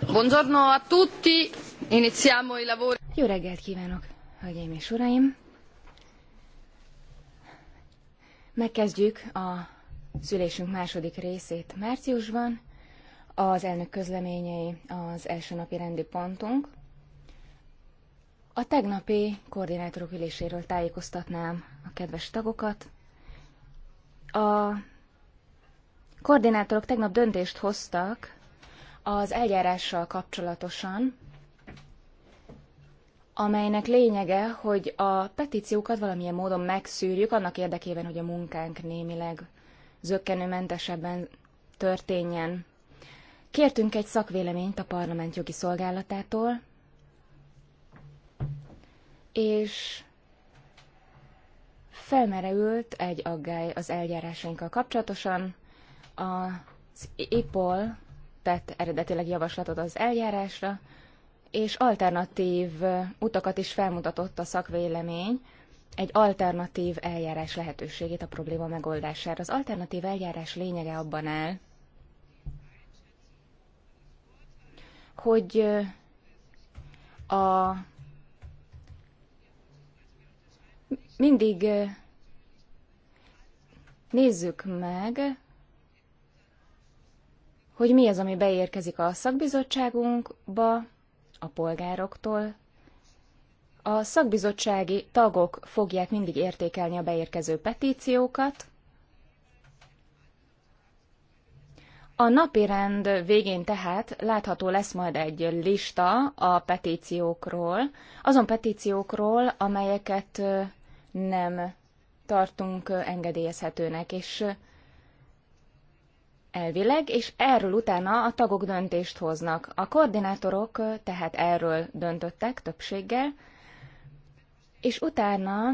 Buongiorno a tutti, iniziamo i lavori. Jó reggelt kívánok, hölgyeim és uraim! Megkezdjük a szülésünk második részét márciusban. Az elnök közleményei az első napi rendi pontunk. A tegnapi koordinátorok üléséről tájékoztatnám a kedves tagokat, a koordinátorok tegnap döntést hoztak az eljárással kapcsolatosan, amelynek lényege, hogy a petíciókat valamilyen módon megszűrjük annak érdekében, hogy a munkánk némileg zöggenőmentesebben történjen. Kértünk egy szakvéleményt a parlament jogi szolgálatától, és felmerült egy aggály az eljárásainkkal kapcsolatosan. Az IPOL tett eredetileg javaslatot az eljárásra, és alternatív utakat is felmutatott a szakvélemény, egy alternatív eljárás lehetőségét a probléma megoldására. Az alternatív eljárás lényege abban áll, hogy a mindig Nézzük meg, hogy mi az, ami beérkezik a szakbizottságunkba a polgároktól. A szakbizottsági tagok fogják mindig értékelni a beérkező petíciókat. A napirend végén tehát látható lesz majd egy lista a petíciókról, azon petíciókról, amelyeket nem tartunk engedélyezhetőnek, és elvileg, és erről utána a tagok döntést hoznak. A koordinátorok tehát erről döntöttek többséggel, és utána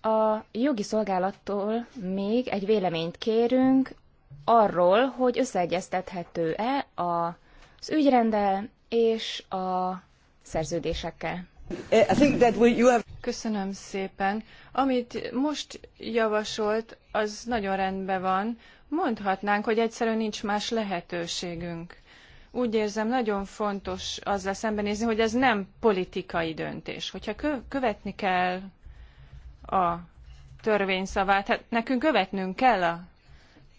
a jogi szolgálattól még egy véleményt kérünk arról, hogy összeegyeztethető-e az ügyrendel és a szerződésekkel. Köszönöm szépen. Amit most javasolt, az nagyon rendben van. Mondhatnánk, hogy egyszerűen nincs más lehetőségünk. Úgy érzem, nagyon fontos azzal szembenézni, hogy ez nem politikai döntés. Hogyha követni kell a törvényszavát, hát nekünk követnünk kell a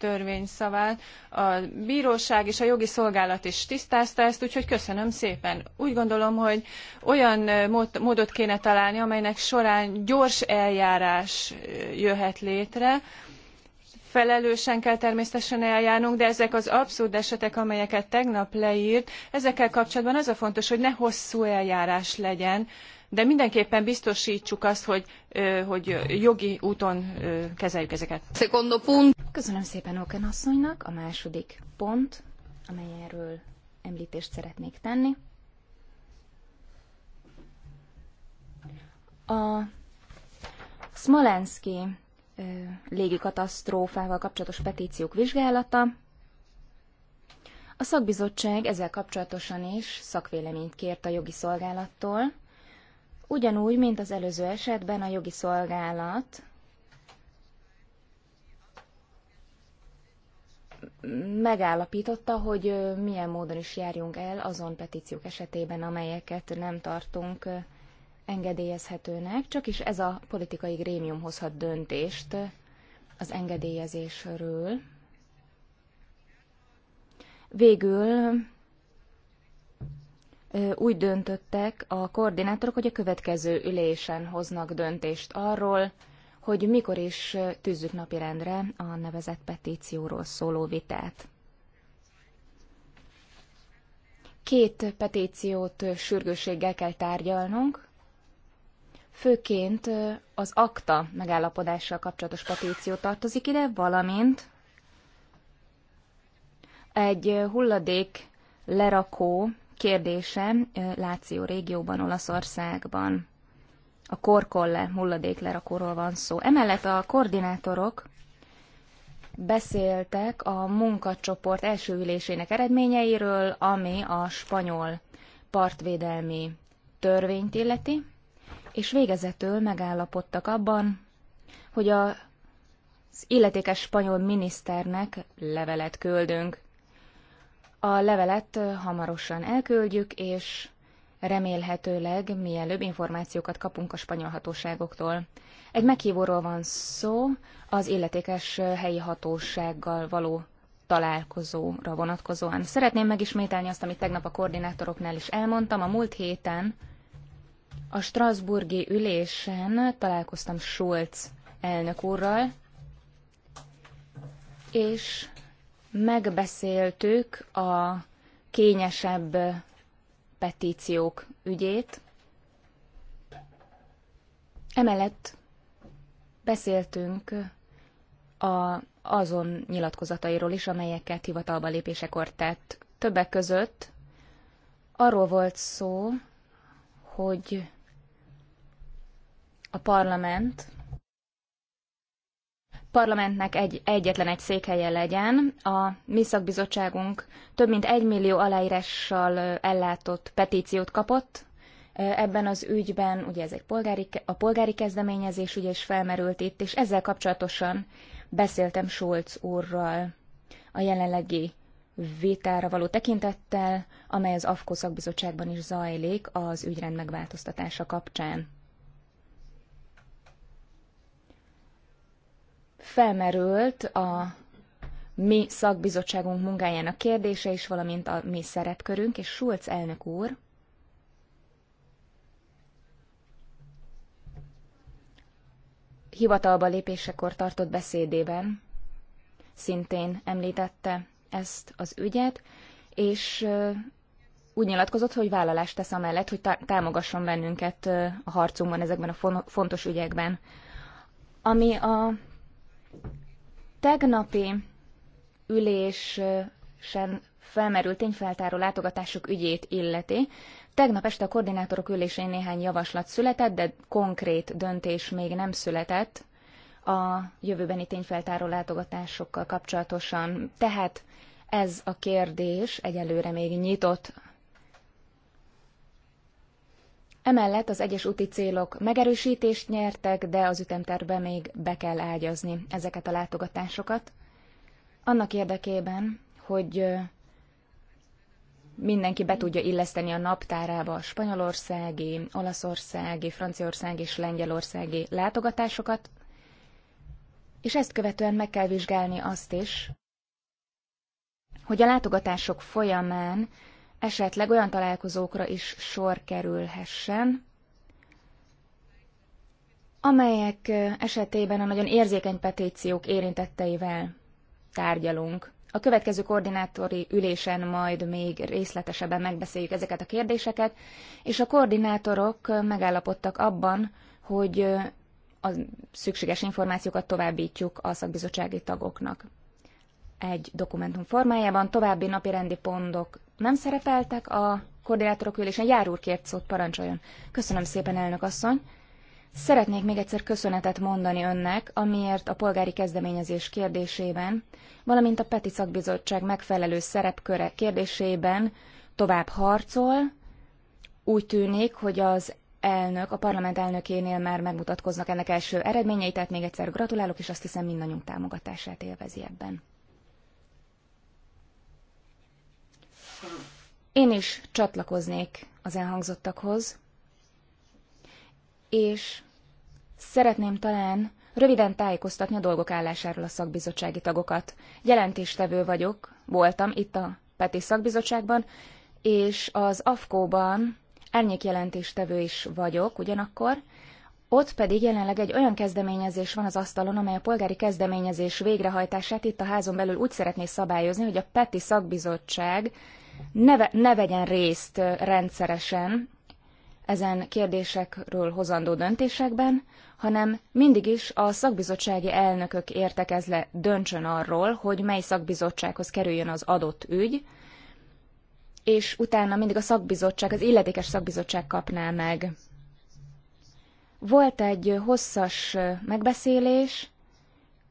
törvényszavát. A bíróság és a jogi szolgálat is tisztázta ezt, úgyhogy köszönöm szépen. Úgy gondolom, hogy olyan módot kéne találni, amelynek során gyors eljárás jöhet létre, felelősen kell természetesen eljárnunk, de ezek az abszurd esetek, amelyeket tegnap leírt, ezekkel kapcsolatban az a fontos, hogy ne hosszú eljárás legyen, de mindenképpen biztostsuk azt, hogy, hogy jogi úton kezeljük ezeket. Köszönöm szépen Oken asszonynak. A második pont, amelyről említést szeretnék tenni. A Smolenski légikatasztrófával kapcsolatos petíciók vizsgálata. A szakbizottság ezzel kapcsolatosan is szakvéleményt kért a jogi szolgálattól, Ugyanúgy, mint az előző esetben a jogi szolgálat megállapította, hogy milyen módon is járjunk el azon petíciók esetében, amelyeket nem tartunk engedélyezhetőnek, csak is ez a politikai grémium hozhat döntést az engedélyezésről. Végül úgy döntöttek a koordinátorok, hogy a következő ülésen hoznak döntést arról, hogy mikor is tűzzük napirendre a nevezett petícióról szóló vitát. Két petíciót sürgősséggel kell tárgyalnunk, főként az akta megállapodással kapcsolatos petíció tartozik ide, valamint egy hulladék lerakó kérdése Láció régióban, Olaszországban. A korkolle hulladéklerakóról van szó. Emellett a koordinátorok beszéltek a munkacsoport első ülésének eredményeiről, ami a spanyol partvédelmi törvényt illeti, és végezetül megállapodtak abban, hogy a az illetékes spanyol miniszternek levelet küldünk. A levelet hamarosan elküldjük, és remélhetőleg mielőbb információkat kapunk a spanyol hatóságoktól. Egy meghívóról van szó, az illetékes helyi hatósággal való találkozóra vonatkozóan. Szeretném megismételni azt, amit tegnap a koordinátoroknál is elmondtam. A múlt héten a Strasburgi ülésen találkoztam Schulz elnök úrral, és megbeszéltük a kényesebb petíciók ügyét. Emellett beszéltünk a, azon nyilatkozatairól is, amelyeket hivatalba lépésekor tett. Többek között arról volt szó, hogy a parlament parlamentnek egy, egyetlen egy székhelye legyen. A mi szakbizottságunk több mint egy millió aláírással ellátott petíciót kapott ebben az ügyben, ugye ez egy polgári, a polgári kezdeményezés ugye is felmerült itt, és ezzel kapcsolatosan beszéltem Schulz úrral a jelenlegi vétára való tekintettel, amely az AFKO szakbizottságban is zajlik az ügyrend megváltoztatása kapcsán. felmerült a mi szakbizottságunk munkájának kérdése is, valamint a mi szerepkörünk, és Schulz elnök úr hivatalba lépésekor tartott beszédében szintén említette ezt az ügyet, és úgy nyilatkozott, hogy vállalást tesz amellett, hogy támogasson bennünket a harcunkban ezekben a fontos ügyekben. Ami a Tegnapi ülésen felmerült tényfeltáró látogatások ügyét illeti. Tegnap este a koordinátorok ülésén néhány javaslat született, de konkrét döntés még nem született a jövőbeni tényfeltáró látogatásokkal kapcsolatosan. Tehát ez a kérdés egyelőre még nyitott Emellett az egyes úti célok megerősítést nyertek, de az ütemterbe még be kell ágyazni ezeket a látogatásokat. Annak érdekében, hogy mindenki be tudja illeszteni a naptárába a spanyolországi, olaszországi, franciaországi és lengyelországi látogatásokat, és ezt követően meg kell vizsgálni azt is, hogy a látogatások folyamán esetleg olyan találkozókra is sor kerülhessen, amelyek esetében a nagyon érzékeny petíciók érintetteivel tárgyalunk. A következő koordinátori ülésen majd még részletesebben megbeszéljük ezeket a kérdéseket, és a koordinátorok megállapodtak abban, hogy a szükséges információkat továbbítjuk a szakbizottsági tagoknak egy dokumentum formájában. További napi rendi pontok nem szerepeltek a koordinátorok ülésen. Jár úr kért szót, parancsoljon. Köszönöm szépen, elnök asszony. Szeretnék még egyszer köszönetet mondani önnek, amiért a polgári kezdeményezés kérdésében, valamint a Peti Szakbizottság megfelelő szerepköre kérdésében tovább harcol. Úgy tűnik, hogy az elnök, a parlament elnökénél már megmutatkoznak ennek első eredményei, tehát még egyszer gratulálok, és azt hiszem mindannyiunk támogatását élvezi ebben. Én is csatlakoznék az elhangzottakhoz, és szeretném talán röviden tájékoztatni a dolgok állásáról a szakbizottsági tagokat. Jelentéstevő vagyok, voltam itt a Peti szakbizottságban, és az AFKO-ban árnyékjelentéstevő is vagyok ugyanakkor, ott pedig jelenleg egy olyan kezdeményezés van az asztalon, amely a polgári kezdeményezés végrehajtását itt a házon belül úgy szeretné szabályozni, hogy a PETI szakbizottság ne, ve, ne vegyen részt rendszeresen ezen kérdésekről hozandó döntésekben, hanem mindig is a szakbizottsági elnökök értekezle döntsön arról, hogy mely szakbizottsághoz kerüljön az adott ügy, és utána mindig a szakbizottság, az illetékes szakbizottság kapná meg. Volt egy hosszas megbeszélés,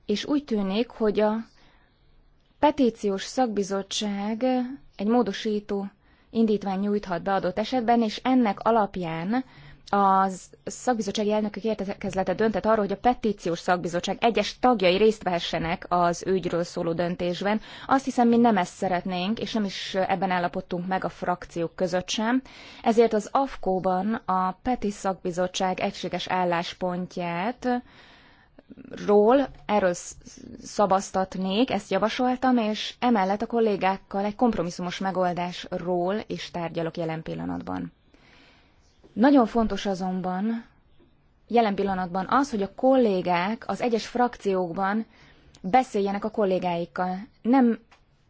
és úgy tűnik, hogy a petíciós szakbizottság egy módosító indítvány nyújthat be adott esetben, és ennek alapján a szakbizottsági elnökök értekezlete döntett arról, hogy a petíciós szakbizottság egyes tagjai részt vehessenek az ügyről szóló döntésben. Azt hiszem, mi nem ezt szeretnénk, és nem is ebben állapodtunk meg a frakciók között sem. Ezért az AFKO-ban a PETI szakbizottság egységes álláspontját ról erről szavaztatnék, ezt javasoltam, és emellett a kollégákkal egy kompromisszumos megoldásról is tárgyalok jelen pillanatban. Nagyon fontos azonban jelen pillanatban az, hogy a kollégák az egyes frakciókban beszéljenek a kollégáikkal. Nem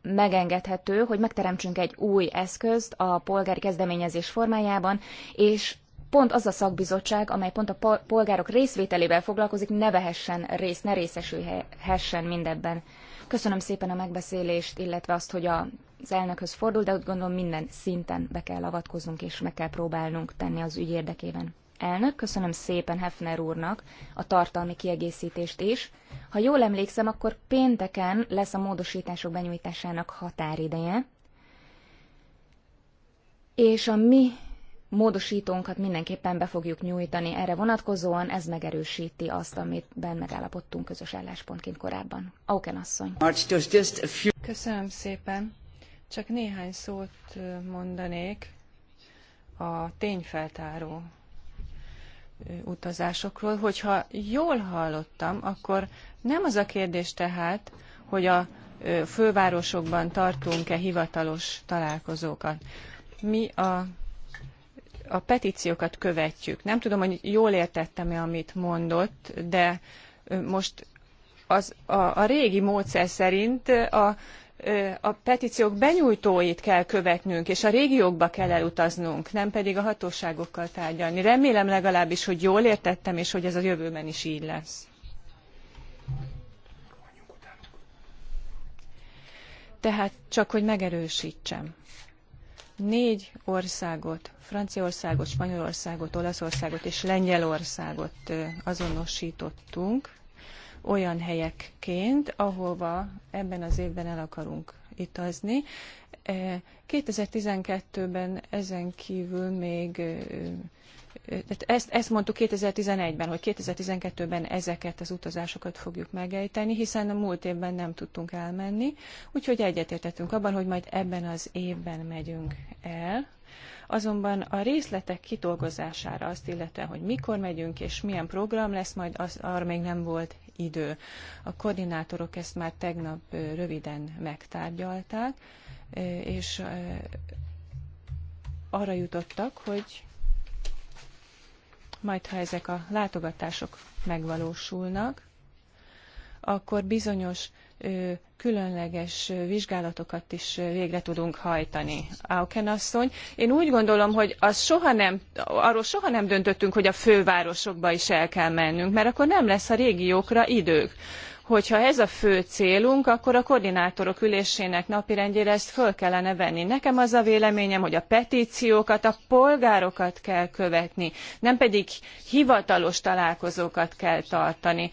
megengedhető, hogy megteremtsünk egy új eszközt a polgári kezdeményezés formájában, és pont az a szakbizottság, amely pont a polgárok részvételével foglalkozik, ne vehessen részt, ne részesülhessen mindebben. Köszönöm szépen a megbeszélést, illetve azt, hogy a az elnökhöz fordul, de úgy gondolom minden szinten be kell avatkoznunk, és meg kell próbálnunk tenni az ügy érdekében. Elnök, köszönöm szépen Hefner úrnak a tartalmi kiegészítést is. Ha jól emlékszem, akkor pénteken lesz a módosítások benyújtásának határideje, és a mi módosítónkat mindenképpen be fogjuk nyújtani erre vonatkozóan, ez megerősíti azt, amiben megállapodtunk közös álláspontként korábban. Auken asszony. Köszönöm szépen. Csak néhány szót mondanék a tényfeltáró utazásokról. Hogyha jól hallottam, akkor nem az a kérdés tehát, hogy a fővárosokban tartunk-e hivatalos találkozókat. Mi a a petíciókat követjük. Nem tudom, hogy jól értettem-e, amit mondott, de most az, a, a régi módszer szerint a, a petíciók benyújtóit kell követnünk, és a régiókba kell elutaznunk, nem pedig a hatóságokkal tárgyalni. Remélem legalábbis, hogy jól értettem, és hogy ez a jövőben is így lesz. Tehát csak, hogy megerősítsem négy országot, Franciaországot, Spanyolországot, Olaszországot és Lengyelországot azonosítottunk olyan helyekként, ahova ebben az évben el akarunk utazni. 2012-ben e, ezen kívül még, e, e, tehát ezt, ezt mondtuk 2011-ben, hogy 2012-ben ezeket az utazásokat fogjuk megejteni, hiszen a múlt évben nem tudtunk elmenni, úgyhogy egyetértettünk abban, hogy majd ebben az évben megyünk el. Azonban a részletek kidolgozására azt illetően, hogy mikor megyünk és milyen program lesz, majd az, arra még nem volt idő. A koordinátorok ezt már tegnap röviden megtárgyalták és arra jutottak, hogy majd ha ezek a látogatások megvalósulnak, akkor bizonyos ö, különleges vizsgálatokat is végre tudunk hajtani. Auken asszony, én úgy gondolom, hogy az soha nem, arról soha nem döntöttünk, hogy a fővárosokba is el kell mennünk, mert akkor nem lesz a régiókra idők hogyha ez a fő célunk, akkor a koordinátorok ülésének napirendjére ezt föl kellene venni. Nekem az a véleményem, hogy a petíciókat, a polgárokat kell követni, nem pedig hivatalos találkozókat kell tartani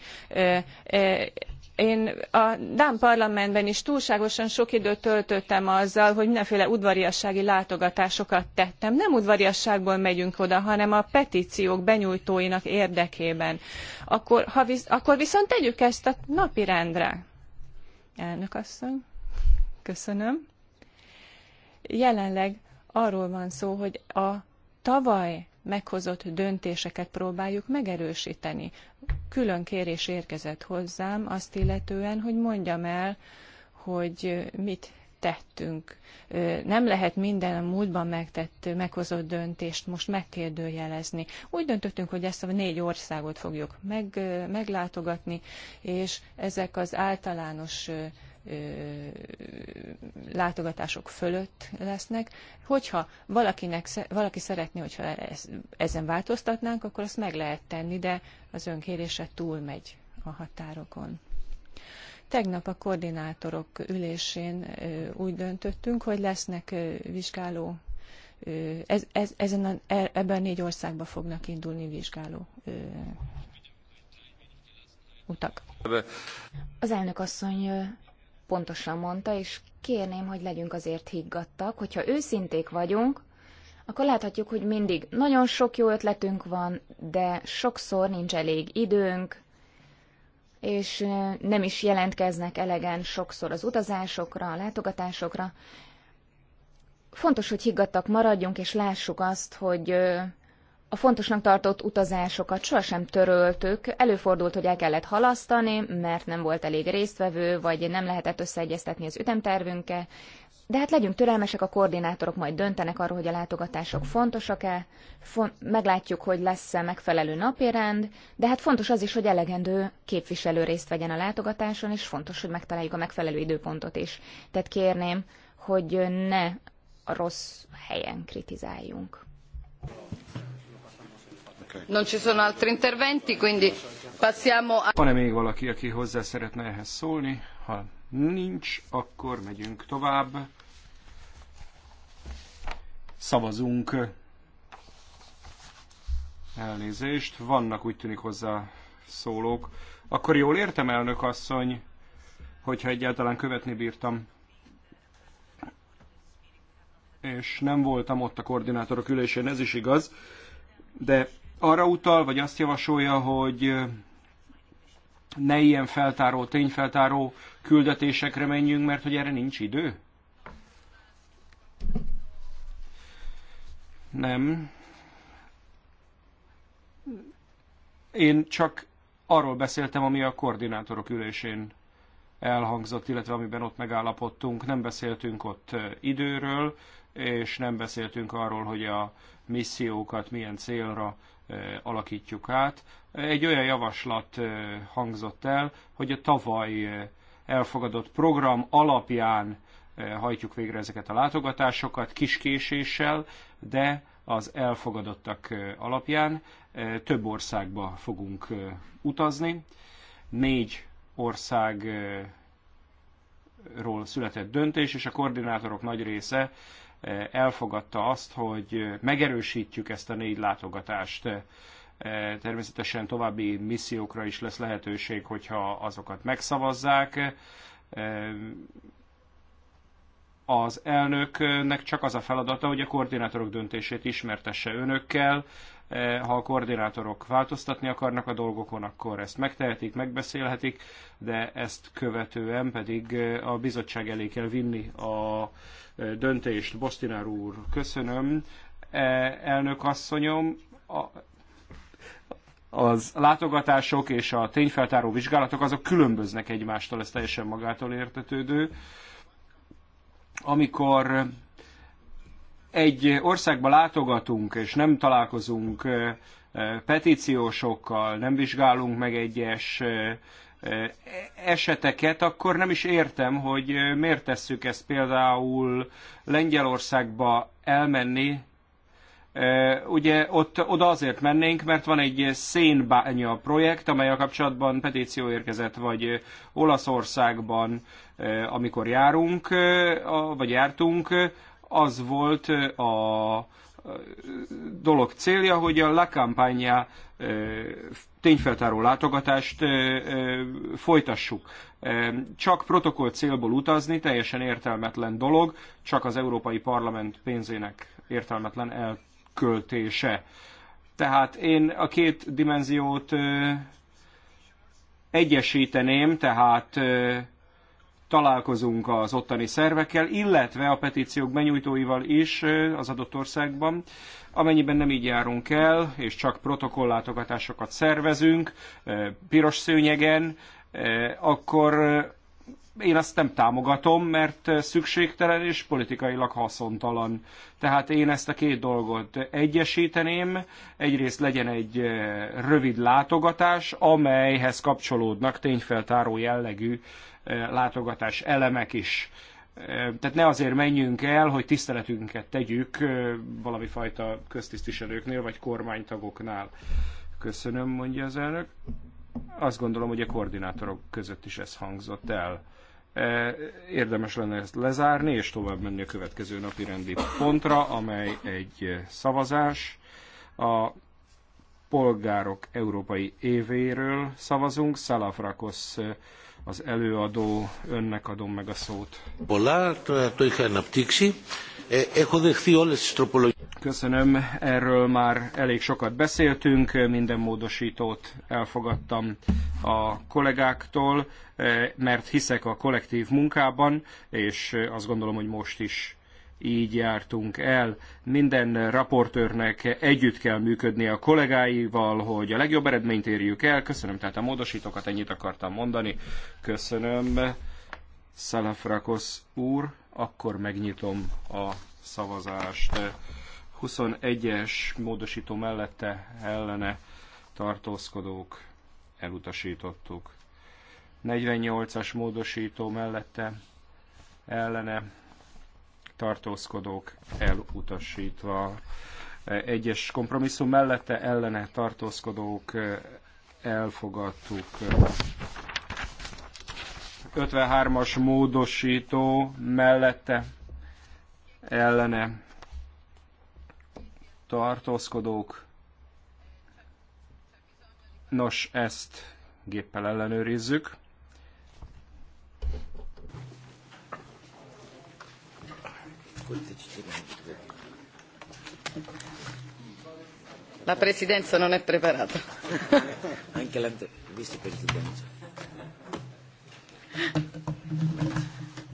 én a Dán parlamentben is túlságosan sok időt töltöttem azzal, hogy mindenféle udvariassági látogatásokat tettem. Nem udvariasságból megyünk oda, hanem a petíciók benyújtóinak érdekében. Akkor, ha visz, akkor viszont tegyük ezt a napirendre. Elnök asszony, köszönöm. Jelenleg arról van szó, hogy a tavaly meghozott döntéseket próbáljuk megerősíteni. Külön kérés érkezett hozzám azt illetően, hogy mondjam el, hogy mit tettünk. Nem lehet minden a múltban megtett, meghozott döntést most megkérdőjelezni. Úgy döntöttünk, hogy ezt a négy országot fogjuk meg, meglátogatni, és ezek az általános látogatások fölött lesznek. Hogyha valakinek, valaki szeretné, hogyha e, ezen változtatnánk, akkor azt meg lehet tenni, de az önkérése túlmegy a határokon. Tegnap a koordinátorok ülésén úgy döntöttünk, hogy lesznek vizsgáló ez, ez, ezen a, e, ebben négy országban fognak indulni vizsgáló utak. Az elnök asszony pontosan mondta, és kérném, hogy legyünk azért higgadtak, hogyha őszinték vagyunk, akkor láthatjuk, hogy mindig nagyon sok jó ötletünk van, de sokszor nincs elég időnk, és nem is jelentkeznek elegen sokszor az utazásokra, a látogatásokra. Fontos, hogy higgadtak maradjunk, és lássuk azt, hogy a fontosnak tartott utazásokat sohasem töröltük, előfordult, hogy el kellett halasztani, mert nem volt elég résztvevő, vagy nem lehetett összeegyeztetni az ütemtervünkkel, de hát legyünk türelmesek, a koordinátorok majd döntenek arról, hogy a látogatások fontosak-e, fon- meglátjuk, hogy lesz-e megfelelő rend, de hát fontos az is, hogy elegendő képviselő részt vegyen a látogatáson, és fontos, hogy megtaláljuk a megfelelő időpontot is. Tehát kérném, hogy ne a rossz helyen kritizáljunk. Non ci sono altri interventi, quindi passiamo a... Van-e még valaki, aki hozzá szeretne ehhez szólni? Ha nincs, akkor megyünk tovább. Szavazunk. Elnézést. Vannak úgy tűnik hozzá szólók. Akkor jól értem, elnök asszony, hogyha egyáltalán követni bírtam és nem voltam ott a koordinátorok ülésén, ez is igaz, de arra utal, vagy azt javasolja, hogy ne ilyen feltáró, tényfeltáró küldetésekre menjünk, mert hogy erre nincs idő? Nem. Én csak arról beszéltem, ami a koordinátorok ülésén elhangzott, illetve amiben ott megállapodtunk. Nem beszéltünk ott időről, és nem beszéltünk arról, hogy a missziókat milyen célra alakítjuk át. Egy olyan javaslat hangzott el, hogy a tavaly elfogadott program alapján hajtjuk végre ezeket a látogatásokat kis késéssel, de az elfogadottak alapján több országba fogunk utazni. Négy országról született döntés, és a koordinátorok nagy része elfogadta azt, hogy megerősítjük ezt a négy látogatást. Természetesen további missziókra is lesz lehetőség, hogyha azokat megszavazzák. Az elnöknek csak az a feladata, hogy a koordinátorok döntését ismertesse önökkel, Eh, ha a koordinátorok változtatni akarnak a dolgokon, akkor ezt megtehetik, megbeszélhetik, de ezt követően pedig eh, a bizottság elé kell vinni a eh, döntést. Bostinár úr, köszönöm. Elnök asszonyom, a, az látogatások és a tényfeltáró vizsgálatok azok különböznek egymástól, ez teljesen magától értetődő. Amikor egy országba látogatunk, és nem találkozunk petíciósokkal, nem vizsgálunk meg egyes eseteket, akkor nem is értem, hogy miért tesszük ezt például Lengyelországba elmenni. Ugye ott, oda azért mennénk, mert van egy szénbánya projekt, amely a kapcsolatban petíció érkezett, vagy Olaszországban, amikor járunk, vagy jártunk, az volt a dolog célja, hogy a La Campagna tényfeltáró látogatást folytassuk. Csak protokoll célból utazni, teljesen értelmetlen dolog, csak az Európai Parlament pénzének értelmetlen elköltése. Tehát én a két dimenziót egyesíteném, tehát találkozunk az ottani szervekkel, illetve a petíciók benyújtóival is az adott országban. Amennyiben nem így járunk el, és csak protokollátogatásokat szervezünk, piros szőnyegen, akkor én azt nem támogatom, mert szükségtelen és politikailag haszontalan. Tehát én ezt a két dolgot egyesíteném. Egyrészt legyen egy rövid látogatás, amelyhez kapcsolódnak tényfeltáró jellegű látogatás elemek is. Tehát ne azért menjünk el, hogy tiszteletünket tegyük valami fajta köztisztviselőknél vagy kormánytagoknál. Köszönöm, mondja az elnök. Azt gondolom, hogy a koordinátorok között is ez hangzott el. E, érdemes lenne ezt lezárni, és tovább menni a következő napi rendi pontra, amely egy e, szavazás. A polgárok európai évéről szavazunk. Szalafrakosz e, az előadó, önnek adom meg a szót. Köszönöm, erről már elég sokat beszéltünk, minden módosítót elfogadtam a kollégáktól, eh, mert hiszek a kollektív munkában, és eh, azt gondolom, hogy most is így jártunk el. Minden raportőrnek együtt kell működni a kollégáival, hogy a legjobb eredményt érjük el. Köszönöm tehát a módosítókat, ennyit akartam mondani. Köszönöm, Szelefrakosz úr. Akkor megnyitom a szavazást. 21-es módosító mellette ellene tartózkodók elutasítottuk. 48-as módosító mellette ellene tartózkodók elutasítva. Egyes kompromisszum mellette ellene tartózkodók eh, elfogadtuk. 53-as módosító mellette ellene tartózkodók. Nos, ezt géppel ellenőrizzük. La presidenza non è preparata. Anche la vicepresidenza.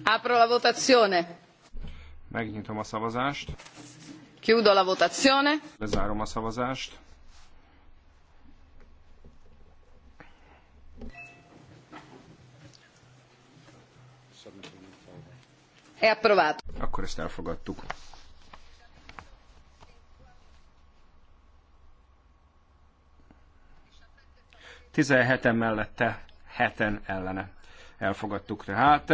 Apro la votazione. Megnyitom a szavazást. Chiudo la votazione. Lezárom a szavazást. È approvato. Akkor ezt elfogadtuk. Tizenheten mellette, heten ellene. Elfogadtuk tehát.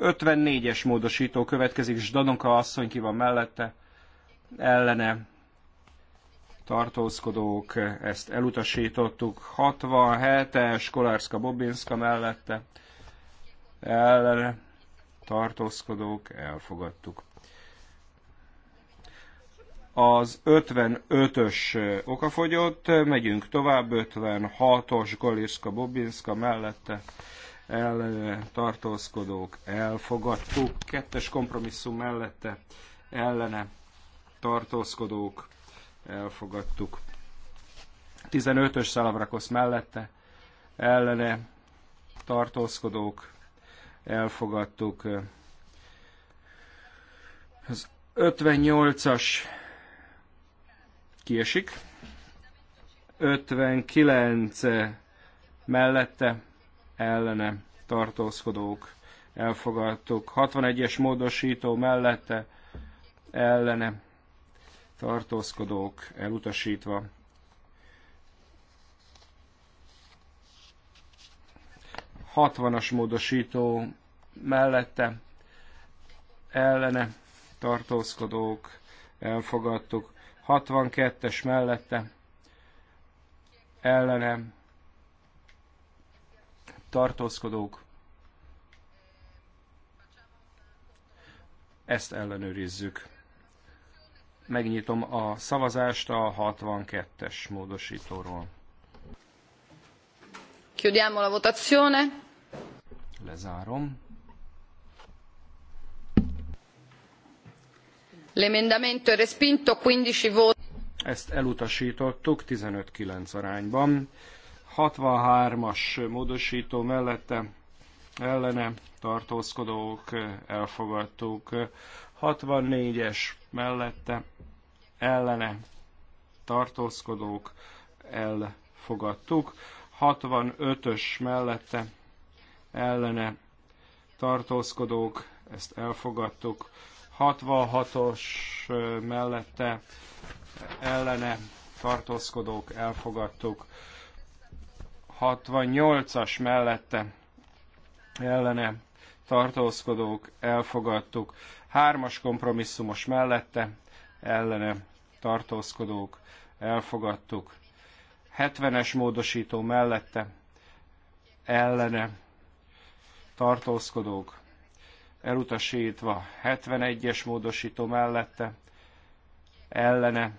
54-es módosító következik, Danoka asszony ki van mellette, ellene tartózkodók, ezt elutasítottuk. 67-es, Kolárszka-Bobinska mellette, ellene tartózkodók, elfogadtuk. Az 55-ös okafogyott, megyünk tovább, 56-os Goliszka Bobinska mellette el tartózkodók, elfogadtuk. Kettes kompromisszum mellette ellene tartózkodók, elfogadtuk. 15-ös Szalavrakosz mellette ellene tartózkodók, elfogadtuk. Az 58-as kiesik, 59 mellette ellene tartózkodók elfogadtuk, 61-es módosító mellette ellene tartózkodók elutasítva, 60-as módosító mellette ellene tartózkodók elfogadtuk. 62-es mellette ellene tartózkodók ezt ellenőrizzük. Megnyitom a szavazást a 62-es módosítóról. Chiudiamo la votazione. Lezárom. L'emendamento è respinto, 15 voti. Ezt elutasítottuk 15-9 arányban. 63-as módosító mellette ellene tartózkodók elfogadtuk. 64-es mellette ellene tartózkodók elfogadtuk. 65-ös mellette ellene tartózkodók, ezt elfogadtuk. 66-os mellette ellene tartózkodók, elfogadtuk. 68-as mellette ellene tartózkodók, elfogadtuk. 3-as kompromisszumos mellette ellene tartózkodók, elfogadtuk. 70-es módosító mellette ellene tartózkodók elutasítva, 71-es módosító mellette ellene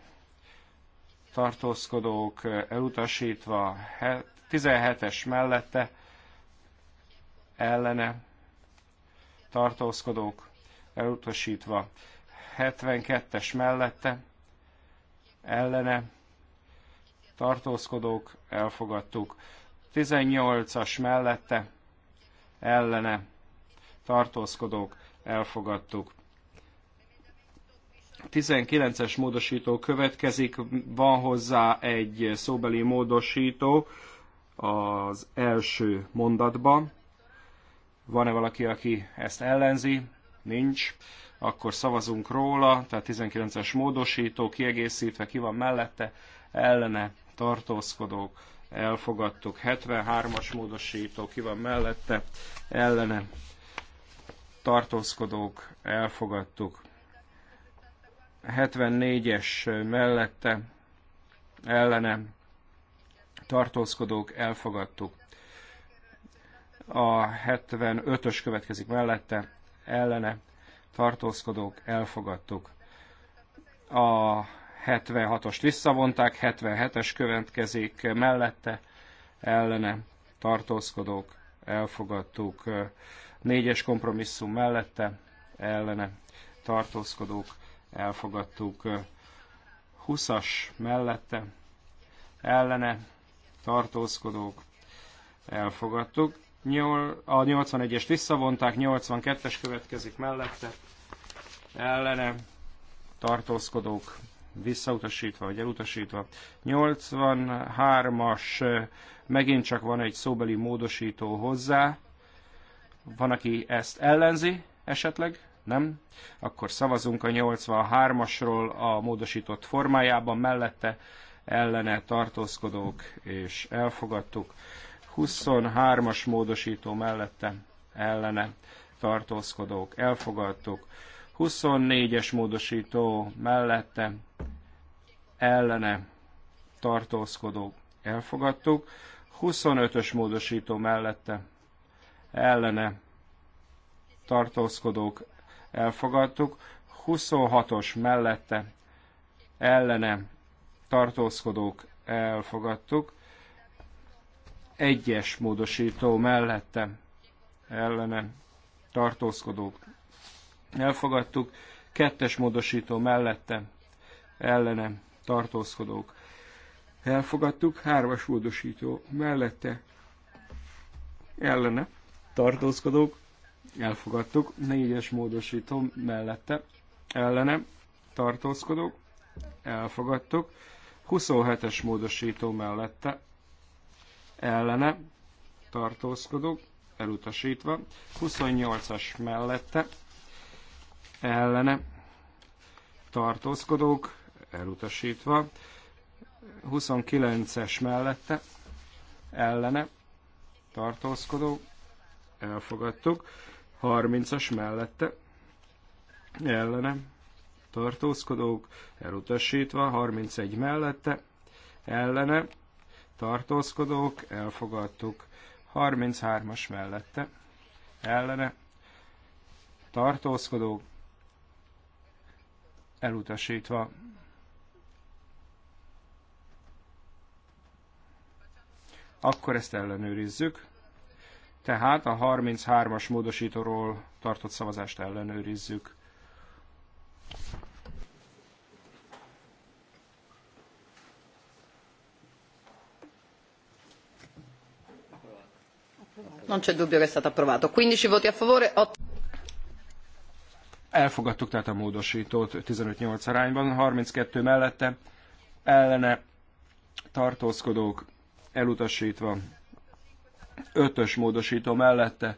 tartózkodók elutasítva, 17-es mellette ellene tartózkodók elutasítva, 72-es mellette ellene tartózkodók, elfogadtuk. 18-as mellette, ellene, tartózkodók, elfogadtuk. 19-es módosító következik, van hozzá egy szóbeli módosító az első mondatban. Van-e valaki, aki ezt ellenzi? Nincs. Akkor szavazunk róla, tehát 19-es módosító kiegészítve, ki van mellette, ellene tartózkodók, elfogadtuk. 73-as módosító, ki van mellette, ellene, tartózkodók, elfogadtuk. 74-es mellette, ellene, tartózkodók, elfogadtuk. A 75-ös következik mellette, ellene, tartózkodók, elfogadtuk. A 76-ost visszavonták, 77-es következik mellette, ellene tartózkodók, elfogadtuk, 4-es kompromisszum mellette, ellene tartózkodók, elfogadtuk, 20-as mellette, ellene tartózkodók, elfogadtuk, a 81-est visszavonták, 82-es következik mellette, ellene tartózkodók, visszautasítva vagy elutasítva. 83-as, megint csak van egy szóbeli módosító hozzá. Van, aki ezt ellenzi esetleg? Nem? Akkor szavazunk a 83-asról a módosított formájában, mellette ellene tartózkodók, és elfogadtuk. 23-as módosító mellette ellene tartózkodók, elfogadtuk. 24-es módosító mellette ellene tartózkodó elfogadtuk, 25-ös módosító mellette ellene tartózkodók elfogadtuk, 26-os mellette ellene tartózkodók elfogadtuk, 1-es módosító mellette ellene tartózkodók elfogadtuk, kettes módosító mellette ellene tartózkodók elfogadtuk, hármas módosító mellette ellene tartózkodók elfogadtuk, négyes módosító mellette ellene tartózkodók elfogadtuk, 27-es módosító mellette ellene tartózkodók elutasítva, 28-as mellette ellene tartózkodók elutasítva, 29-es mellette ellene tartózkodó, elfogadtuk, 30-as mellette ellene tartózkodók elutasítva, 31 mellette ellene tartózkodók elfogadtuk, 33-as mellette ellene tartózkodók elutasítva. Akkor ezt ellenőrizzük. Tehát a 33-as módosítóról tartott szavazást ellenőrizzük. Non c'è dubbio che è stato approvato. 15 voti a favore, 8... Elfogadtuk tehát a módosítót 15-8 arányban, 32 mellette ellene tartózkodók elutasítva, 5-ös módosító mellette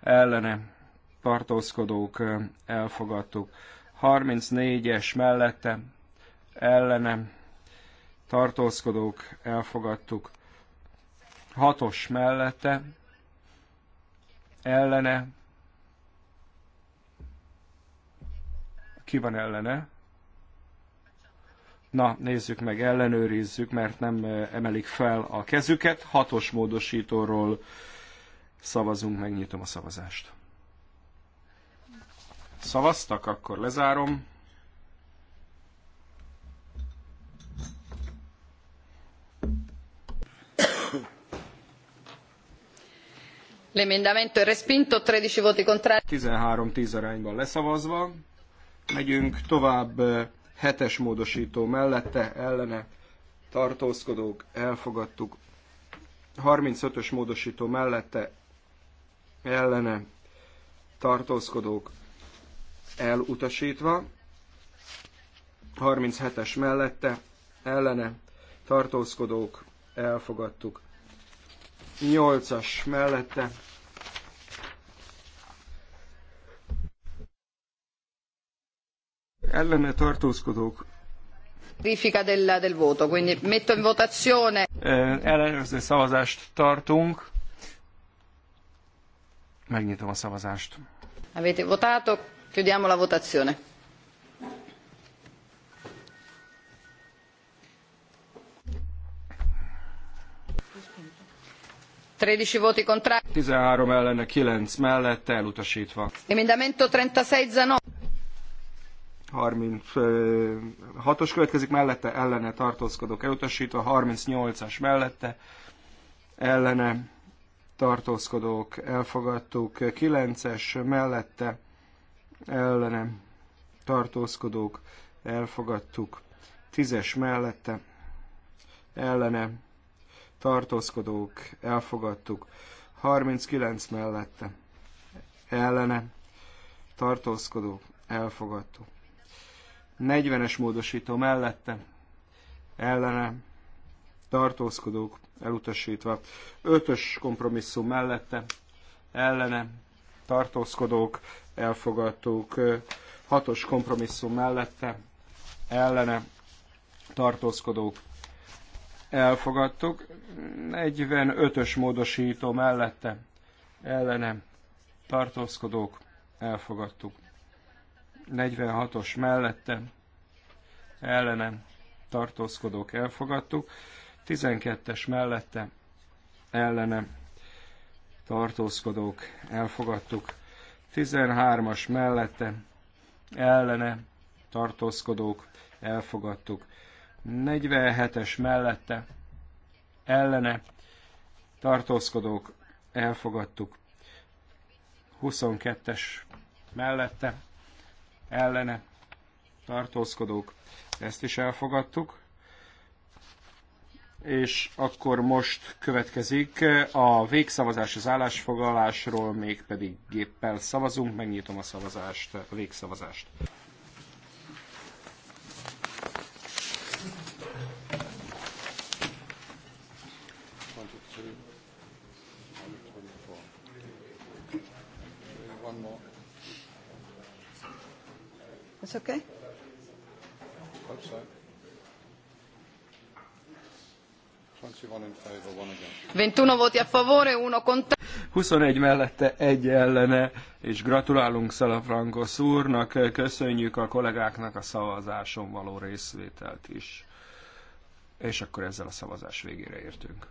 ellene tartózkodók elfogadtuk, 34-es mellette ellene tartózkodók elfogadtuk, 6-os mellette ellene Ki van ellene? Na, nézzük meg, ellenőrizzük, mert nem emelik fel a kezüket. Hatos módosítóról szavazunk, megnyitom a szavazást. Szavaztak, akkor lezárom. L'emendamento è respinto, 13 voti contrari. 13-10 arányban leszavazva. Megyünk tovább hetes módosító mellette, ellene tartózkodók, elfogadtuk. 35-ös módosító mellette, ellene tartózkodók, elutasítva. 37-es mellette, ellene tartózkodók, elfogadtuk. 8-as mellette, ellene tartózkodók. Verifica del, del voto, quindi metto in votazione. E, ellenőrző szavazást tartunk. Megnyitom a szavazást. Avete votato, chiudiamo la votazione. tredici voti contrari. tizenhárom ellene kilenc mellette elutasítva. emendamento 36 zanoni. 36-os következik mellette, ellene tartózkodok elutasítva, 38-as mellette, ellene tartózkodók elfogadtuk, 9-es mellette, ellene tartózkodók elfogadtuk, 10-es mellette, ellene tartózkodók elfogadtuk, 39 mellette, ellene tartózkodók elfogadtuk. 40-es módosító mellette ellene tartózkodók elutasítva. 5-ös kompromisszum mellette ellene tartózkodók elfogadtók. 6-os kompromisszum mellette ellene tartózkodók elfogadtuk. 45-ös módosító mellette ellene tartózkodók elfogadtuk. 46-os mellette ellenem tartózkodók elfogadtuk, 12-es mellette ellenem tartózkodók elfogadtuk, 13-as mellette ellene tartózkodók elfogadtuk, 47-es mellette ellene tartózkodók elfogadtuk, 22-es mellette ellene tartózkodók, ezt is elfogadtuk. És akkor most következik a végszavazás az állásfoglalásról, mégpedig géppel szavazunk, megnyitom a szavazást, a végszavazást. 21 voti a favore, uno contro. 21 mellette egy ellene, és gratulálunk Szelafrankos úrnak, köszönjük a kollégáknak a szavazáson való részvételt is. És akkor ezzel a szavazás végére értünk.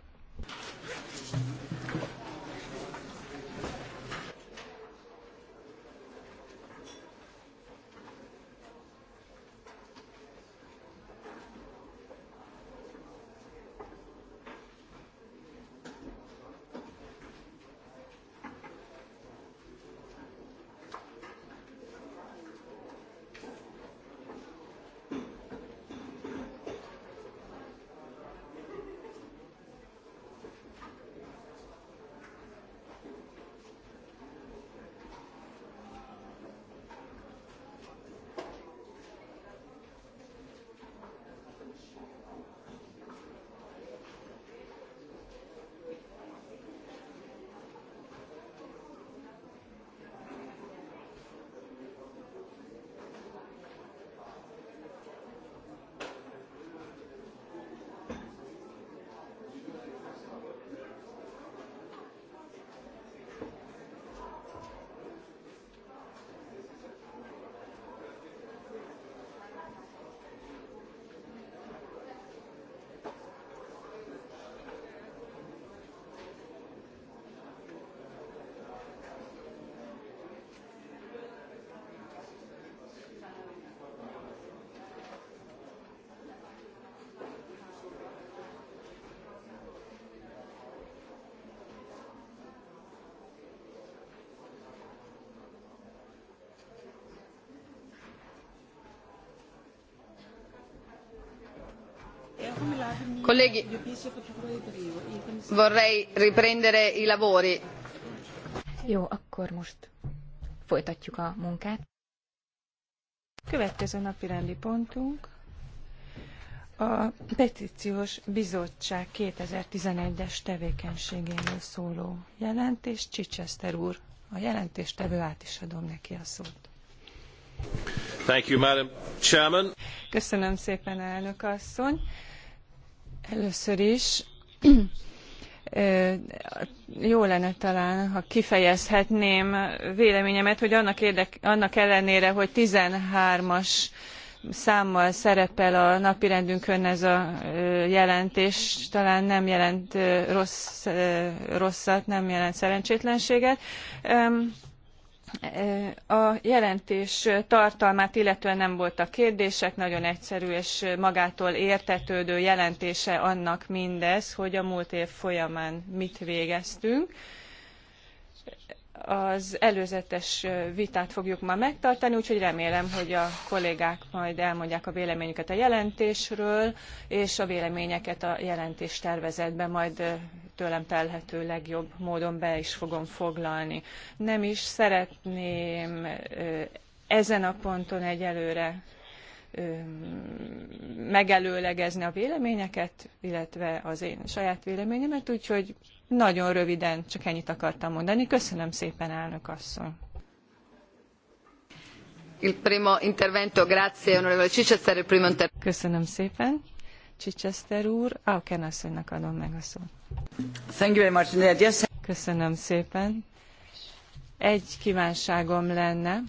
Colleghi, vorrei riprendere i lavori. Jó, akkor most folytatjuk a munkát. Következő napirendi pontunk a Petíciós Bizottság 2011-es tevékenységéről szóló jelentés. Csicseszter úr, a jelentéstevő át is adom neki a szót. Thank you, Madam Chairman. Köszönöm szépen, elnök asszony. Először is jó lenne talán, ha kifejezhetném véleményemet, hogy annak, érdek, annak ellenére, hogy 13-as számmal szerepel a napirendünkön ez a jelentés, talán nem jelent rossz, rosszat, nem jelent szerencsétlenséget. A jelentés tartalmát illetően nem voltak kérdések, nagyon egyszerű és magától értetődő jelentése annak mindez, hogy a múlt év folyamán mit végeztünk az előzetes vitát fogjuk ma megtartani, úgyhogy remélem, hogy a kollégák majd elmondják a véleményüket a jelentésről, és a véleményeket a jelentés tervezetben majd tőlem telhető legjobb módon be is fogom foglalni. Nem is szeretném ezen a ponton egyelőre megelőlegezni a véleményeket, illetve az én saját véleményemet, úgyhogy nagyon röviden, csak ennyit akartam mondani. Köszönöm szépen, elnök asszony. Il primo intervento, grazie, onorevole Chichester, primo inter... Köszönöm szépen. Chichester úr, Auken asszonynak adom meg a szót. Thank you very much. Yes. Köszönöm szépen. Egy kívánságom lenne,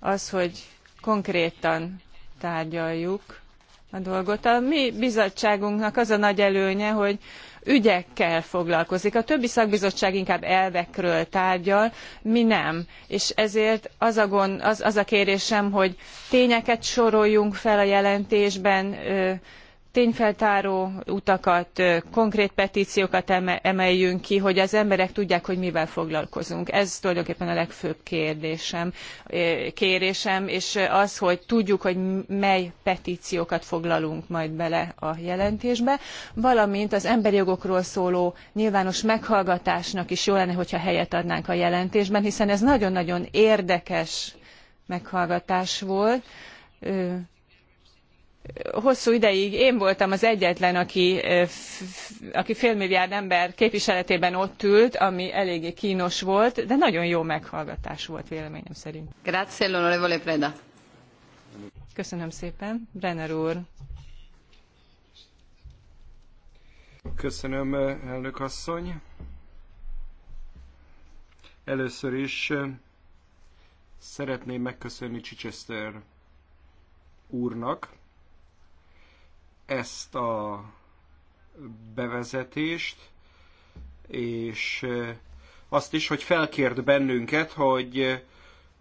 az, hogy konkrétan tárgyaljuk a dolgot. A mi bizottságunknak az a nagy előnye, hogy ügyekkel foglalkozik. A többi szakbizottság inkább elvekről tárgyal, mi nem. És ezért az a, gond, az, az a kérésem, hogy tényeket soroljunk fel a jelentésben, ö, tényfeltáró utakat, konkrét petciókat emeljünk ki, hogy az emberek tudják, hogy mivel foglalkozunk. Ez tulajdonképpen a legfőbb kérésem, és az, hogy tudjuk, hogy mely petciókat foglalunk majd bele a jelentésbe, valamint az emberi jogokról szóló nyilvános meghallgatásnak is jó lenne, hogyha helyet adnánk a jelentésben, hiszen ez nagyon-nagyon érdekes meghallgatás volt hosszú ideig én voltam az egyetlen, aki, aki félmilliárd ember képviseletében ott ült, ami eléggé kínos volt, de nagyon jó meghallgatás volt véleményem szerint. Grazie, l'onorevole Preda. Köszönöm szépen. Brenner úr. Köszönöm, elnök asszony. Először is szeretném megköszönni Chichester úrnak ezt a bevezetést, és azt is, hogy felkért bennünket, hogy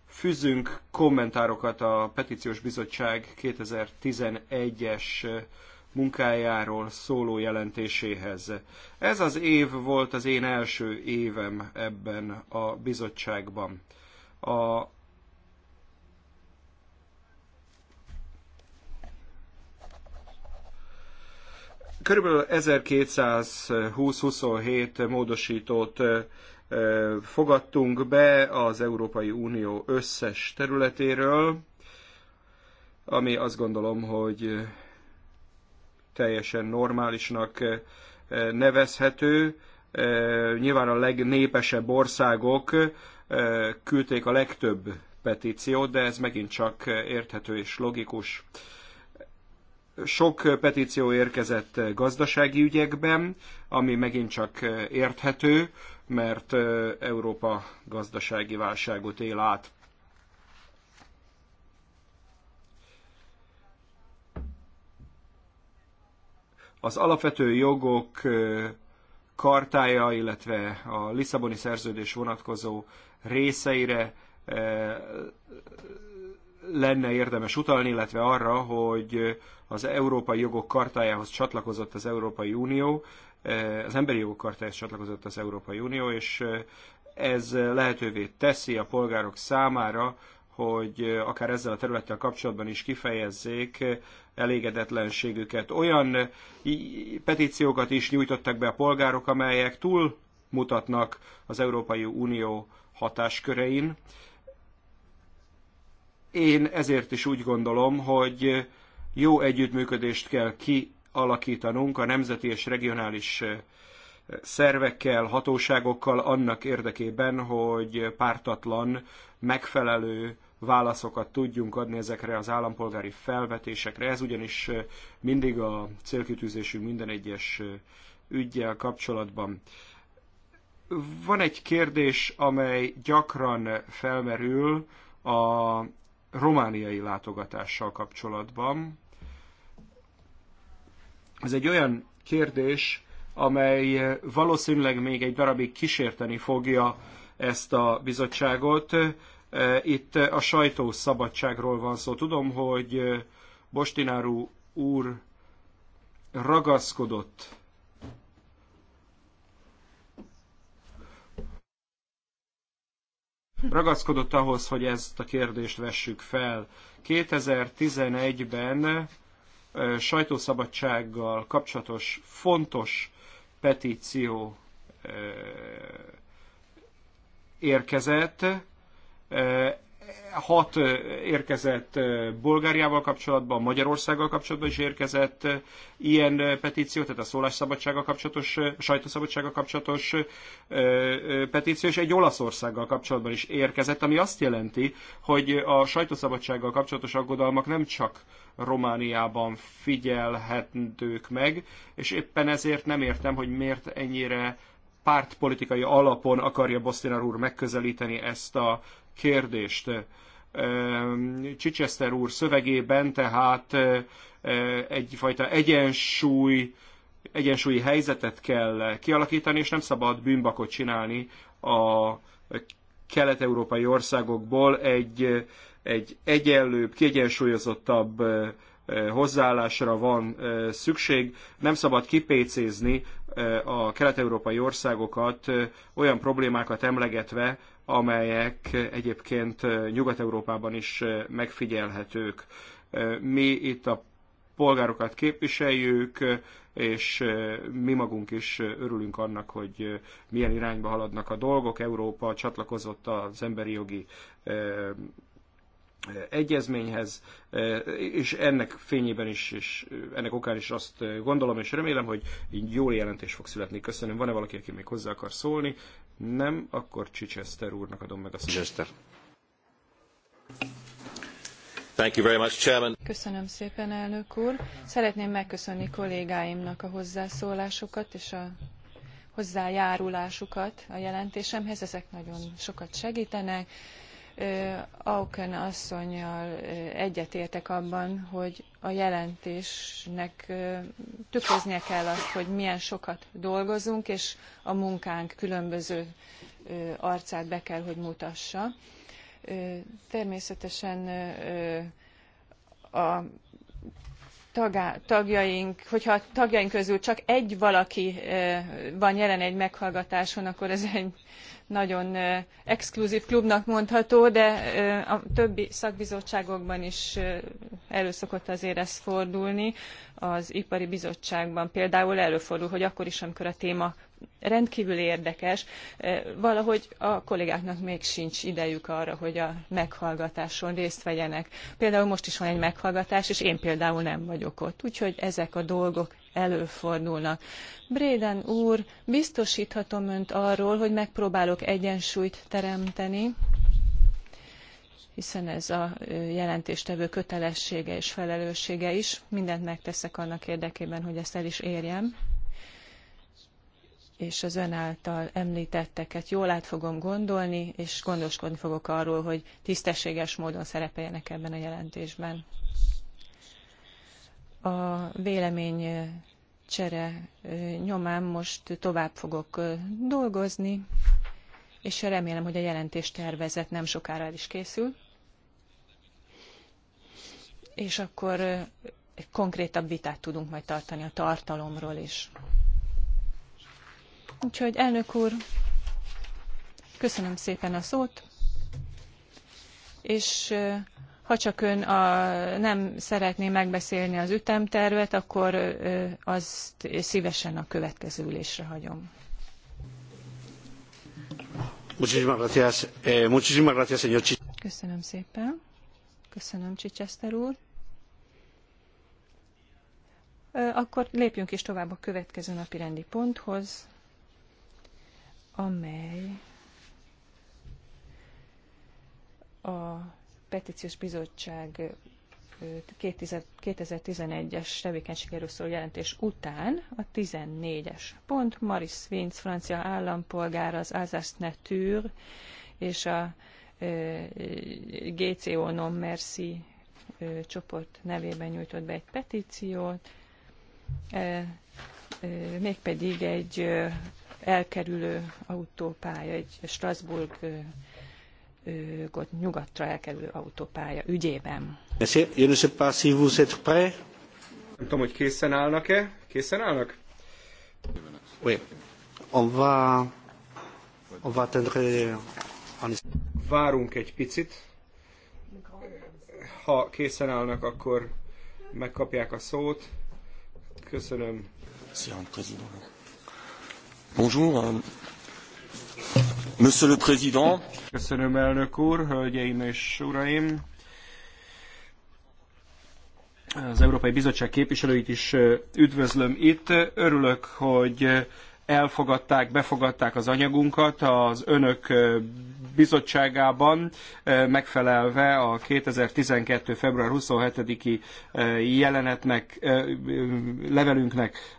fűzünk kommentárokat a Petíciós Bizottság 2011-es munkájáról szóló jelentéséhez. Ez az év volt az én első évem ebben a bizottságban. A Körülbelül 1220-27 módosítót fogadtunk be az Európai Unió összes területéről, ami azt gondolom, hogy teljesen normálisnak nevezhető. Nyilván a legnépesebb országok küldték a legtöbb petíciót, de ez megint csak érthető és logikus. Sok petíció érkezett gazdasági ügyekben, ami megint csak érthető, mert Európa gazdasági válságot él át. Az alapvető jogok kartája, illetve a Lisszaboni szerződés vonatkozó részeire lenne érdemes utalni, illetve arra, hogy az Európai Jogok Kartájához csatlakozott az Európai Unió, eh, az Emberi Jogok Kartájához csatlakozott az Európai Unió, és eh, ez lehetővé teszi a polgárok számára, hogy eh, akár ezzel a területtel kapcsolatban is kifejezzék elégedetlenségüket. Olyan petíciókat is nyújtottak be a polgárok, amelyek túl mutatnak az Európai Unió hatáskörein. Én ezért is úgy gondolom, hogy jó együttműködést kell kialakítanunk a nemzeti és regionális szervekkel, hatóságokkal annak érdekében, hogy pártatlan, megfelelő válaszokat tudjunk adni ezekre az állampolgári felvetésekre. Ez ugyanis mindig a célkitűzésünk minden egyes ügyjel kapcsolatban. Van egy kérdés, amely gyakran felmerül a romániai látogatással kapcsolatban. Ez egy olyan kérdés, amely eh, valószínűleg még egy darabig kísérteni fogja ezt a bizottságot. Eh, itt eh, a sajtószabadságról van szó. Tudom, hogy Bostináru úr ragaszkodott ragaszkodott ahhoz, hogy ezt a kérdést vessük fel. 2011-ben sajtószabadsággal kapcsolatos fontos petíció érkezett hat érkezett Bulgáriával kapcsolatban, Magyarországgal kapcsolatban is érkezett ilyen petíció, tehát a szólásszabadsággal kapcsolatos, a sajtószabadsággal kapcsolatos petíció, és egy Olaszországgal kapcsolatban is érkezett, ami azt jelenti, hogy a sajtószabadsággal kapcsolatos aggodalmak nem csak Romániában figyelhetők meg, és éppen ezért nem értem, hogy miért ennyire pártpolitikai alapon akarja Bosztinár úr megközelíteni ezt a kérdést. Chichester úr szövegében tehát eh, egyfajta egyensúly, egyensúlyi helyzetet kell kialakítani, és nem szabad bűnbakot csinálni a kelet-európai országokból egy, egy egyenlőbb, kiegyensúlyozottabb eh, hozzáállásra van eh, szükség. Nem szabad kipécézni a kelet-európai országokat olyan problémákat emlegetve, amelyek egyébként Nyugat-Európában is megfigyelhetők. Mi itt a polgárokat képviseljük, és mi magunk is örülünk annak, hogy milyen irányba haladnak a dolgok. Európa csatlakozott az emberi jogi egyezményhez, e, és ennek fényében is, és ennek okán is azt gondolom, és remélem, hogy jó jelentés fog születni. Köszönöm. Van-e valaki, aki még hozzá akar szólni? Nem, akkor Chichester úrnak adom meg a szót. Chichester. Thank you very much, Chairman. Köszönöm szépen, elnök úr. Szeretném megköszönni kollégáimnak a hozzászólásukat és a hozzájárulásukat a jelentésemhez. Ezek nagyon sokat segítenek Auken asszonyjal egyetértek abban, hogy a jelentésnek tükröznie kell azt, hogy milyen sokat dolgozunk, és a munkánk különböző arcát be kell, hogy mutassa. Természetesen a tagá, tagjaink, hogyha a tagjaink közül csak egy valaki van jelen egy meghallgatáson, akkor ez egy nagyon exkluzív klubnak mondható, de a többi szakbizottságokban is elő szokott azért ez fordulni. Az ipari bizottságban például előfordul, hogy akkor is, amikor a téma rendkívül érdekes. Valahogy a kollégáknak még sincs idejük arra, hogy a meghallgatáson részt vegyenek. Például most is van egy meghallgatás, és én például nem vagyok ott. Úgyhogy ezek a dolgok előfordulnak. Bréden úr, biztosíthatom önt arról, hogy megpróbálok egyensúlyt teremteni, hiszen ez a jelentéstevő kötelessége és felelőssége is. Mindent megteszek annak érdekében, hogy ezt el is érjem és az ön által említetteket jól át fogom gondolni, és gondoskodni fogok arról, hogy tisztességes módon szerepeljenek ebben a jelentésben. A vélemény csere nyomán most tovább fogok dolgozni, és remélem, hogy a jelentés tervezet nem sokára el is készül. És akkor konkrétabb vitát tudunk majd tartani a tartalomról is. Úgyhogy elnök úr, köszönöm szépen a szót, és ha csak ön a, nem szeretné megbeszélni az ütemtervet, akkor azt szívesen a következő ülésre hagyom. Eh, köszönöm szépen. Köszönöm, Csicseszter úr. Akkor lépjünk is tovább a következő napi rendi ponthoz amely a Petíciós Bizottság 2011-es tevékenységéről szóló jelentés után a 14-es pont Maris Vince francia állampolgár, az Azaz Nature és a GCO Non Merci csoport nevében nyújtott be egy petíciót, mégpedig egy elkerülő autópálya, egy Strasbourgot nyugatra elkerülő autópálya ügyében. Je ne sais pas si vous êtes prêt. Nem tudom, hogy készen állnak-e? Készen állnak? Oui. On va... On va attendre... Várunk egy picit. Ha készen állnak, akkor megkapják a szót. Köszönöm. köszönöm. Bonjour. Euh, Monsieur le Président. Köszönöm, elnök úr, hölgyeim és uraim. Az Európai Bizottság képviselőit is üdvözlöm itt. Örülök, hogy elfogadták, befogadták az anyagunkat az önök bizottságában, megfelelve a 2012. február 27-i jelenetnek, levelünknek.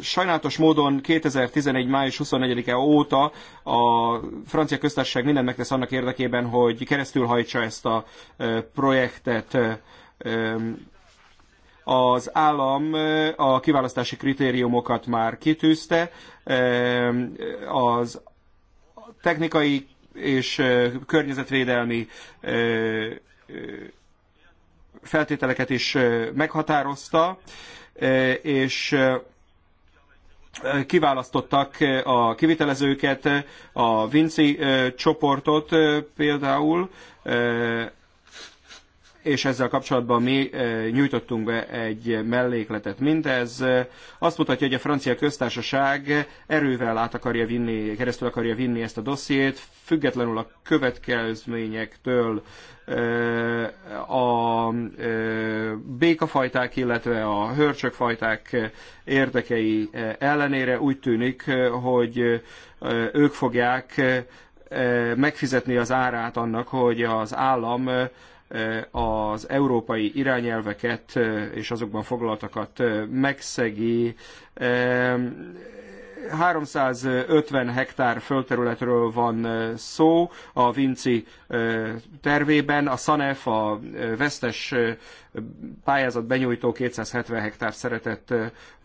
Sajnálatos módon 2011. május 24-e óta a francia köztársaság minden megtesz annak érdekében, hogy keresztülhajtsa ezt a projektet az állam eh, a kiválasztási kritériumokat már kitűzte, eh, az technikai és eh, környezetvédelmi feltételeket is meghatározta, és kiválasztottak a kivitelezőket, a Vinci csoportot például, és ezzel kapcsolatban mi eh, nyújtottunk be egy mellékletet. Mindez eh, azt mutatja, hogy a francia köztársaság erővel át akarja vinni, keresztül akarja vinni ezt a dossziét, függetlenül a következményektől eh, a békafajták, illetve a hörcsökfajták érdekei ellenére úgy tűnik, hogy ők fogják megfizetni az árát annak, hogy az állam az európai irányelveket és azokban foglaltakat megszegi, 350 hektár földterületről van szó a Vinci tervében, a SANEF, a vesztes pályázat benyújtó 270 hektár szeretett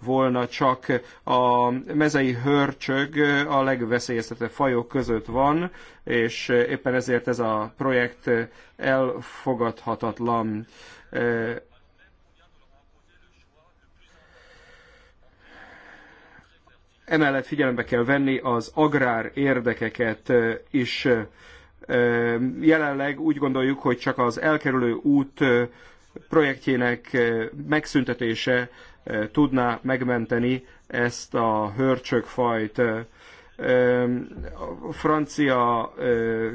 volna, csak a mezei hörcsög a legveszélyeztetett fajok között van, és éppen ezért ez a projekt elfogadhatatlan Emellett figyelembe kell venni az agrár érdekeket is. Jelenleg úgy gondoljuk, hogy csak az elkerülő út projektjének megszüntetése tudná megmenteni ezt a hörcsökfajt. A francia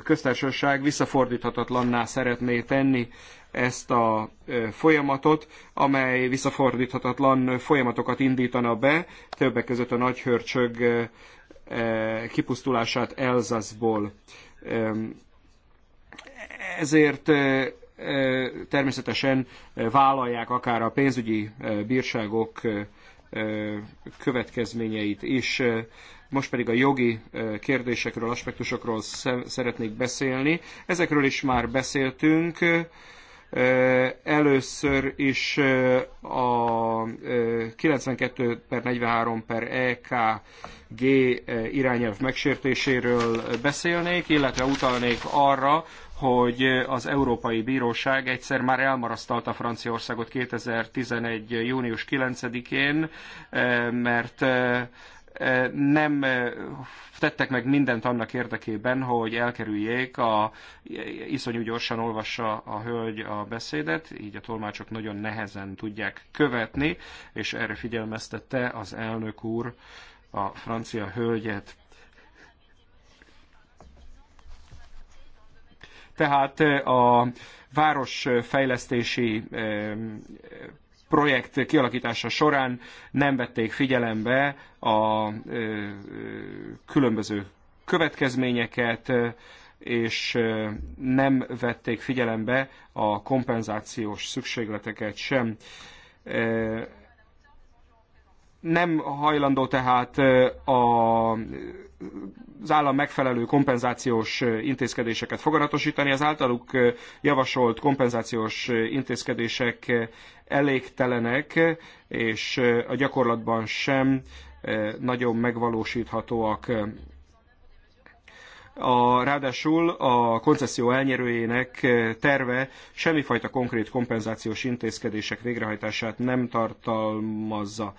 köztársaság visszafordíthatatlanná szeretné tenni ezt a folyamatot, amely visszafordíthatatlan folyamatokat indítana be, többek között a nagyhörcsög kipusztulását Elzaszból. Ezért természetesen vállalják akár a pénzügyi bírságok következményeit is. Most pedig a jogi kérdésekről, aspektusokról szeretnék beszélni. Ezekről is már beszéltünk. Először is a 92 per 43 per EKG irányelv megsértéséről beszélnék, illetve utalnék arra, hogy az Európai Bíróság egyszer már elmarasztalta Franciaországot 2011. június 9-én, mert nem tettek meg mindent annak érdekében, hogy elkerüljék, a, iszonyú gyorsan olvassa a hölgy a beszédet, így a tolmácsok nagyon nehezen tudják követni, és erre figyelmeztette az elnök úr a francia hölgyet. Tehát a városfejlesztési projekt kialakítása során nem vették figyelembe a különböző következményeket, és nem vették figyelembe a kompenzációs szükségleteket sem. Nem hajlandó tehát a, az állam megfelelő kompenzációs intézkedéseket fogadatosítani. Az általuk javasolt kompenzációs intézkedések elégtelenek, és a gyakorlatban sem nagyon megvalósíthatóak. A, ráadásul a koncesszió elnyerőjének terve semmifajta konkrét kompenzációs intézkedések végrehajtását nem tartalmazza.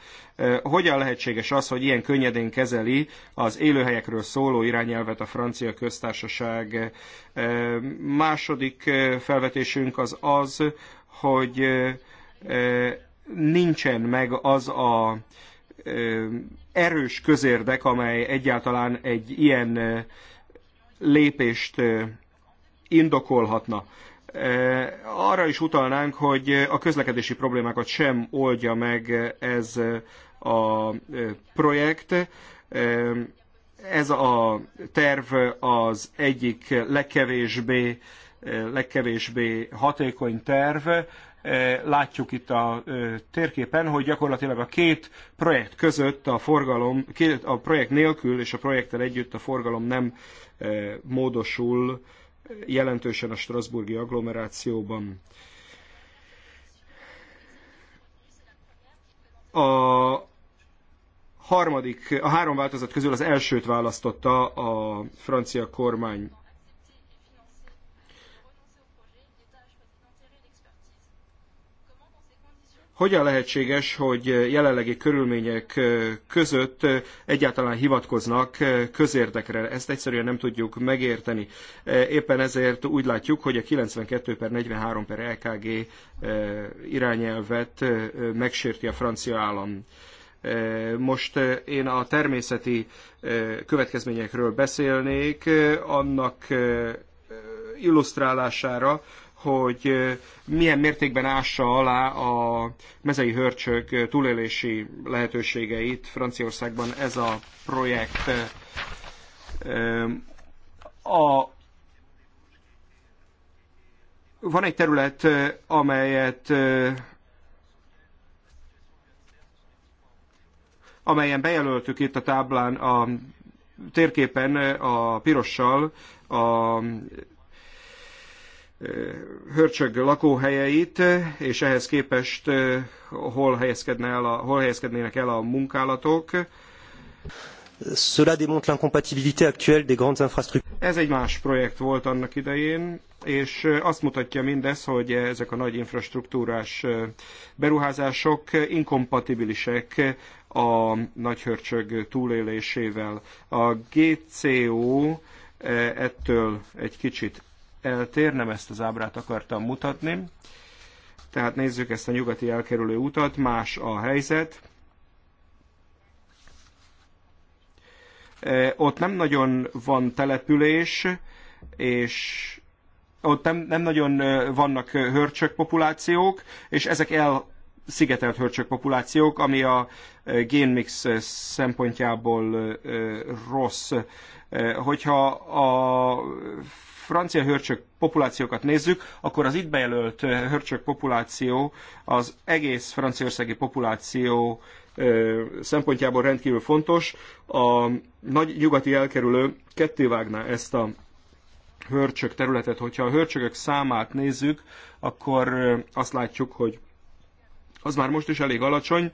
Hogyan lehetséges az, hogy ilyen könnyedén kezeli az élőhelyekről szóló irányelvet a francia köztársaság? Második felvetésünk az az, hogy nincsen meg az a erős közérdek, amely egyáltalán egy ilyen lépést indokolhatna. Arra is utalnánk, hogy a közlekedési problémákat sem oldja meg ez a projekt. Ez a terv az egyik legkevésbé legkevésbé hatékony terv. Eh, látjuk itt a eh, térképen, hogy gyakorlatilag a két projekt között a forgalom, a projekt nélkül és a projekttel együtt a forgalom nem eh, módosul jelentősen a Strasburgi agglomerációban. A harmadik, a három változat közül az elsőt választotta a francia kormány. Hogyan lehetséges, hogy jelenlegi körülmények között egyáltalán hivatkoznak közérdekre? Ezt egyszerűen nem tudjuk megérteni. Éppen ezért úgy látjuk, hogy a 92 per 43 per LKG irányelvet megsérti a francia állam. Most én a természeti következményekről beszélnék, annak illusztrálására, hogy milyen mértékben ássa alá a mezei hörcsök túlélési lehetőségeit. Franciaországban ez a projekt a van egy terület, amelyet amelyen bejelöltük itt a táblán a térképen a pirossal a hörcsög lakóhelyeit, és ehhez képest eh, hol, helyezkedne el a, hol helyezkednének el a munkálatok. Cela démontre l'incompatibilité actuelle des grandes infrastructures. Ez egy más projekt volt annak idején, és eh, azt mutatja mindez, hogy ezek a nagy infrastruktúrás eh, beruházások inkompatibilisek a nagyhörcsög túlélésével. A GCO ettől egy kicsit eltér, nem ezt az ábrát akartam mutatni. Tehát nézzük ezt a nyugati elkerülő utat, más a helyzet. E, ott nem nagyon van település, és ott nem, nem nagyon e, vannak e, hörcsök populációk, és ezek el szigetelt hörcsök populációk, ami a génmix szempontjából rossz. Hogyha a francia hörcsök populációkat nézzük, akkor az itt bejelölt hörcsök populáció az egész franciaországi populáció szempontjából rendkívül fontos. A nagy nyugati elkerülő kettévágná ezt a hörcsök területet. Hogyha a hörcsögök számát nézzük, akkor azt látjuk, hogy az már most is elég alacsony,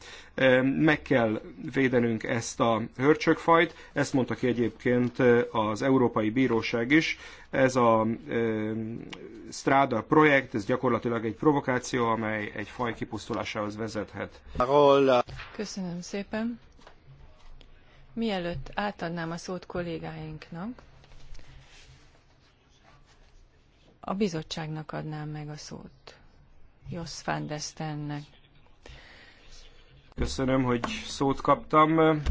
meg kell védenünk ezt a hörcsökfajt, ezt mondta ki egyébként az Európai Bíróság is, ez a Strada projekt, ez gyakorlatilag egy provokáció, amely egy faj kipusztulásához vezethet. Köszönöm szépen. Mielőtt átadnám a szót kollégáinknak, a bizottságnak adnám meg a szót. Jos van Stennek. Köszönöm, hogy szót kaptam.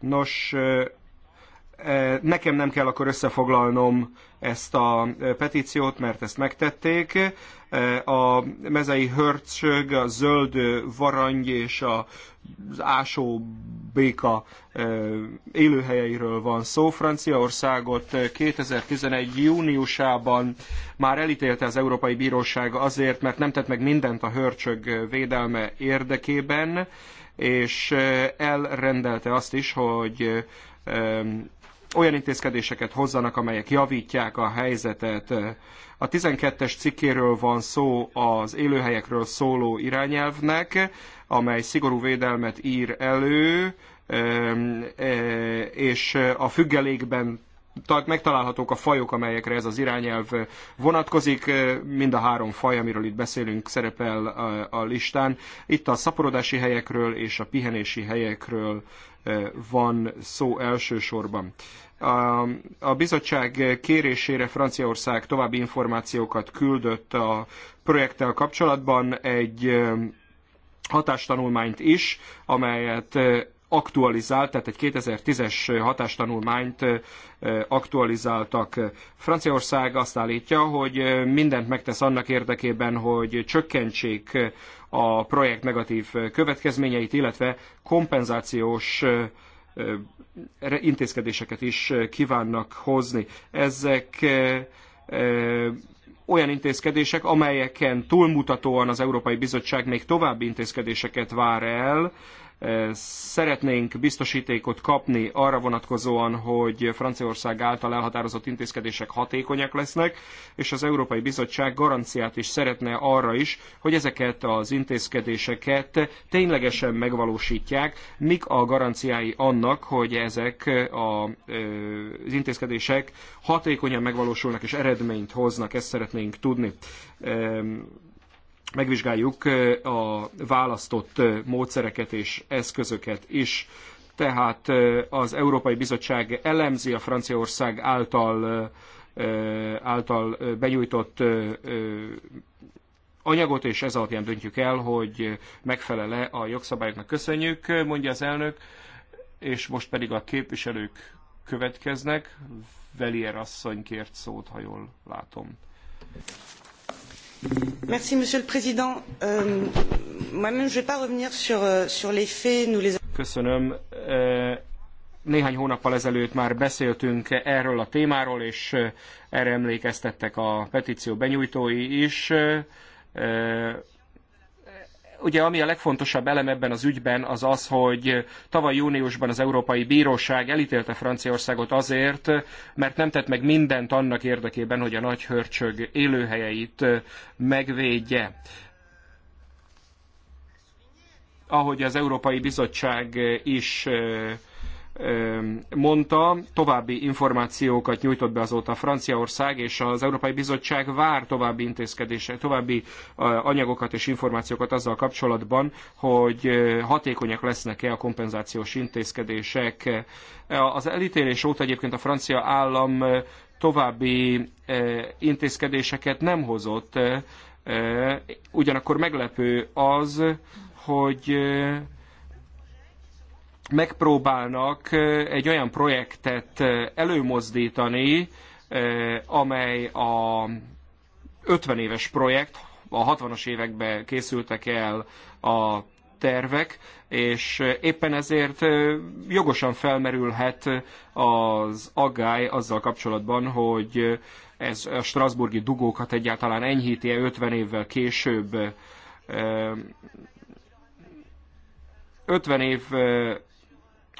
Nos, Nekem nem kell akkor összefoglalnom ezt a petíciót, mert ezt megtették. A mezei hörcsög, a zöld varangy és az ásó béka élőhelyeiről van szó. Franciaországot 2011. júniusában már elítélte az Európai Bíróság azért, mert nem tett meg mindent a hörcsög védelme érdekében, és elrendelte azt is, hogy olyan intézkedéseket hozzanak, amelyek javítják a helyzetet. A 12-es cikkéről van szó az élőhelyekről szóló irányelvnek, amely szigorú védelmet ír elő, ehm, e, és a függelékben megtalálhatók a fajok, amelyekre ez az irányelv eh, vonatkozik. Eh, mind a három faj, amiről itt beszélünk, szerepel eh, a, listán. Itt a szaporodási helyekről és a pihenési helyekről van szó elsősorban. A, a bizottság kérésére Franciaország további információkat küldött a projekttel kapcsolatban egy hatástanulmányt is, amelyet aktualizált, tehát egy 2010-es hatástanulmányt aktualizáltak. Franciaország azt állítja, hogy mindent megtesz annak érdekében, hogy csökkentsék a projekt negatív következményeit, illetve kompenzációs intézkedéseket is kívánnak hozni. Ezek olyan intézkedések, amelyeken túlmutatóan az Európai Bizottság még további intézkedéseket vár el, Szeretnénk biztosítékot kapni arra vonatkozóan, hogy Franciaország által elhatározott intézkedések hatékonyak lesznek, és az Európai Bizottság garanciát is szeretne arra is, hogy ezeket az intézkedéseket ténylegesen megvalósítják, mik a garanciái annak, hogy ezek a, az intézkedések hatékonyan megvalósulnak és eredményt hoznak, ezt szeretnénk tudni megvizsgáljuk a választott módszereket és eszközöket is. Tehát az Európai Bizottság elemzi a Franciaország által, által benyújtott anyagot, és ez alapján döntjük el, hogy megfelele a jogszabályoknak. Köszönjük, mondja az elnök, és most pedig a képviselők következnek. Velier asszony kért szót, ha jól látom. Monsieur le Président. Euh, moi-même, je ne vais pas revenir sur, euh, sur les faits. Nous les... Köszönöm. Néhány hónappal ezelőtt már beszéltünk erről a témáról, és erre emlékeztettek a petíció benyújtói is ugye ami a legfontosabb elem ebben az ügyben az az, hogy tavaly júniusban az Európai Bíróság elítélte Franciaországot azért, mert nem tett meg mindent annak érdekében, hogy a nagyhörcsög élőhelyeit megvédje. Ahogy az Európai Bizottság is mondta, további információkat nyújtott be azóta Franciaország, és az Európai Bizottság vár további intézkedések, további anyagokat és információkat azzal kapcsolatban, hogy hatékonyak lesznek-e a kompenzációs intézkedések. Az elítélés óta egyébként a francia állam további intézkedéseket nem hozott, ugyanakkor meglepő az, hogy megpróbálnak egy olyan projektet előmozdítani, amely a 50 éves projekt, a 60-as években készültek el a tervek, és éppen ezért jogosan felmerülhet az aggály azzal kapcsolatban, hogy ez a strasburgi dugókat egyáltalán enyhíti-e 50 évvel később. 50 év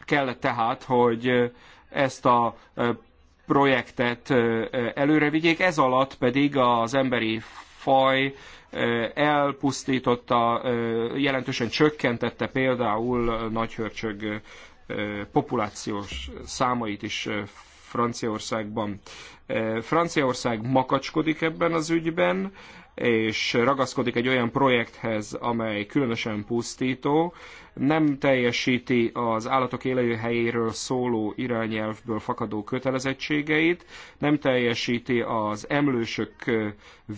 kell tehát, hogy ezt a projektet előre vigyék, ez alatt pedig az emberi faj elpusztította, jelentősen csökkentette például nagyhörcsög populációs számait is Franciaországban. Franciaország makacskodik ebben az ügyben, és ragaszkodik egy olyan projekthez, amely különösen pusztító, nem teljesíti az állatok élőhelyéről szóló irányelvből fakadó kötelezettségeit, nem teljesíti az emlősök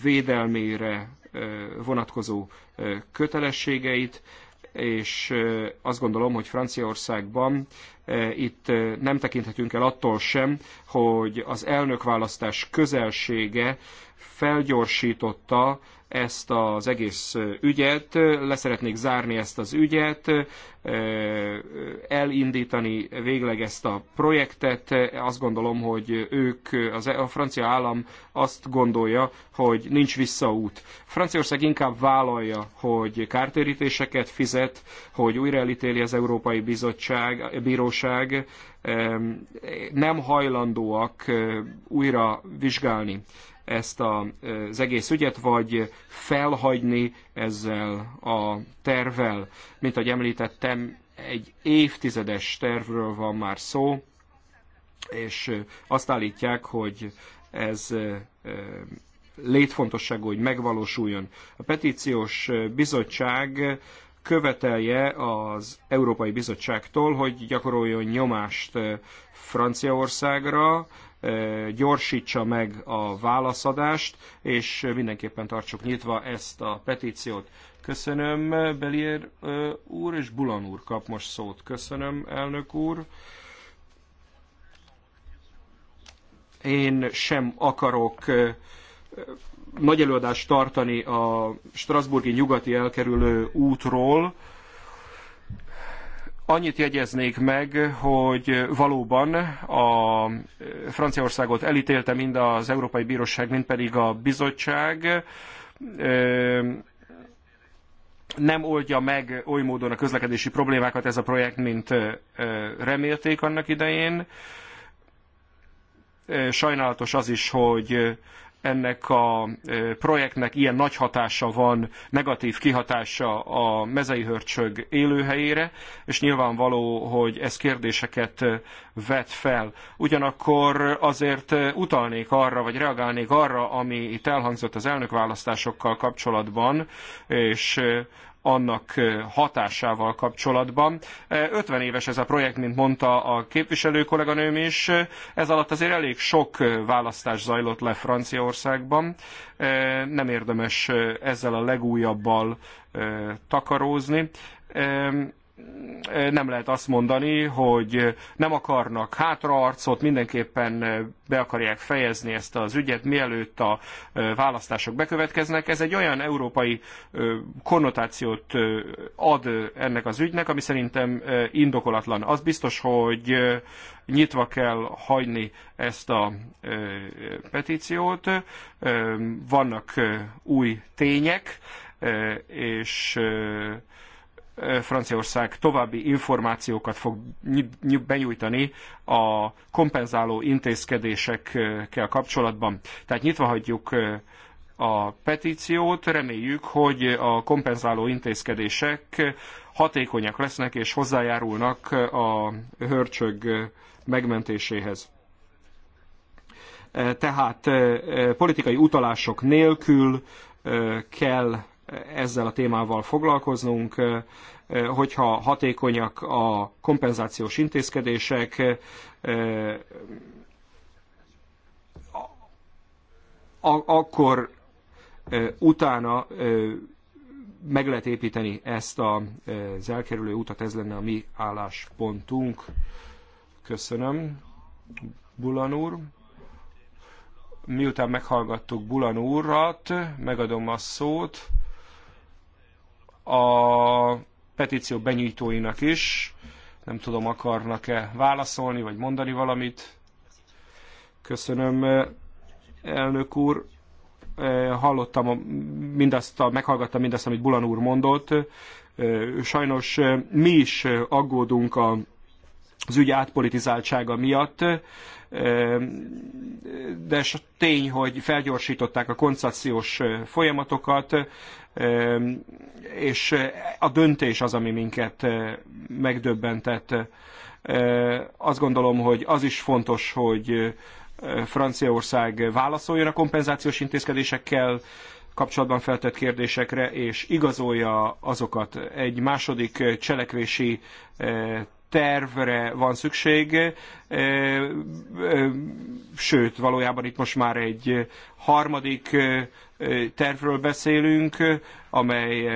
védelmére vonatkozó kötelességeit, és azt gondolom, hogy Franciaországban itt nem tekinthetünk el attól sem, hogy az elnökválasztás közelsége felgyorsította ezt az egész ügyet, leszeretnék zárni ezt az ügyet, elindítani végleg ezt a projektet. Azt gondolom, hogy ők, az, e- a francia állam azt gondolja, hogy nincs visszaút. Franciaország inkább vállalja, hogy kártérítéseket fizet, hogy újra elítéli az Európai Bizottság, Bíróság, nem hajlandóak újra vizsgálni ezt a, az egész ügyet, vagy felhagyni ezzel a tervvel. Mint ahogy említettem, egy évtizedes tervről van már szó, és azt állítják, hogy ez létfontosságú, hogy megvalósuljon. A petíciós bizottság követelje az Európai Bizottságtól, hogy gyakoroljon nyomást Franciaországra, gyorsítsa meg a válaszadást, és mindenképpen tartsuk nyitva ezt a petíciót. Köszönöm, Belier úr, és Bulan úr kap most szót. Köszönöm, elnök úr. Én sem akarok nagy előadást tartani a Strasburgi nyugati elkerülő útról, Annyit jegyeznék meg, hogy valóban a Franciaországot elítélte mind az Európai Bíróság, mind pedig a bizottság nem oldja meg oly módon a közlekedési problémákat ez a projekt, mint remélték annak idején. Sajnálatos az is, hogy ennek a projektnek ilyen nagy hatása van, negatív kihatása a mezei hörcsög élőhelyére, és nyilvánvaló, hogy ez kérdéseket vet fel. Ugyanakkor azért utalnék arra, vagy reagálnék arra, ami itt elhangzott az elnökválasztásokkal kapcsolatban, és annak hatásával kapcsolatban. 50 éves ez a projekt, mint mondta a képviselő kolléganőm is. Ez alatt azért elég sok választás zajlott le Franciaországban. Nem érdemes ezzel a legújabbal takarózni nem lehet azt mondani, hogy nem akarnak hátraarcot, mindenképpen be akarják fejezni ezt az ügyet, mielőtt a választások bekövetkeznek. Ez egy olyan európai konnotációt ad ennek az ügynek, ami szerintem indokolatlan. Az biztos, hogy nyitva kell hagyni ezt a petíciót. Vannak új tények, és Franciaország további információkat fog benyújtani a kompenzáló intézkedésekkel kapcsolatban. Tehát nyitva hagyjuk a petíciót, reméljük, hogy a kompenzáló intézkedések hatékonyak lesznek és hozzájárulnak a hörcsög megmentéséhez tehát politikai utalások nélkül kell ezzel a témával foglalkoznunk, hogyha hatékonyak a kompenzációs intézkedések, akkor utána meg lehet építeni ezt az elkerülő utat, ez lenne a mi álláspontunk. Köszönöm, Bulan úr. Miután meghallgattuk Bulan úrat, megadom a szót a petíció benyújtóinak is. Nem tudom, akarnak-e válaszolni, vagy mondani valamit. Köszönöm, elnök úr. Hallottam, mindazt, meghallgattam mindazt, amit Bulan úr mondott. Sajnos mi is aggódunk a az ügy átpolitizáltsága miatt, de a tény, hogy felgyorsították a koncepciós folyamatokat, és a döntés az, ami minket megdöbbentett. Azt gondolom, hogy az is fontos, hogy Franciaország válaszoljon a kompenzációs intézkedésekkel kapcsolatban feltett kérdésekre, és igazolja azokat. Egy második cselekvési tervre van szükség, sőt, valójában itt most már egy harmadik tervről beszélünk, amely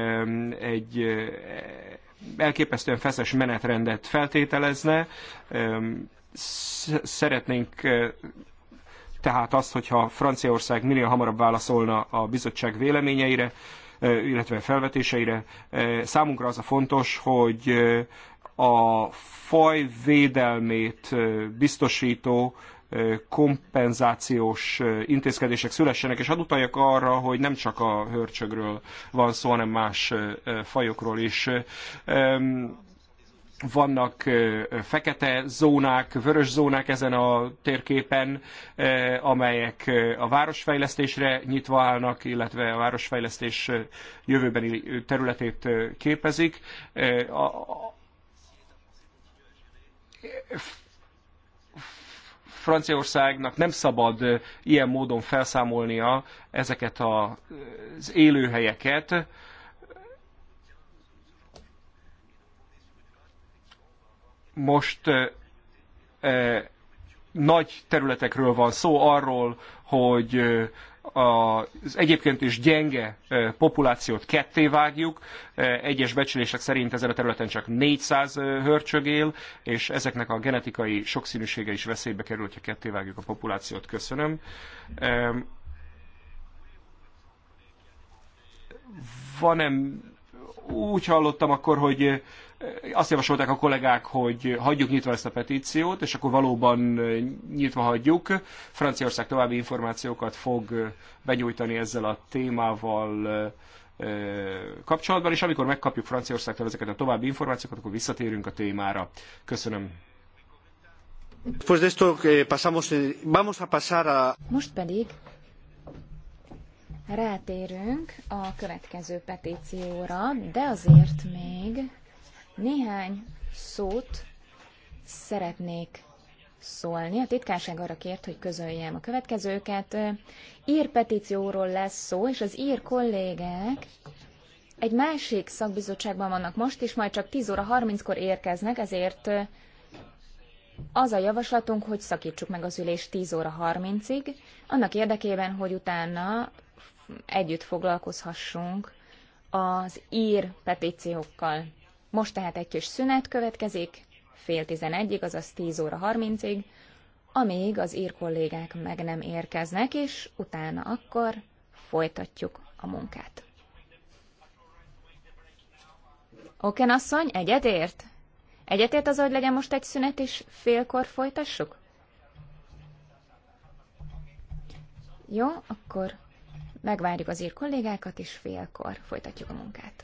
egy elképesztően feszes menetrendet feltételezne. Szeretnénk tehát azt, hogyha Franciaország minél hamarabb válaszolna a bizottság véleményeire, illetve felvetéseire. Számunkra az a fontos, hogy a faj védelmét biztosító kompenzációs intézkedések szülessenek, és hadd utaljak arra, hogy nem csak a hörcsögről van szó, hanem más fajokról is. Vannak fekete zónák, vörös zónák ezen a térképen, amelyek a városfejlesztésre nyitva állnak, illetve a városfejlesztés jövőbeni területét képezik. A Franciaországnak nem szabad ilyen módon felszámolnia ezeket az élőhelyeket. Most nagy területekről van szó, arról, hogy az egyébként is gyenge populációt ketté vágjuk. Egyes becslések szerint ezen a területen csak 400 hörcsög él, és ezeknek a genetikai sokszínűsége is veszélybe kerül, ha ketté vágjuk a populációt. Köszönöm. Van-e úgy hallottam akkor, hogy azt javasolták a kollégák, hogy hagyjuk nyitva ezt a petíciót, és akkor valóban nyitva hagyjuk. Franciaország további információkat fog benyújtani ezzel a témával kapcsolatban, és amikor megkapjuk Franciaországtól ezeket a további információkat, akkor visszatérünk a témára. Köszönöm. Eh, eh, Most pedig rátérünk a következő petícióra, de azért még néhány szót szeretnék szólni. A titkárság arra kért, hogy közöljem a következőket. Ír petícióról lesz szó, és az ír kollégák egy másik szakbizottságban vannak most, és majd csak 10 óra 30-kor érkeznek, ezért az a javaslatunk, hogy szakítsuk meg az ülést 10 óra 30-ig, annak érdekében, hogy utána együtt foglalkozhassunk az ír petíciókkal. Most tehát egy kis szünet következik, fél tizenegyig, azaz 10 óra 30-ig, amíg az ír kollégák meg nem érkeznek, és utána akkor folytatjuk a munkát. Oken asszony, egyetért? Egyetért az, hogy legyen most egy szünet, és félkor folytassuk? Jó, akkor megvárjuk az ír kollégákat, és félkor folytatjuk a munkát.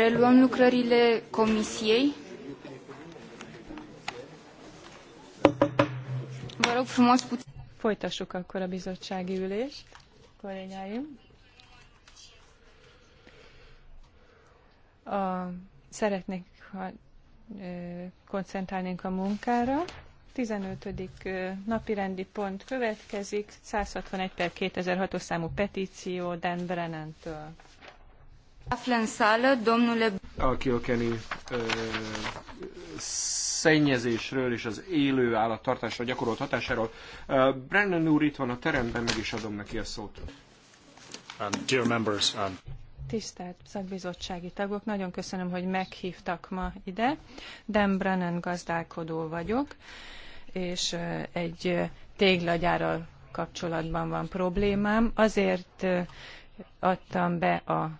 Reluăm lucrările comisiei. Vă rog frumos puțin. Folytassuk akkor a bizottsági ülést, kollégáim. A, szeretnék, ha e, koncentrálnénk a munkára. 15. napirendi pont következik, 161 per 2006-os számú petíció Dan Brennan-től. Află în sală, domnule... A Kilkenny szennyezésről és az élő állattartásra gyakorolt hatásáról. Brennan úr itt van a teremben, meg is adom neki a szót. Um, dear members, um, Tisztelt szakbizottsági tagok, nagyon köszönöm, hogy meghívtak ma ide. Dan Brennan gazdálkodó vagyok, és egy téglagyárral kapcsolatban van problémám. Azért adtam be a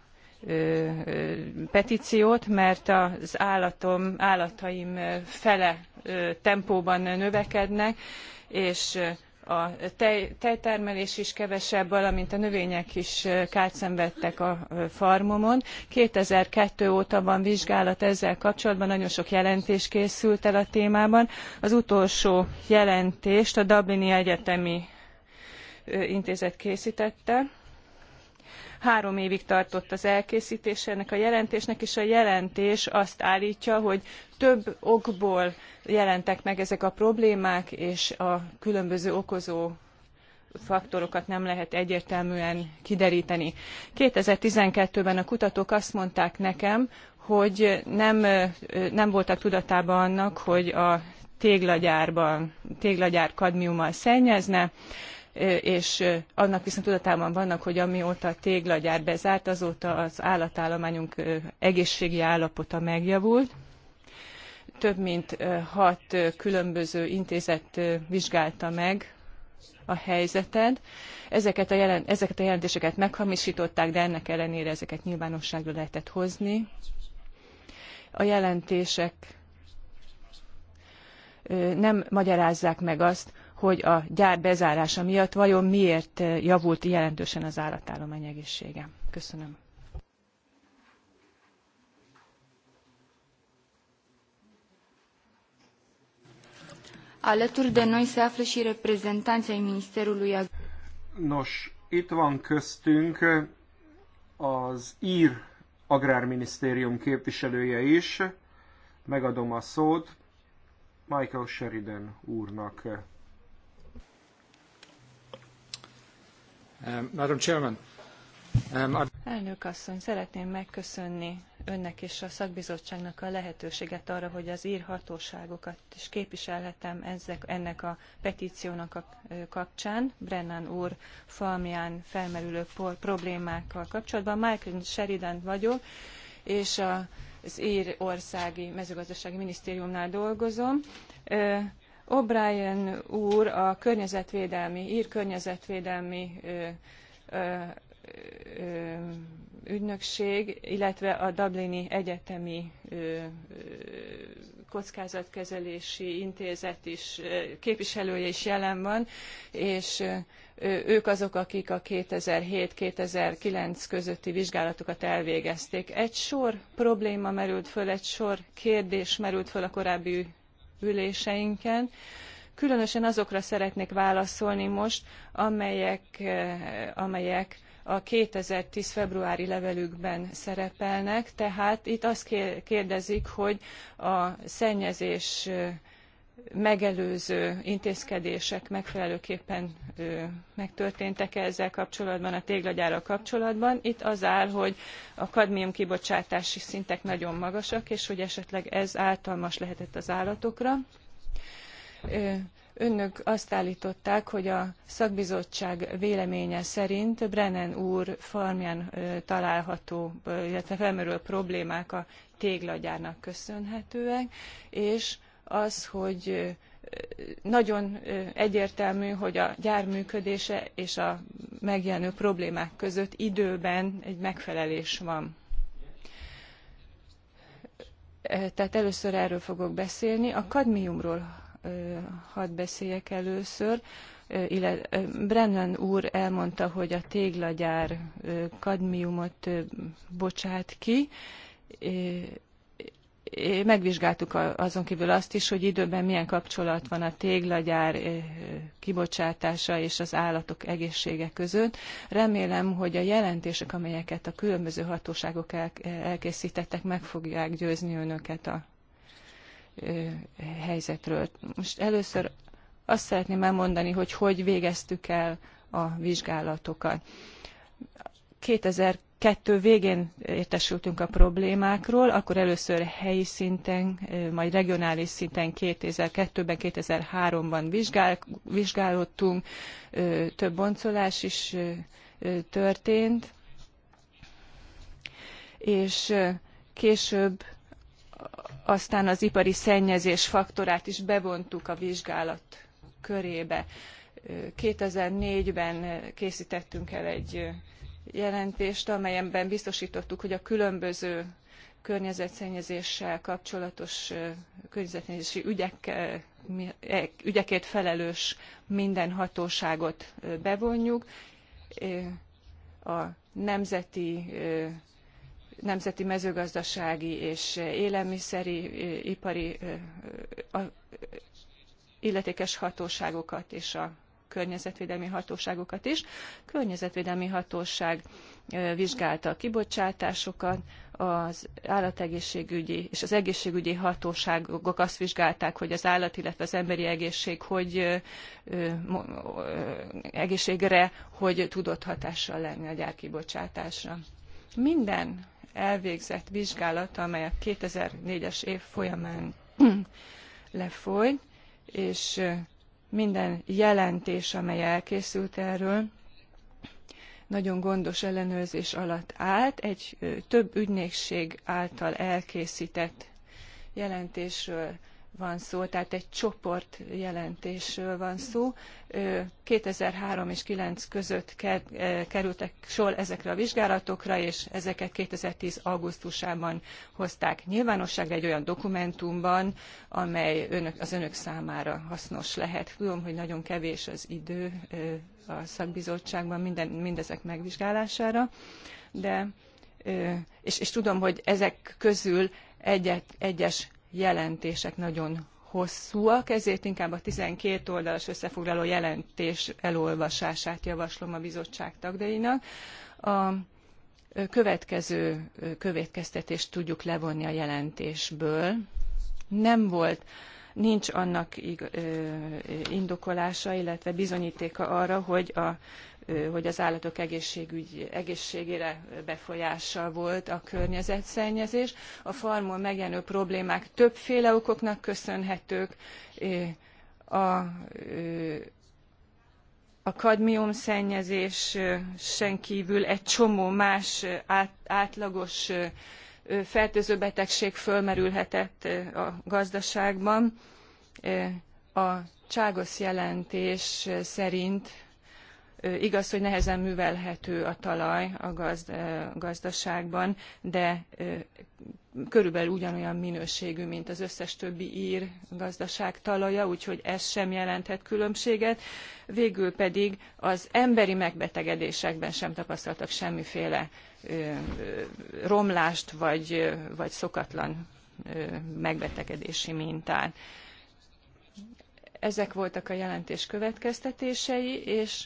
petíciót, mert az állatom, állataim fele tempóban növekednek, és a tej, tejtermelés is kevesebb, valamint a növények is kárt szenvedtek a farmomon. 2002 óta van vizsgálat ezzel kapcsolatban, nagyon sok jelentés készült el a témában. Az utolsó jelentést a Dublini Egyetemi Intézet készítette Három évig tartott az elkészítése ennek a jelentésnek, és a jelentés azt állítja, hogy több okból jelentek meg ezek a problémák, és a különböző okozó faktorokat nem lehet egyértelműen kideríteni. 2012-ben a kutatók azt mondták nekem, hogy nem, nem voltak tudatában annak, hogy a téglagyárban, téglagyár kadmiummal szennyezne, és annak viszont tudatában vannak, hogy amióta a téglagyár bezárt, azóta az állatállományunk egészségi állapota megjavult. Több mint hat különböző intézet vizsgálta meg a helyzetet. Ezeket a, jelen, ezeket a jelentéseket meghamisították, de ennek ellenére ezeket nyilvánosságra lehetett hozni. A jelentések nem magyarázzák meg azt, hogy a gyár bezárása miatt vajon miért eh, javult jelentősen az állatállomány egészsége. Köszönöm. Alături de noi se află și reprezentanții ai Ministerului Nos, itt van köztünk az ír agrárminisztérium képviselője is. Megadom a szót Michael Sheridan úrnak. Um, Madam Chairman. Um, Elnök asszony, szeretném megköszönni önnek és a szakbizottságnak a lehetőséget arra, hogy az ír hatóságokat is képviselhetem ezek, ennek a petíciónak a kapcsán, Brennan úr falmián felmerülő problémákkal kapcsolatban. Michael Sheridan vagyok, és az ír országi mezőgazdasági minisztériumnál dolgozom O'Brien úr a környezetvédelmi, ír környezetvédelmi ügynökség, illetve a Dublini Egyetemi Kockázatkezelési Intézet is képviselője is jelen van, és ők azok, akik a 2007-2009 közötti vizsgálatokat elvégezték. Egy sor probléma merült föl, egy sor kérdés merült föl a korábbi üléseinken. Különösen azokra szeretnék válaszolni most, amelyek, eh, amelyek a 2010. februári levelükben szerepelnek, tehát itt azt kérdezik, hogy a szennyezés eh, megelőző intézkedések megfelelőképpen megtörténtek e ezzel kapcsolatban a téglagyárral kapcsolatban. itt az áll hogy a kadmium kibocsátási szintek nagyon magasak és hogy esetleg ez ártalmas lehetett az állatokra. önök azt álltották hogy a szakbizottság véleménye szerint brennan úr farmján található illetve felmerülő problémák a téglagyárnak köszönhetőek és az, hogy nagyon egyértelmű, hogy a gyár működése és a megjelenő problémák között időben egy megfelelés van. Tehát először erről fogok beszélni. A kadmiumról hadd beszéljek először. Brennan úr elmondta, hogy a téglagyár kadmiumot bocsát ki, megvizsgáltuk azon kívül azt is, hogy időben milyen kapcsolat van a téglagyár eh, kibocsátása és az állatok egészsége között. Remélem, hogy a jelentések, amelyeket a különböző hatóságok elkészítettek, meg fogják győzni önöket a eh, helyzetről. Most először azt szeretném elmondani, hogy hogy végeztük el a vizsgálatokat. 2000 kettő végén értesültünk a problémákról, akkor először helyi szinten, majd regionális szinten 2002-ben, 2003-ban vizsgál, vizsgálódtunk, több boncolás is történt, és később aztán az ipari szennyezés faktorát is bevontuk a vizsgálat körébe. 2004-ben készítettünk el egy jelentést, amelyben biztosítottuk, hogy a különböző környezetszennyezéssel kapcsolatos környezetszennyezési e, ügyekért felelős minden hatóságot bevonjuk. A nemzeti nemzeti mezőgazdasági és élelmiszeri ipari illetékes hatóságokat és a környezetvédelmi hatóságokat is. Környezetvédelmi hatóság vizsgálta a kibocsátásokat, az állategészségügyi és az egészségügyi hatóságok azt vizsgálták, hogy az állat, illetve az emberi egészség hogy egészségre, hogy tudott hatással lenni a gyárkibocsátásra. Minden elvégzett vizsgálata, amely a 2004-es év folyamán lefolyt, és minden jelentés, amely elkészült erről, nagyon gondos ellenőrzés alatt állt. Egy több ügynökség által elkészített jelentésről van szó, tehát egy csoport jelentésről van szó. 2003 és 9 között kerültek sor ezekre a vizsgálatokra, és ezeket 2010. augusztusában hozták nyilvánosságra egy olyan dokumentumban, amely önök, az önök számára hasznos lehet. Tudom, hogy nagyon kevés az idő a szakbizottságban minden, mindezek megvizsgálására, de és, és tudom, hogy ezek közül egyet, egyes jelentések nagyon hosszúak, ezért inkább a 12 oldalas összefoglaló jelentés elolvasását javaslom a bizottság tagjainak. A következő következtetést tudjuk levonni a jelentésből. Nem volt nincs annak indokolása, illetve bizonyítéka arra, hogy a hogy az állatok egészségügy, egészségére befolyással volt a környezetszennyezés. A farmon megjelenő problémák többféle okoknak köszönhetők. A, a kadmium szennyezésen kívül egy csomó más át, átlagos fertőző betegség fölmerülhetett a gazdaságban. A Cságos jelentés szerint Igaz, hogy nehezen művelhető a talaj a gazd, gazdaságban, de körülbelül ugyanolyan minőségű, mint az összes többi ír gazdaság talaja, úgyhogy ez sem jelenthet különbséget. Végül pedig az emberi megbetegedésekben sem tapasztaltak semmiféle romlást vagy, vagy szokatlan megbetegedési mintát. Ezek voltak a jelentés következtetései, és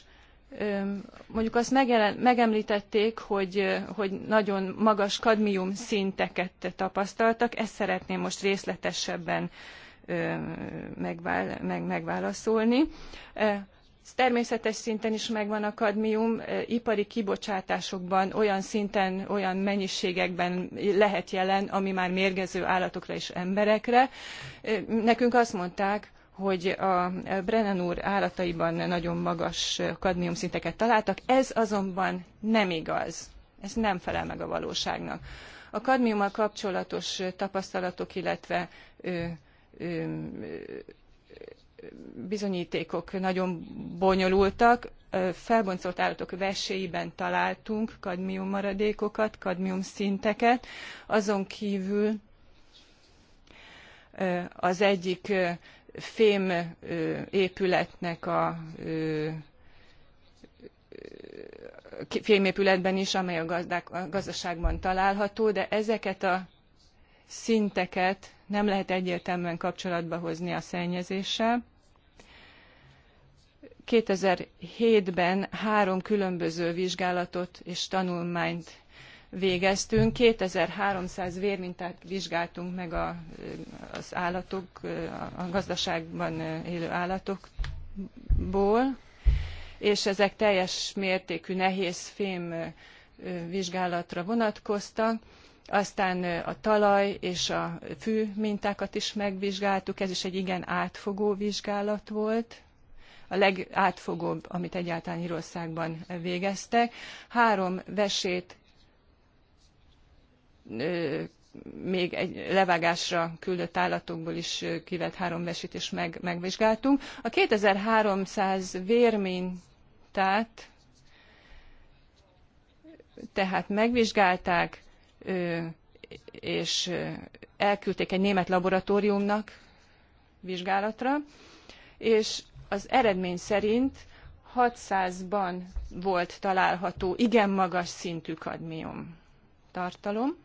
mondjuk azt megjelen, megemlítették, hogy, hogy nagyon magas kadmium szinteket tapasztaltak, ezt szeretném most részletesebben megvál, meg, megválaszolni. Természetes szinten is megvan a kadmium, ipari kibocsátásokban olyan szinten, olyan mennyiségekben lehet jelen, ami már mérgező állatokra és emberekre. Nekünk azt mondták, hogy a Brennan úr állataiban nagyon magas kadmiumszinteket találtak. Ez azonban nem igaz. Ez nem felel meg a valóságnak. A kadmiummal kapcsolatos tapasztalatok, illetve ö, ö, bizonyítékok nagyon bonyolultak. Felboncolt állatok veséiben találtunk kadmium maradékokat, kadmium szinteket. Azon kívül az egyik fém épületnek a fémépületben is, amely a, gazdák, a gazdaságban található, de ezeket a szinteket nem lehet egyértelműen kapcsolatba hozni a szennyezéssel. 2007-ben három különböző vizsgálatot és tanulmányt végeztünk. 2300 vérmintát vizsgáltunk meg a, az állatok, a gazdaságban élő állatokból, és ezek teljes mértékű nehéz fém vizsgálatra vonatkoztak. Aztán a talaj és a fű mintákat is megvizsgáltuk, ez is egy igen átfogó vizsgálat volt, a legátfogóbb, amit egyáltalán Írországban végeztek. Három vesét még egy levágásra küldött állatokból is kivett három és meg, megvizsgáltunk. A 2300 vérmintát tehát megvizsgálták, és elküldték egy német laboratóriumnak vizsgálatra, és az eredmény szerint 600-ban volt található igen magas szintű kadmium tartalom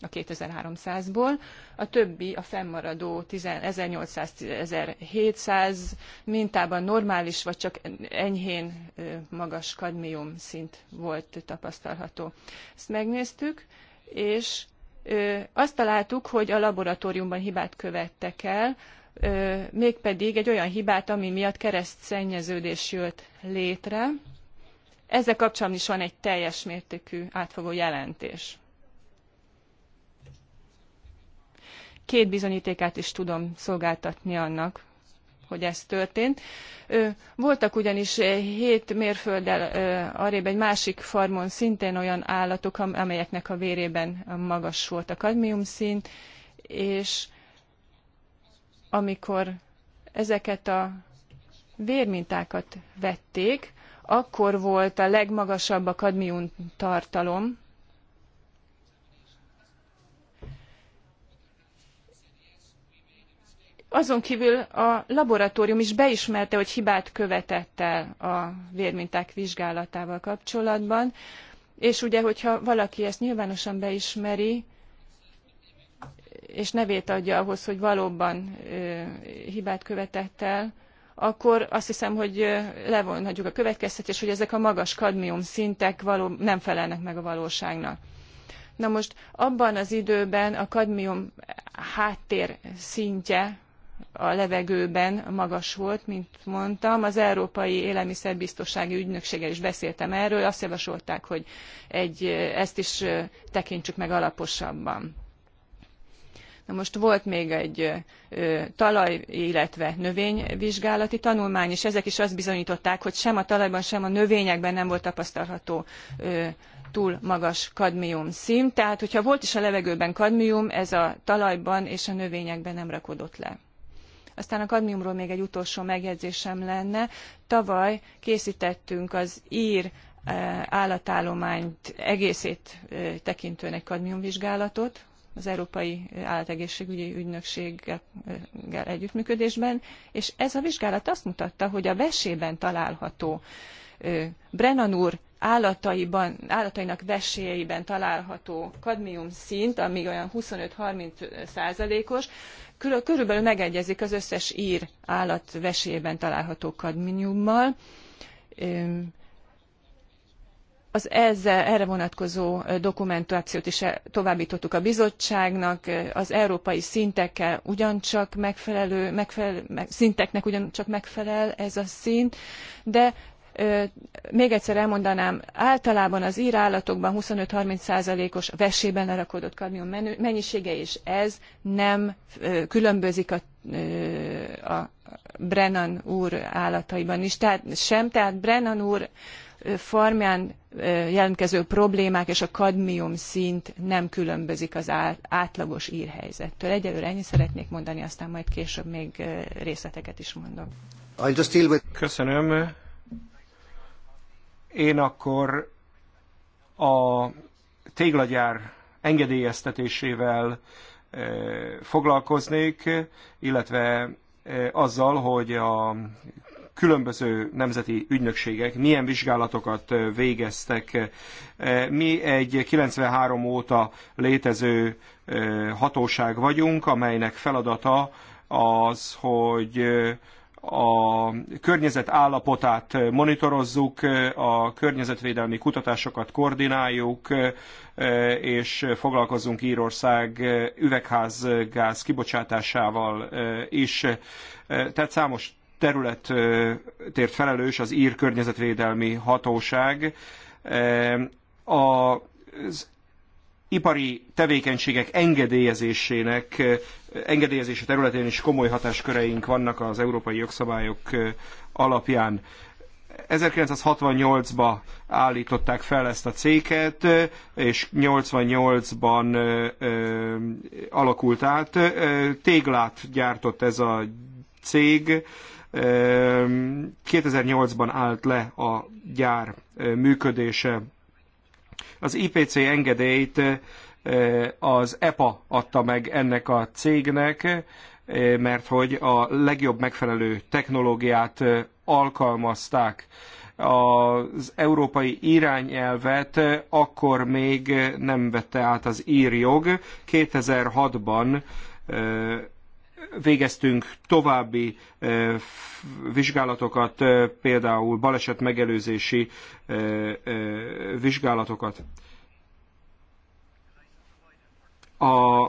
a 2300-ból, a többi, a fennmaradó 1800-1700 mintában normális vagy csak enyhén magas kadmium szint volt tapasztalható. Ezt megnéztük, és azt találtuk, hogy a laboratóriumban hibát követtek el, mégpedig egy olyan hibát, ami miatt kereszt szennyeződés jött létre. Ezzel kapcsolatban is van egy teljes mértékű átfogó jelentés két bizonyítékát is tudom szolgáltatni annak, hogy ez történt. Voltak ugyanis hét mérfölddel arrébb egy másik farmon szintén olyan állatok, amelyeknek a vérében magas volt a szint, és amikor ezeket a vérmintákat vették, akkor volt a legmagasabb a kadmium tartalom, Azon kívül a laboratórium is beismerte, hogy hibát követett el a vérminták vizsgálatával kapcsolatban, és ugye, hogyha valaki ezt nyilvánosan beismeri, és nevét adja ahhoz, hogy valóban ö, hibát követett el, akkor azt hiszem, hogy levonhatjuk a következtetést, hogy ezek a magas kadmium szintek való, nem felelnek meg a valóságnak. Na most abban az időben a kadmium háttér szintje a levegőben magas volt, mint mondtam. Az Európai Élelmiszerbiztonsági Ügynökséggel is beszéltem erről, azt javasolták, hogy egy, ezt is tekintsük meg alaposabban. Na most volt még egy ö, talaj, illetve növényvizsgálati tanulmány, és ezek is azt bizonyították, hogy sem a talajban, sem a növényekben nem volt tapasztalható ö, túl magas kadmium szint. Tehát, hogyha volt is a levegőben kadmium, ez a talajban és a növényekben nem rakodott le. Aztán a kadmiumról még egy utolsó megjegyzésem lenne. Tavaly készítettünk az ír eh, állatállományt egészét eh, tekintően egy kadmiumvizsgálatot, az Európai Állategészségügyi Ügynökséggel eh, együttműködésben, és ez a vizsgálat azt mutatta, hogy a vesében található Brennan úr állataiban, állatainak veséjében található kadmium szint, ami olyan 25-30 százalékos, körülbelül megegyezik az összes ír állatvesélyben található kadmiummal. Az ezzel, erre vonatkozó dokumentációt is e- továbbítottuk a bizottságnak, az európai szintekkel ugyancsak megfelelő, megfelelő szinteknek ugyancsak megfelel ez a szint, de még egyszer elmondanám, általában az állatokban 25-30%-os vesében lerakódott kadmium mennyisége, és ez nem különbözik a, a Brennan úr állataiban is, tehát sem, tehát Brennan úr farmján jelentkező problémák és a kadmium szint nem különbözik az átlagos írhelyzettől. Egyelőre ennyit szeretnék mondani, aztán majd később még részleteket is mondok. Köszönöm én akkor a téglagyár engedélyeztetésével eh, foglalkoznék, illetve eh, azzal, hogy a különböző nemzeti ügynökségek milyen vizsgálatokat eh, végeztek. Mi egy 93 óta létező hatóság vagyunk, amelynek feladata az, hogy a környezet állapotát monitorozzuk, a környezetvédelmi kutatásokat koordináljuk, és foglalkozunk Írország üvegházgáz kibocsátásával is. Tehát számos terület felelős az ír környezetvédelmi hatóság. Az ipari tevékenységek engedélyezésének, eh, engedélyezése területén is komoly hatásköreink vannak az európai jogszabályok eh, alapján. 1968-ba állították fel ezt a céget, eh, és 88-ban alakult át. Téglát gyártott ez a cég. 2008-ban állt le a gyár működése. Az IPC engedélyt az EPA adta meg ennek a cégnek, mert hogy a legjobb megfelelő technológiát alkalmazták az európai irányelvet akkor még nem vette át az írjog. 2006-ban végeztünk további eh, vizsgálatokat, eh, például baleset megelőzési eh, vizsgálatokat. A,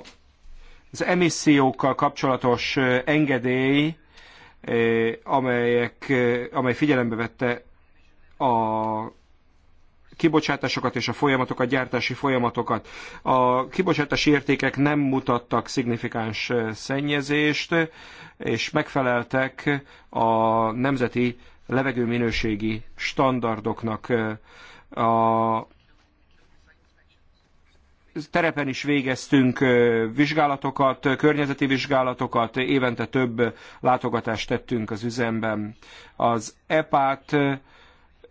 az emissziókkal kapcsolatos engedély, amelyek, amely figyelembe vette a kibocsátásokat és a folyamatokat, gyártási folyamatokat. A kibocsátási értékek nem mutattak szignifikáns szennyezést, és megfeleltek a nemzeti levegőminőségi standardoknak. A terepen is végeztünk vizsgálatokat, környezeti vizsgálatokat, évente több látogatást tettünk az üzemben. Az EPÁT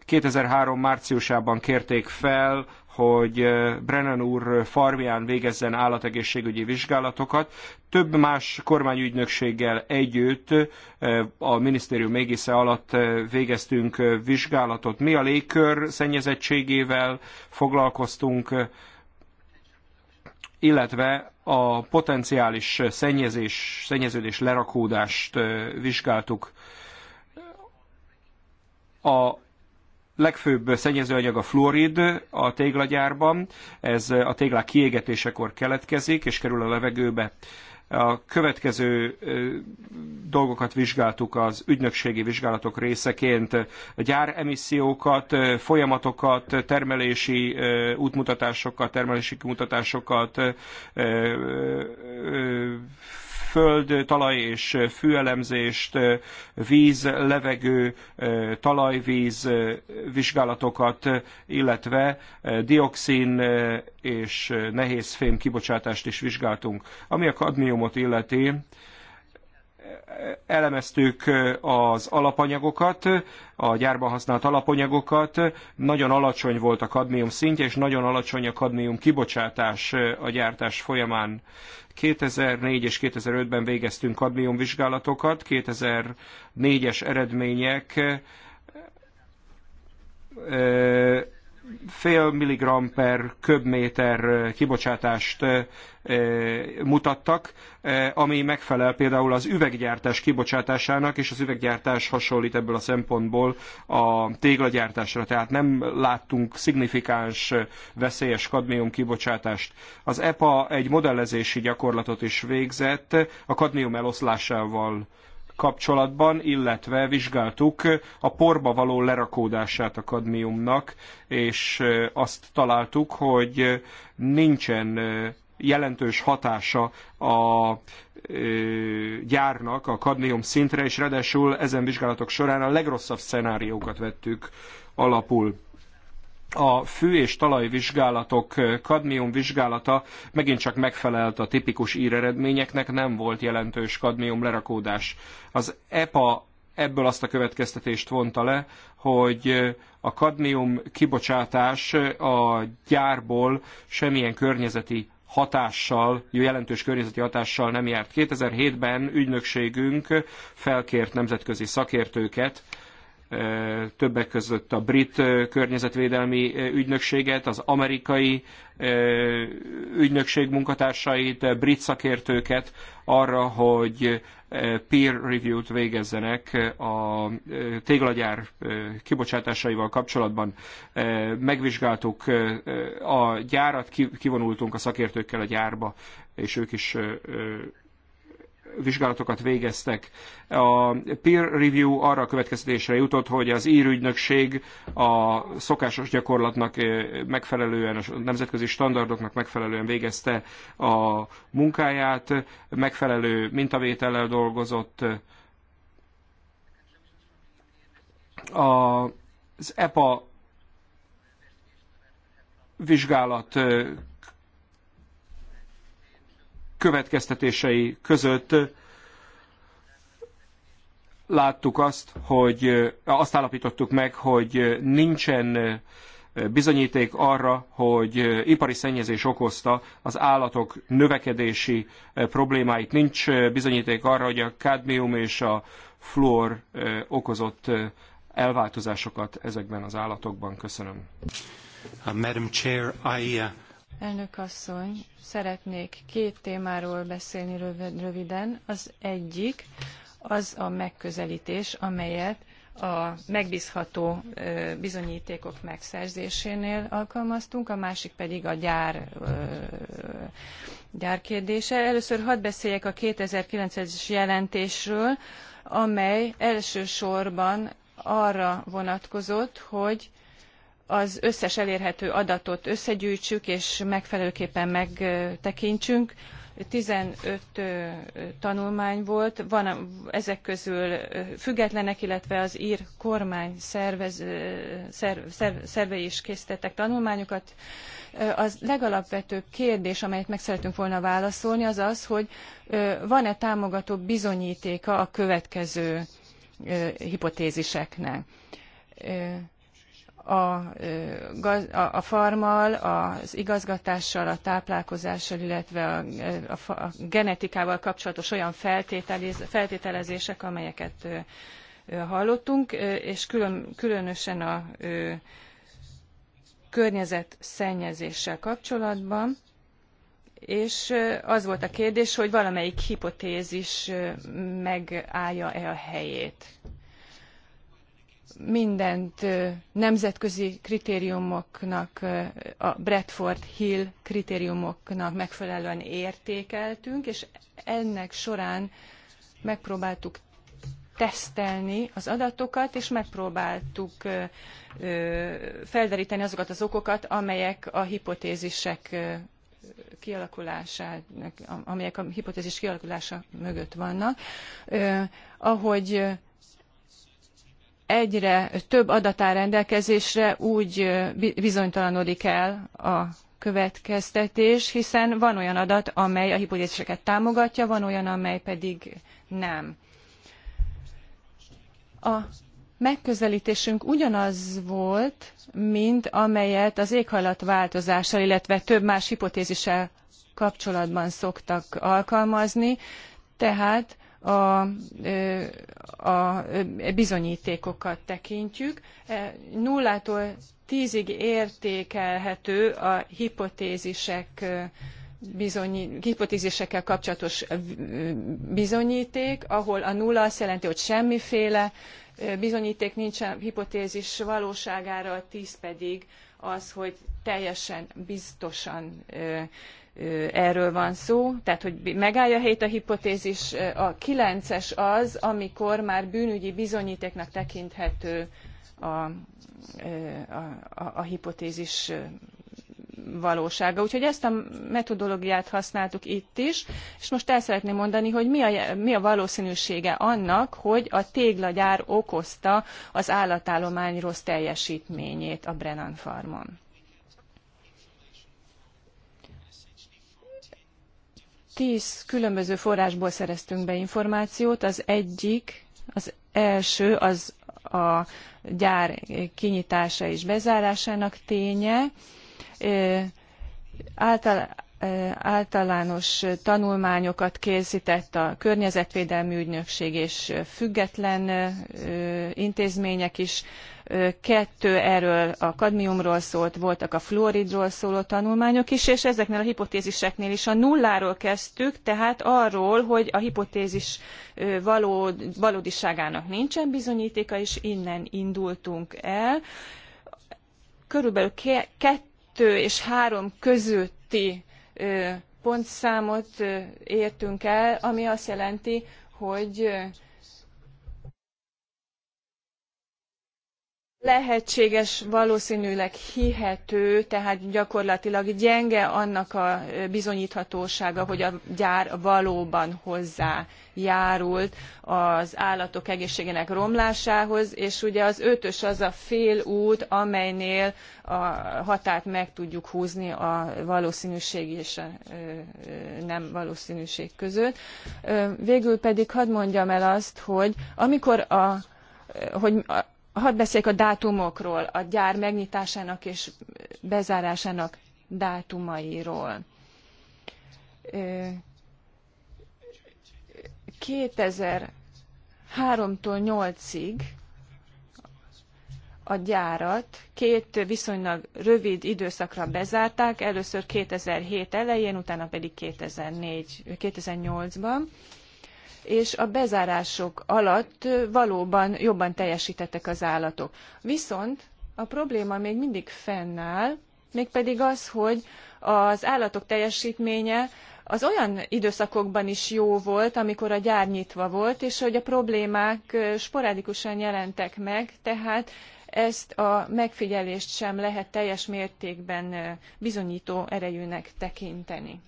2003 márciusában kérték fel, hogy eh, Brennan úr farmján végezzen állategészségügyi vizsgálatokat. Több más kormányügynökséggel együtt eh, a minisztérium mégisze alatt eh, végeztünk vizsgálatot. Mi a légkör szennyezettségével foglalkoztunk, illetve a potenciális szennyezés, szennyeződés lerakódást vizsgáltuk. A legfőbb szennyezőanyag a fluorid a téglagyárban, ez a téglák kiégetésekor keletkezik és kerül a levegőbe. A következő dolgokat vizsgáltuk az ügynökségi vizsgálatok részeként, gyáremissziókat, folyamatokat, termelési útmutatásokat, termelési kimutatásokat, föld, talaj és fűelemzést, víz, levegő, talajvíz vizsgálatokat, illetve dioxin és nehézfém kibocsátást is vizsgáltunk. Ami a kadmiumot illeti, elemeztük az alapanyagokat, a gyárban használt alapanyagokat, nagyon alacsony volt a kadmium szintje, és nagyon alacsony a kadmium kibocsátás a gyártás folyamán. 2004 és 2005-ben végeztünk kadmiumvizsgálatokat, 2004-es eredmények fél milligram per köbméter kibocsátást mutattak, ami megfelel például az üveggyártás kibocsátásának, és az üveggyártás hasonlít ebből a szempontból a téglagyártásra, tehát nem láttunk szignifikáns veszélyes kadmium kibocsátást. Az EPA egy modellezési gyakorlatot is végzett a kadmium eloszlásával kapcsolatban, illetve vizsgáltuk a porba való lerakódását a kadmiumnak, és azt találtuk, hogy nincsen jelentős hatása a gyárnak a kadmium szintre, és ráadásul ezen vizsgálatok során a legrosszabb szenáriókat vettük alapul a fő- és talajvizsgálatok kadmium vizsgálata megint csak megfelelt a tipikus ír eredményeknek, nem volt jelentős kadmium lerakódás. Az EPA ebből azt a következtetést vonta le, hogy a kadmium kibocsátás a gyárból semmilyen környezeti hatással, jelentős környezeti hatással nem járt. 2007-ben ügynökségünk felkért nemzetközi szakértőket, többek között a brit környezetvédelmi ügynökséget, az amerikai ügynökség munkatársait, brit szakértőket arra, hogy peer review-t végezzenek a téglagyár kibocsátásaival kapcsolatban. Megvizsgáltuk a gyárat, kivonultunk a szakértőkkel a gyárba, és ők is vizsgálatokat végeztek. A peer review arra a következtetésre jutott, hogy az írügynökség a szokásos gyakorlatnak eh, megfelelően, a nemzetközi standardoknak megfelelően végezte a munkáját, megfelelő mintavétellel dolgozott. Az EPA vizsgálat eh, következtetései között láttuk azt, hogy azt állapítottuk meg, hogy nincsen bizonyíték arra, hogy ipari szennyezés okozta az állatok növekedési problémáit. Nincs bizonyíték arra, hogy a kádmium és a fluor okozott elváltozásokat ezekben az állatokban. Köszönöm. Uh, Madam Chair, I uh, Elnök asszony, szeretnék két témáról beszélni röviden. Az egyik az a megközelítés, amelyet a megbízható bizonyítékok megszerzésénél alkalmaztunk, a másik pedig a gyár, gyár kérdése. Először hadd beszéljek a 2009-es jelentésről, amely elsősorban arra vonatkozott, hogy az összes elérhető adatot összegyűjtsük és megfelelőképpen megtekintsünk. 15 tanulmány volt, van ezek közül függetlenek, illetve az ír kormány szervez, szerv, szerve is készítettek tanulmányokat. Az legalapvetőbb kérdés, amelyet meg szeretünk volna válaszolni, az az, hogy van-e támogató bizonyítéka a következő hipotéziseknek a, a farmal, az igazgatással, a táplálkozással, illetve a, a, a genetikával kapcsolatos olyan feltételezések, amelyeket hallottunk, és külön, különösen a környezetszennyezéssel kapcsolatban és az volt a kérdés, hogy valamelyik hipotézis megállja-e a helyét mindent nemzetközi kritériumoknak, a Bradford Hill kritériumoknak megfelelően értékeltünk, és ennek során megpróbáltuk tesztelni az adatokat, és megpróbáltuk felderíteni azokat az okokat, amelyek a hipotézisek kialakulása amelyek a hipotézis kialakulása mögött vannak. Ahogy egyre több adat áll rendelkezésre, úgy bizonytalanodik el a következtetés, hiszen van olyan adat, amely a hipotéziseket támogatja, van olyan, amely pedig nem. A megközelítésünk ugyanaz volt, mint amelyet az éghajlatváltozással, illetve több más hipotézissel kapcsolatban szoktak alkalmazni, tehát a, a bizonyítékokat tekintjük. E, nullától tízig értékelhető a hipotézisek bizonyi hipotézisekkel kapcsolatos bizonyíték, ahol a nulla azt jelenti, hogy semmiféle bizonyíték nincsen hipotézis valóságára, a tíz pedig az, hogy teljesen biztosan erről van szó, tehát hogy megállja helyét a hipotézis. A kilences az, amikor már bűnügyi bizonyítéknak tekinthető a, a, a, a hipotézis valósága. Úgyhogy ezt a metodológiát használtuk itt is, és most el szeretném mondani, hogy mi a, mi a valószínűsége annak, hogy a téglagyár okozta az állatállomány rossz teljesítményét a Brennan farmon. tíz különböző forrásból szereztünk be információt. Az egyik, az első az a gyár kinyitása és bezárásának ténye. Által, általános tanulmányokat készített a környezetvédelmi ügynökség és független intézmények is Kettő erről a kadmiumról szólt, voltak a fluoridról szóló tanulmányok is, és ezeknél a hipotéziseknél is a nulláról kezdtük, tehát arról, hogy a hipotézis valód, valódiságának nincsen bizonyítéka, és innen indultunk el. Körülbelül kettő és három közötti pontszámot értünk el, ami azt jelenti, hogy lehetséges, valószínűleg hihető, tehát gyakorlatilag gyenge annak a bizonyíthatósága, hogy a gyár valóban hozzájárult az állatok egészségének romlásához, és ugye az ötös az a fél út, amelynél a határt meg tudjuk húzni a valószínűség és a nem valószínűség között. Végül pedig hadd mondjam el azt, hogy amikor a hogy hadd beszéljek a dátumokról, a gyár megnyitásának és bezárásának dátumairól. 2003-tól 8-ig a gyárat két viszonylag rövid időszakra bezárták, először 2007 elején, utána pedig 2004, 2008-ban és a bezárások alatt valóban jobban teljesítettek az állatok. Viszont a probléma még mindig fennáll, mégpedig az, hogy az állatok teljesítménye az olyan időszakokban is jó volt, amikor a gyár nyitva volt, és hogy a problémák sporádikusan jelentek meg, tehát ezt a megfigyelést sem lehet teljes mértékben bizonyító erejűnek tekinteni.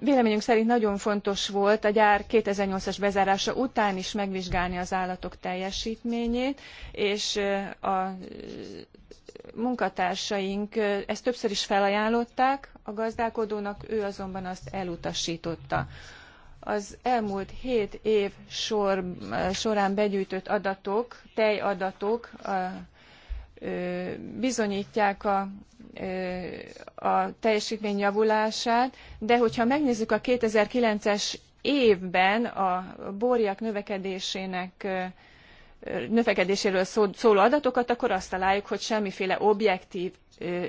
véleményünk szerint nagyon fontos volt a gyár eight as bezárása után is megvizsgálni az állatok teljesítményét, és a munkatársaink ezt többször is felajánlották a gazdálkodónak, ő azonban azt elutasította. Az elmúlt hét év sor, során begyűjtött adatok, tejadatok bizonyítják a a teljesítmény javulását, de hogyha megnézzük a 2009-es évben a borjak növekedésének növekedéséről szóló adatokat, akkor azt találjuk, hogy semmiféle objektív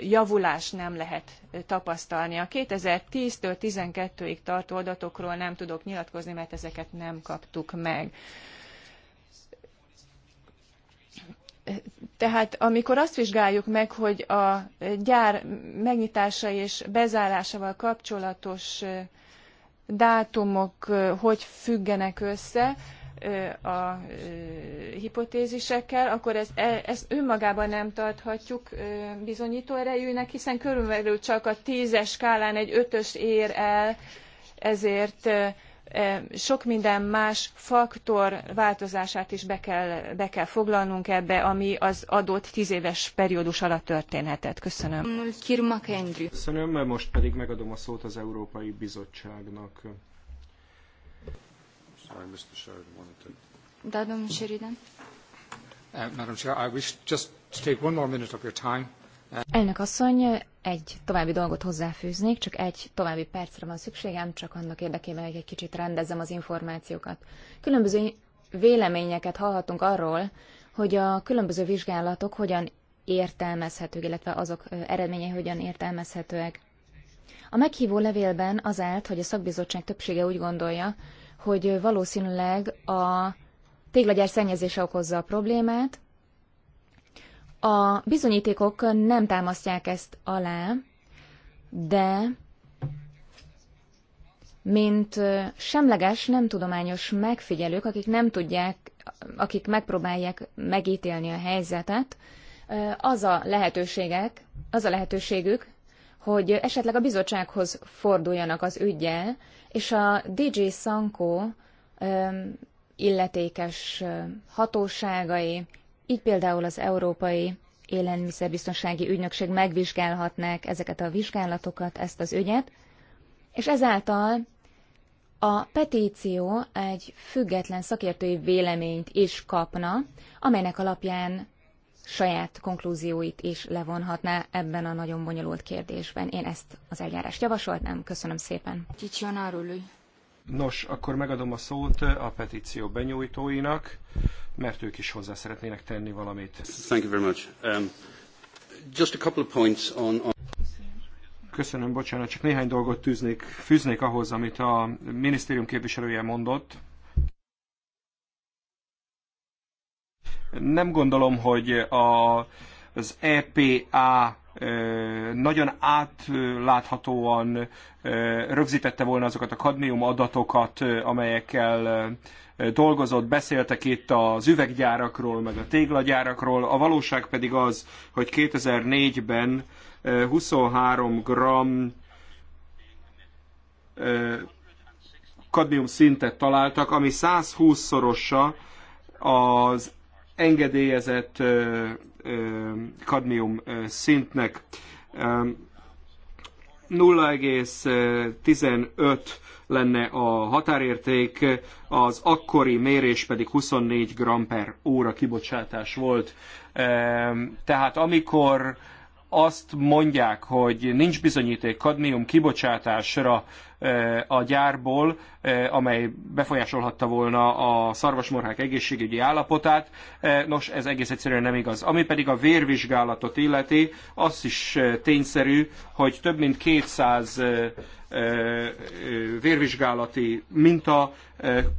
javulás nem lehet tapasztalni. A 2010-től 12-ig tartó adatokról nem tudok nyilatkozni, mert ezeket nem kaptuk meg. Tehát amikor azt vizsgáljuk meg, hogy a gyár megnyitása és bezárásával kapcsolatos dátumok hogy függenek össze a hipotézisekkel, akkor ezt, e, ezt önmagában nem tarthatjuk bizonyító erejűnek, hiszen körülbelül csak a tízes skálán egy ötös ér el, ezért sok minden más faktor változását is be kell, be kell foglalnunk ebbe, ami az adott tíz éves periódus alatt történhetett. Köszönöm. Köszönöm, most pedig megadom a szót az Európai Bizottságnak. Sorry, Mr. Sheridan wanted to... Da, Sheridan. Uh, Madam Chair, I wish just to take one more minute of your time. Elnök asszony, egy további dolgot hozzáfűznék, csak egy további percre van szükségem, csak annak érdekében, hogy egy kicsit rendezem az információkat. Különböző véleményeket hallhatunk arról, hogy a különböző vizsgálatok hogyan értelmezhetők, illetve azok eredményei hogyan értelmezhetőek. A meghívó levélben az állt, hogy a szakbizottság többsége úgy gondolja, hogy valószínűleg a téglagyár szennyezése okozza a problémát, a bizonyítékok nem támasztják ezt alá, de mint semleges, nem tudományos megfigyelők, akik nem tudják, akik megpróbálják megítélni a helyzetet, az a lehetőségek, az a lehetőségük, hogy esetleg a bizottsághoz forduljanak az ügyel, és a DJ Sanko illetékes hatóságai, így például az Európai Élelmiszerbiztonsági Ügynökség megvizsgálhatnák ezeket a vizsgálatokat, ezt az ügyet, és ezáltal a petíció egy független szakértői véleményt is kapna, amelynek alapján saját konklúzióit is levonhatná ebben a nagyon bonyolult kérdésben. Én ezt az eljárást javasoltam. Köszönöm szépen. Nos, akkor megadom a szót a petíció benyújtóinak, mert ők is hozzá szeretnének tenni valamit. Thank you very much. Um, just a couple of points on, on... Köszönöm, bocsánat, csak néhány dolgot tűznék, fűznék ahhoz, amit a minisztérium képviselője mondott. Nem gondolom, hogy a, az EPA nagyon átláthatóan rögzítette volna azokat a kadmium adatokat, amelyekkel dolgozott, beszéltek itt az üveggyárakról, meg a téglagyárakról, a valóság pedig az, hogy 2004-ben 23 g kadmium szintet találtak, ami 120-szorosa az engedélyezett kadmium szintnek. 0,15 lenne a határérték, az akkori mérés pedig 24 g per óra kibocsátás volt. Tehát amikor azt mondják, hogy nincs bizonyíték kadmium kibocsátásra eh, a gyárból, eh, amely befolyásolhatta volna a szarvasmorhák egészségügyi állapotát. Eh, nos, ez egész egyszerűen nem igaz. Ami pedig a vérvizsgálatot illeti, az is tényszerű, hogy több mint 200 vérvizsgálati minta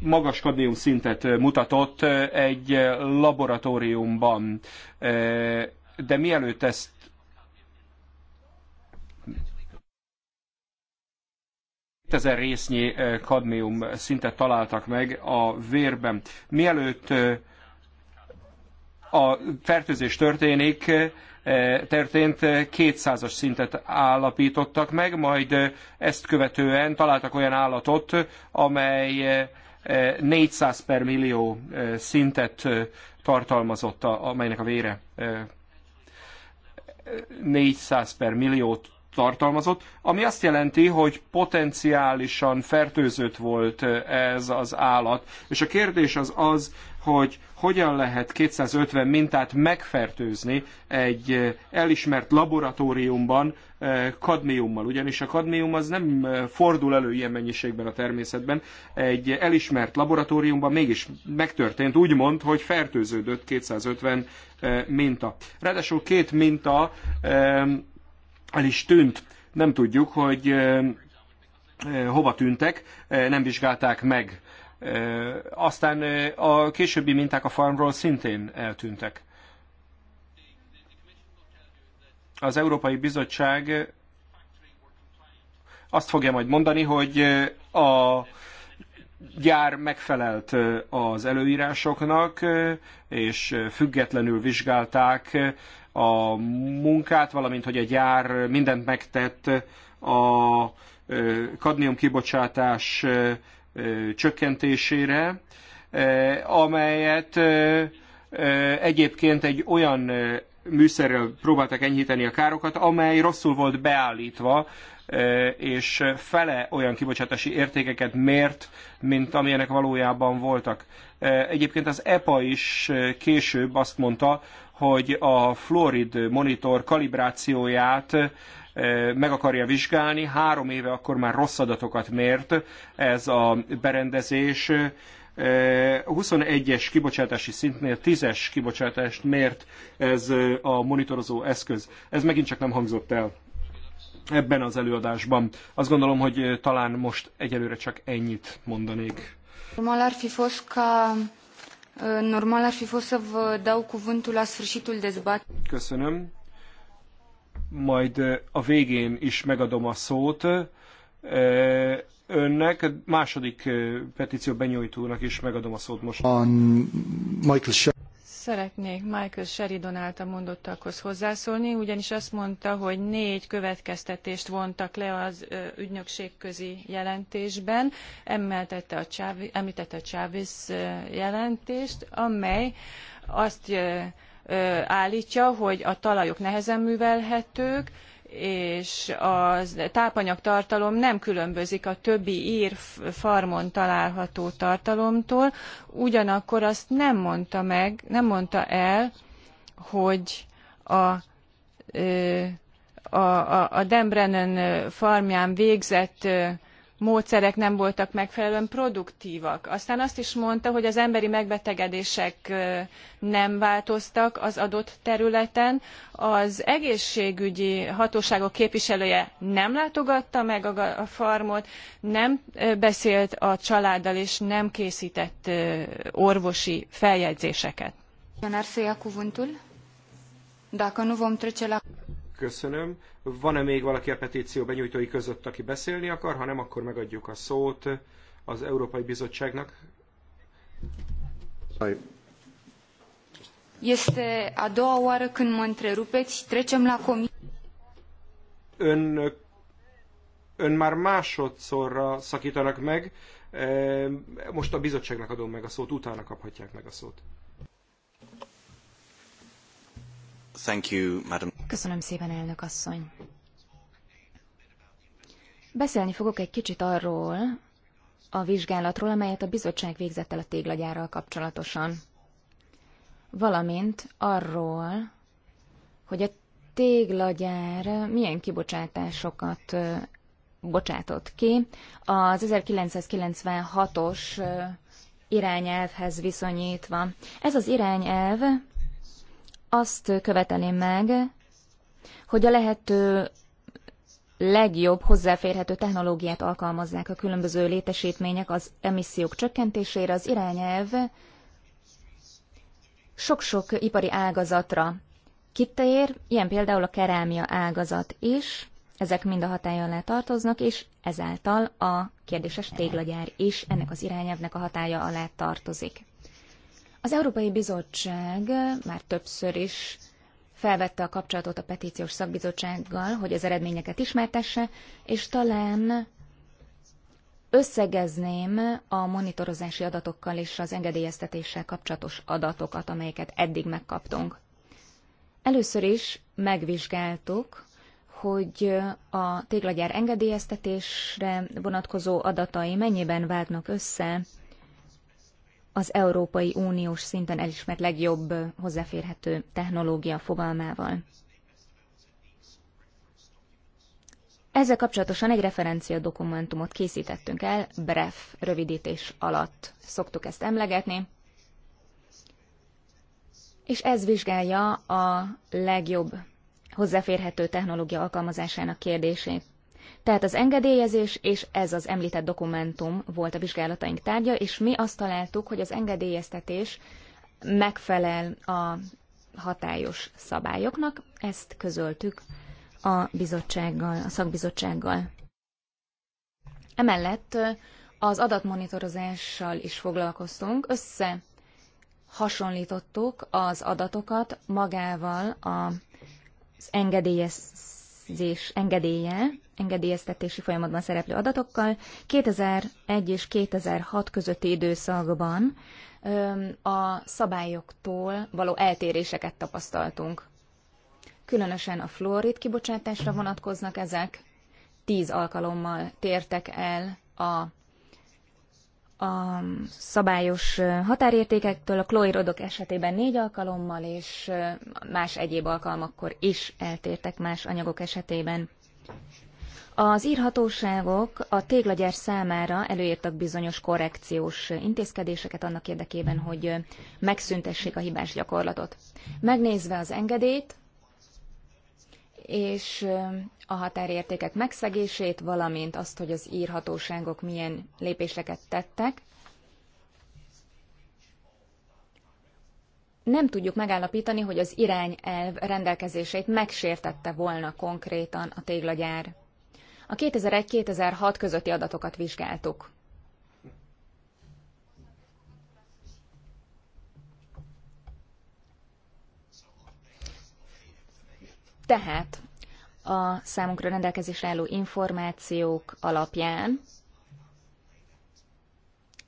magas kadmium szintet mutatott egy laboratóriumban. De mielőtt ezt 2000 résznyi kadmium szintet találtak meg a vérben. Mielőtt a fertőzés történik, történt 200-as szintet állapítottak meg, majd ezt követően találtak olyan állatot, amely 400 per millió szintet tartalmazott, amelynek a vére 400 per milliót tartalmazott, ami azt jelenti, hogy potenciálisan fertőzött volt ez az állat. És a kérdés az az, hogy hogyan lehet 250 mintát megfertőzni egy elismert laboratóriumban kadmiummal. Ugyanis a kadmium az nem fordul elő ilyen mennyiségben a természetben. Egy elismert laboratóriumban mégis megtörtént úgymond, hogy fertőződött 250 minta. Ráadásul két minta el is tűnt. Nem tudjuk, hogy hova tűntek, nem vizsgálták meg. Aztán a későbbi minták a farmról szintén eltűntek. Az Európai Bizottság azt fogja majd mondani, hogy a gyár megfelelt az előírásoknak, és függetlenül vizsgálták a munkát, valamint hogy a gyár mindent megtett a kadmium kibocsátás csökkentésére, amelyet egyébként egy olyan műszerrel próbáltak enyhíteni a károkat, amely rosszul volt beállítva, és fele olyan kibocsátási értékeket mért, mint amilyenek valójában voltak. Egyébként az EPA is később azt mondta, hogy a Florid monitor kalibrációját eh, meg akarja vizsgálni. Három éve akkor már rossz adatokat mért ez a berendezés. 21-es eh, kibocsátási szintnél 10-es kibocsátást mért ez eh, a monitorozó eszköz. Ez megint csak nem hangzott el ebben az előadásban. Azt gondolom, hogy talán most egyelőre csak ennyit mondanék. Normal ar fi fost să vă dau cuvântul la sfârșitul dezbaterii. Köszönöm. Majd a végén is megadom a szót önnek, második petíció benyújtónak is megadom a szót most. On Michael Sch Szeretnék Michael Sheridan által mondottakhoz hozzászólni, ugyanis azt mondta, hogy négy következtetést vontak le az ügynökségközi jelentésben, említette a, Chavez, említette a Chávez jelentést, amely azt állítja, hogy a talajok nehezen művelhetők, és a tápanyagtartalom nem különbözik a többi ír farmon található tartalomtól, ugyanakkor azt nem mondta meg, nem mondta el, hogy a a, a, a Dembrennen farmján végzett módszerek nem voltak megfelelően produktívak. Aztán azt is mondta, hogy az emberi megbetegedések nem változtak az adott területen. Az egészségügyi hatóságok képviselője nem látogatta meg a farmot, nem beszélt a családdal és nem készített orvosi feljegyzéseket. Köszönöm. Van-e még valaki a petíció benyújtói között, aki beszélni akar? Ha nem, akkor megadjuk a szót az Európai Bizottságnak. Este a doua oară când mă întrerupeți și trecem la comisie. Ön, ön már másodszorra szakítanak meg. E, most a bizottságnak adom meg a szót, utána kaphatják meg a szót. Thank you, Madam Köszönöm szépen, elnök asszony. Beszélni fogok egy kicsit arról, a vizsgálatról, amelyet a bizottság végzett el a téglagyárral kapcsolatosan. Valamint arról, hogy a téglagyár milyen kibocsátásokat bocsátott ki. Az 1996-os irányelvhez viszonyítva. Ez az irányelv azt követeli meg, hogy a lehető legjobb hozzáférhető technológiát alkalmazzák a különböző létesítmények az emissziók csökkentésére, az irányelv sok-sok ipari ágazatra kitér, ilyen például a kerámia ágazat is, ezek mind a hatája alá tartoznak, és ezáltal a kérdéses téglagyár is ennek az irányelvnek a hatája alá tartozik. Az Európai Bizottság már többször is felvette a kapcsolatot a petíciós szakbizottsággal, hogy az eredményeket ismertesse, és talán összegezném a monitorozási adatokkal és az engedélyeztetéssel kapcsolatos adatokat, amelyeket eddig megkaptunk. Először is megvizsgáltuk, hogy a téglagyár engedélyeztetésre vonatkozó adatai mennyiben vágnak össze az Európai Uniós szinten elismert legjobb hozzáférhető technológia fogalmával. Ezzel kapcsolatosan egy referencia dokumentumot készítettünk el, BREF rövidítés alatt szoktuk ezt emlegetni, és ez vizsgálja a legjobb hozzáférhető technológia alkalmazásának kérdését. Tehát az engedélyezés és ez az említett dokumentum volt a vizsgálataink tárgya, és mi azt találtuk, hogy az engedélyeztetés megfelel a hatályos szabályoknak, ezt közöltük a bizottsággal, a szakbizottsággal. Emellett az adatmonitorozással is foglalkoztunk, össze hasonlítottuk az adatokat magával az engedélyez megjegyzés engedélye, engedélyeztetési folyamatban szereplő adatokkal 2001 és 2006 közötti időszakban a szabályoktól való eltéréseket tapasztaltunk. Különösen a fluorid kibocsátásra vonatkoznak ezek, tíz alkalommal tértek el a a szabályos határértékektől, a kloridok esetében négy alkalommal, és más egyéb alkalmakkor is eltértek más anyagok esetében. Az írhatóságok a téglagyár számára előírtak bizonyos korrekciós intézkedéseket annak érdekében, hogy megszüntessék a hibás gyakorlatot. Megnézve az engedélyt, és a határértékek megszegését, valamint azt, hogy az írhatóságok milyen lépéseket tettek. Nem tudjuk megállapítani, hogy az irányelv rendelkezését megsértette volna konkrétan a téglagyár. A 2001-2006 közötti adatokat vizsgáltuk. Tehát a számunkra rendelkezésre álló információk alapján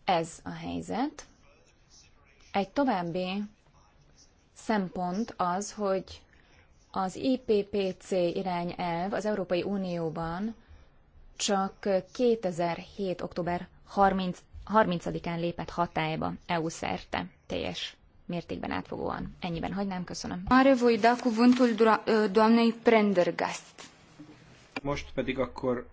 ez a helyzet. Egy további szempont az, hogy az IPPC irányelv az Európai Unióban csak 2007. október 30, 30-án lépett hatályba EU szerte teljes mértékben átfogóan. Ennyiben hagynám, köszönöm. Mare voi da cuvântul doamnei Prendergast. Most pedig akkor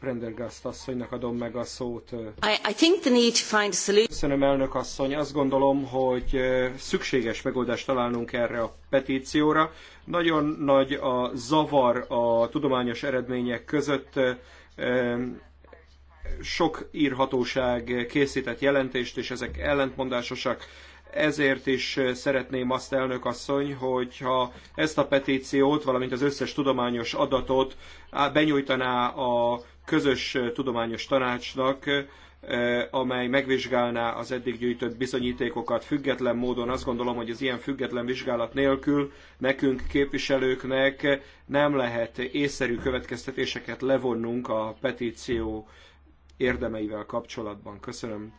Prendergast asszonynak adom meg a szót. I, I think the need to find a solution. Köszönöm, elnök asszony. Azt gondolom, hogy szükséges megoldást találnunk erre a petícióra. Nagyon nagy a zavar a tudományos eredmények között sok írhatóság készített jelentést, és ezek ellentmondásosak ezért is szeretném azt, elnök asszony, hogyha ezt a petíciót, valamint az összes tudományos adatot benyújtaná a közös tudományos tanácsnak, amely megvizsgálná az eddig gyűjtött bizonyítékokat független módon. Azt gondolom, hogy az ilyen független vizsgálat nélkül nekünk képviselőknek nem lehet észszerű következtetéseket levonnunk a petíció érdemeivel kapcsolatban. Köszönöm.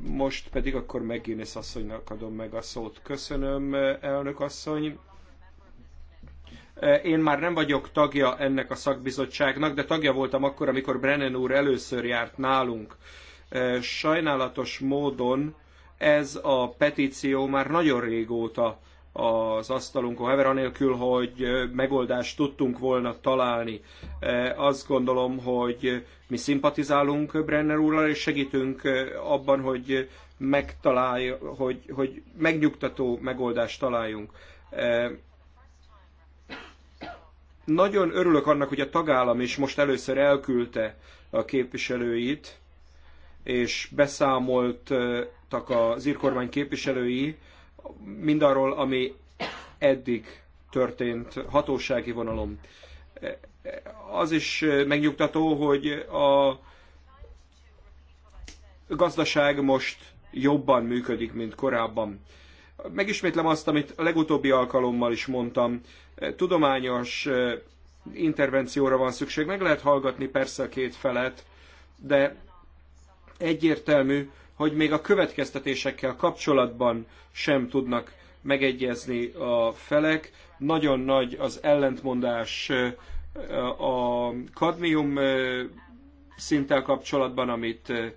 Most pedig akkor megint asszonynak adom meg a szót. Köszönöm, elnök asszony. Én már nem vagyok tagja ennek a szakbizottságnak, de tagja voltam akkor, amikor Brennan úr először járt nálunk. Sajnálatos módon ez a petíció már nagyon régóta az asztalunkon hever, anélkül, hogy megoldást tudtunk volna találni. Azt gondolom, hogy mi szimpatizálunk Brenner úrral, és segítünk abban, hogy megtalálj, hogy, hogy megnyugtató megoldást találjunk. Nagyon örülök annak, hogy a tagállam is most először elküldte a képviselőit, és beszámoltak az írkormány képviselői mindarról, ami eddig történt hatósági vonalom. Az is megnyugtató, hogy a gazdaság most jobban működik, mint korábban. Megismétlem azt, amit a legutóbbi alkalommal is mondtam. Tudományos intervencióra van szükség. Meg lehet hallgatni persze a két felet, de egyértelmű, hogy még a következtetésekkel kapcsolatban sem tudnak megegyezni a felek. Nagyon nagy az ellentmondás eh, a kadmium eh, szinttel kapcsolatban, amit eh,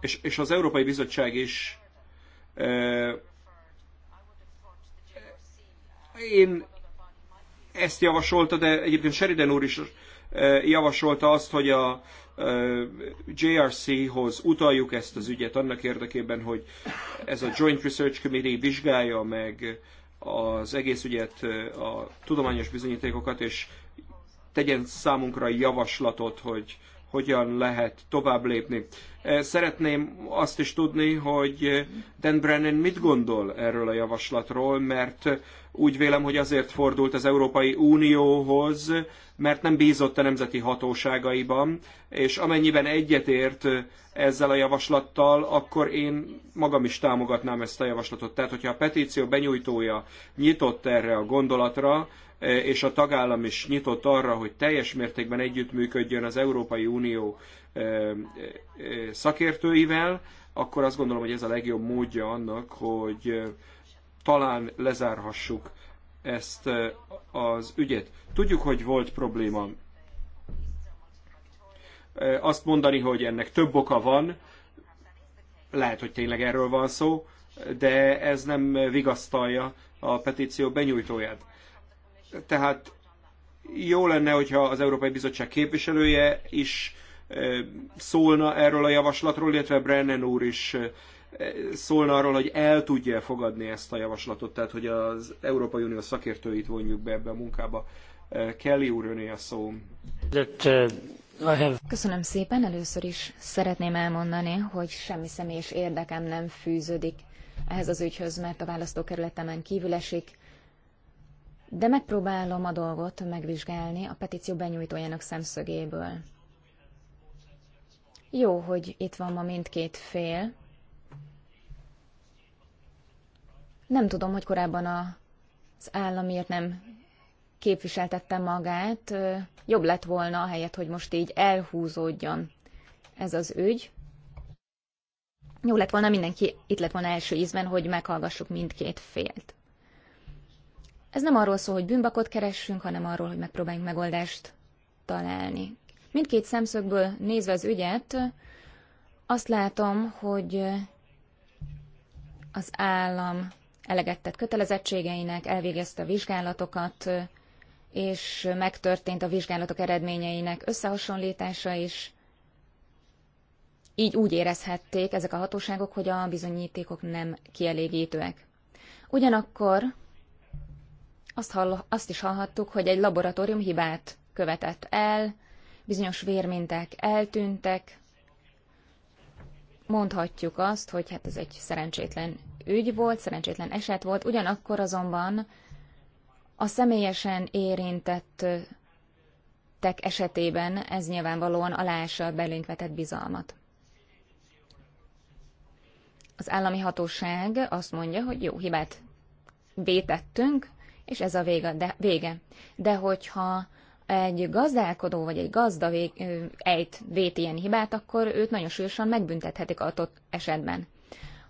és, és az Európai Bizottság is én ezt javasolta, de egyébként Sheridan úr is javasolta azt, hogy a JRC-hoz utaljuk ezt az ügyet annak érdekében, hogy ez a Joint Research Committee vizsgálja meg az egész ügyet, a tudományos bizonyítékokat, és tegyen számunkra javaslatot, hogy hogyan lehet tovább lépni. E, szeretném azt is tudni, hogy Dan Brennan mit gondol erről a javaslatról, mert úgy vélem, hogy azért fordult az Európai Unióhoz, mert nem bízott a nemzeti hatóságaiban, és amennyiben egyetért ezzel a javaslattal, akkor én magam is támogatnám ezt a javaslatot. Tehát, hogyha a petíció benyújtója nyitott erre a gondolatra, Eh, és a tagállam is nyitott arra, hogy teljes mértékben együttműködjön az Európai Unió eh, eh, szakértőivel, akkor azt gondolom, hogy ez a legjobb módja annak, hogy talán lezárhassuk ezt az ügyet. Tudjuk, hogy volt probléma. Azt mondani, hogy ennek több oka van, lehet, hogy tényleg erről van szó, de ez nem vigasztalja a petíció benyújtóját. Tehát jó lenne, hogyha az Európai Bizottság képviselője is szólna erről a javaslatról, illetve Brennan úr is szólna arról, hogy el tudja fogadni ezt a javaslatot, tehát hogy az Európai Unió szakértőit vonjuk be ebbe a munkába. Kelly úr, öné a szó. Uh, Köszönöm szépen. Először is szeretném elmondani, hogy semmi személyes érdekem nem fűződik ehhez az ügyhöz, mert a választókerületemen kívül esik de megpróbálom a dolgot megvizsgálni a petíció benyújtójának szemszögéből. Jó, hogy itt van ma mindkét fél. Nem tudom, hogy korábban az államért nem képviseltette magát. Jobb lett volna, a helyet, hogy most így elhúzódjon ez az ügy. Jó lett volna mindenki, itt lett volna első ízben, hogy meghallgassuk mindkét félt. Ez nem arról szól, hogy bűnbakot keressünk, hanem arról, hogy megpróbáljunk megoldást találni. Mindkét szemszögből nézve az ügyet, azt látom, hogy az állam eleget kötelezettségeinek, elvégezte a vizsgálatokat, és megtörtént a vizsgálatok eredményeinek összehasonlítása is. Így úgy érezhették ezek a hatóságok, hogy a bizonyítékok nem kielégítőek. Ugyanakkor azt, hall, azt is hallhattuk, hogy egy laboratórium hibát követett el, bizonyos vérminták eltűntek. Mondhatjuk azt, hogy hát ez egy szerencsétlen ügy volt, szerencsétlen eset volt, ugyanakkor azonban a személyesen érintettek esetében ez nyilvánvalóan alása a belénk vetett bizalmat. Az állami hatóság azt mondja, hogy jó, hibát vétettünk, és ez a vége. De, vége. de hogyha egy gazdálkodó vagy egy gazda vég, ejt, vét ilyen hibát, akkor őt nagyon súlyosan megbüntethetik adott esetben.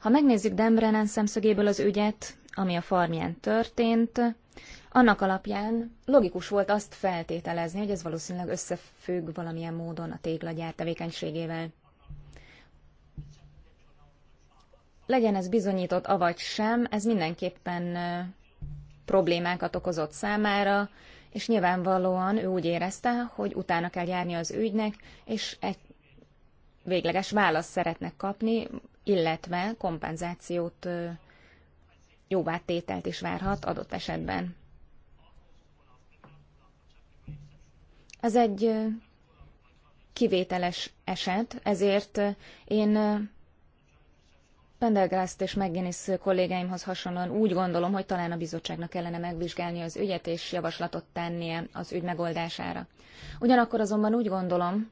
Ha megnézzük Dembrenen szemszögéből az ügyet, ami a farmján történt, annak alapján logikus volt azt feltételezni, hogy ez valószínűleg összefügg valamilyen módon a téglagyár tevékenységével. Legyen ez bizonyított, avagy sem, ez mindenképpen problémákat okozott számára, és nyilvánvalóan ő úgy érezte, hogy utána kell járni az ügynek, és egy végleges választ szeretnek kapni, illetve kompenzációt, jóvátételt is várhat adott esetben. Ez egy kivételes eset, ezért én Pendergast és McGinnis kollégáimhoz hasonlóan úgy gondolom, hogy talán a bizottságnak kellene megvizsgálni az ügyet és javaslatot tennie az ügy megoldására. Ugyanakkor azonban úgy gondolom,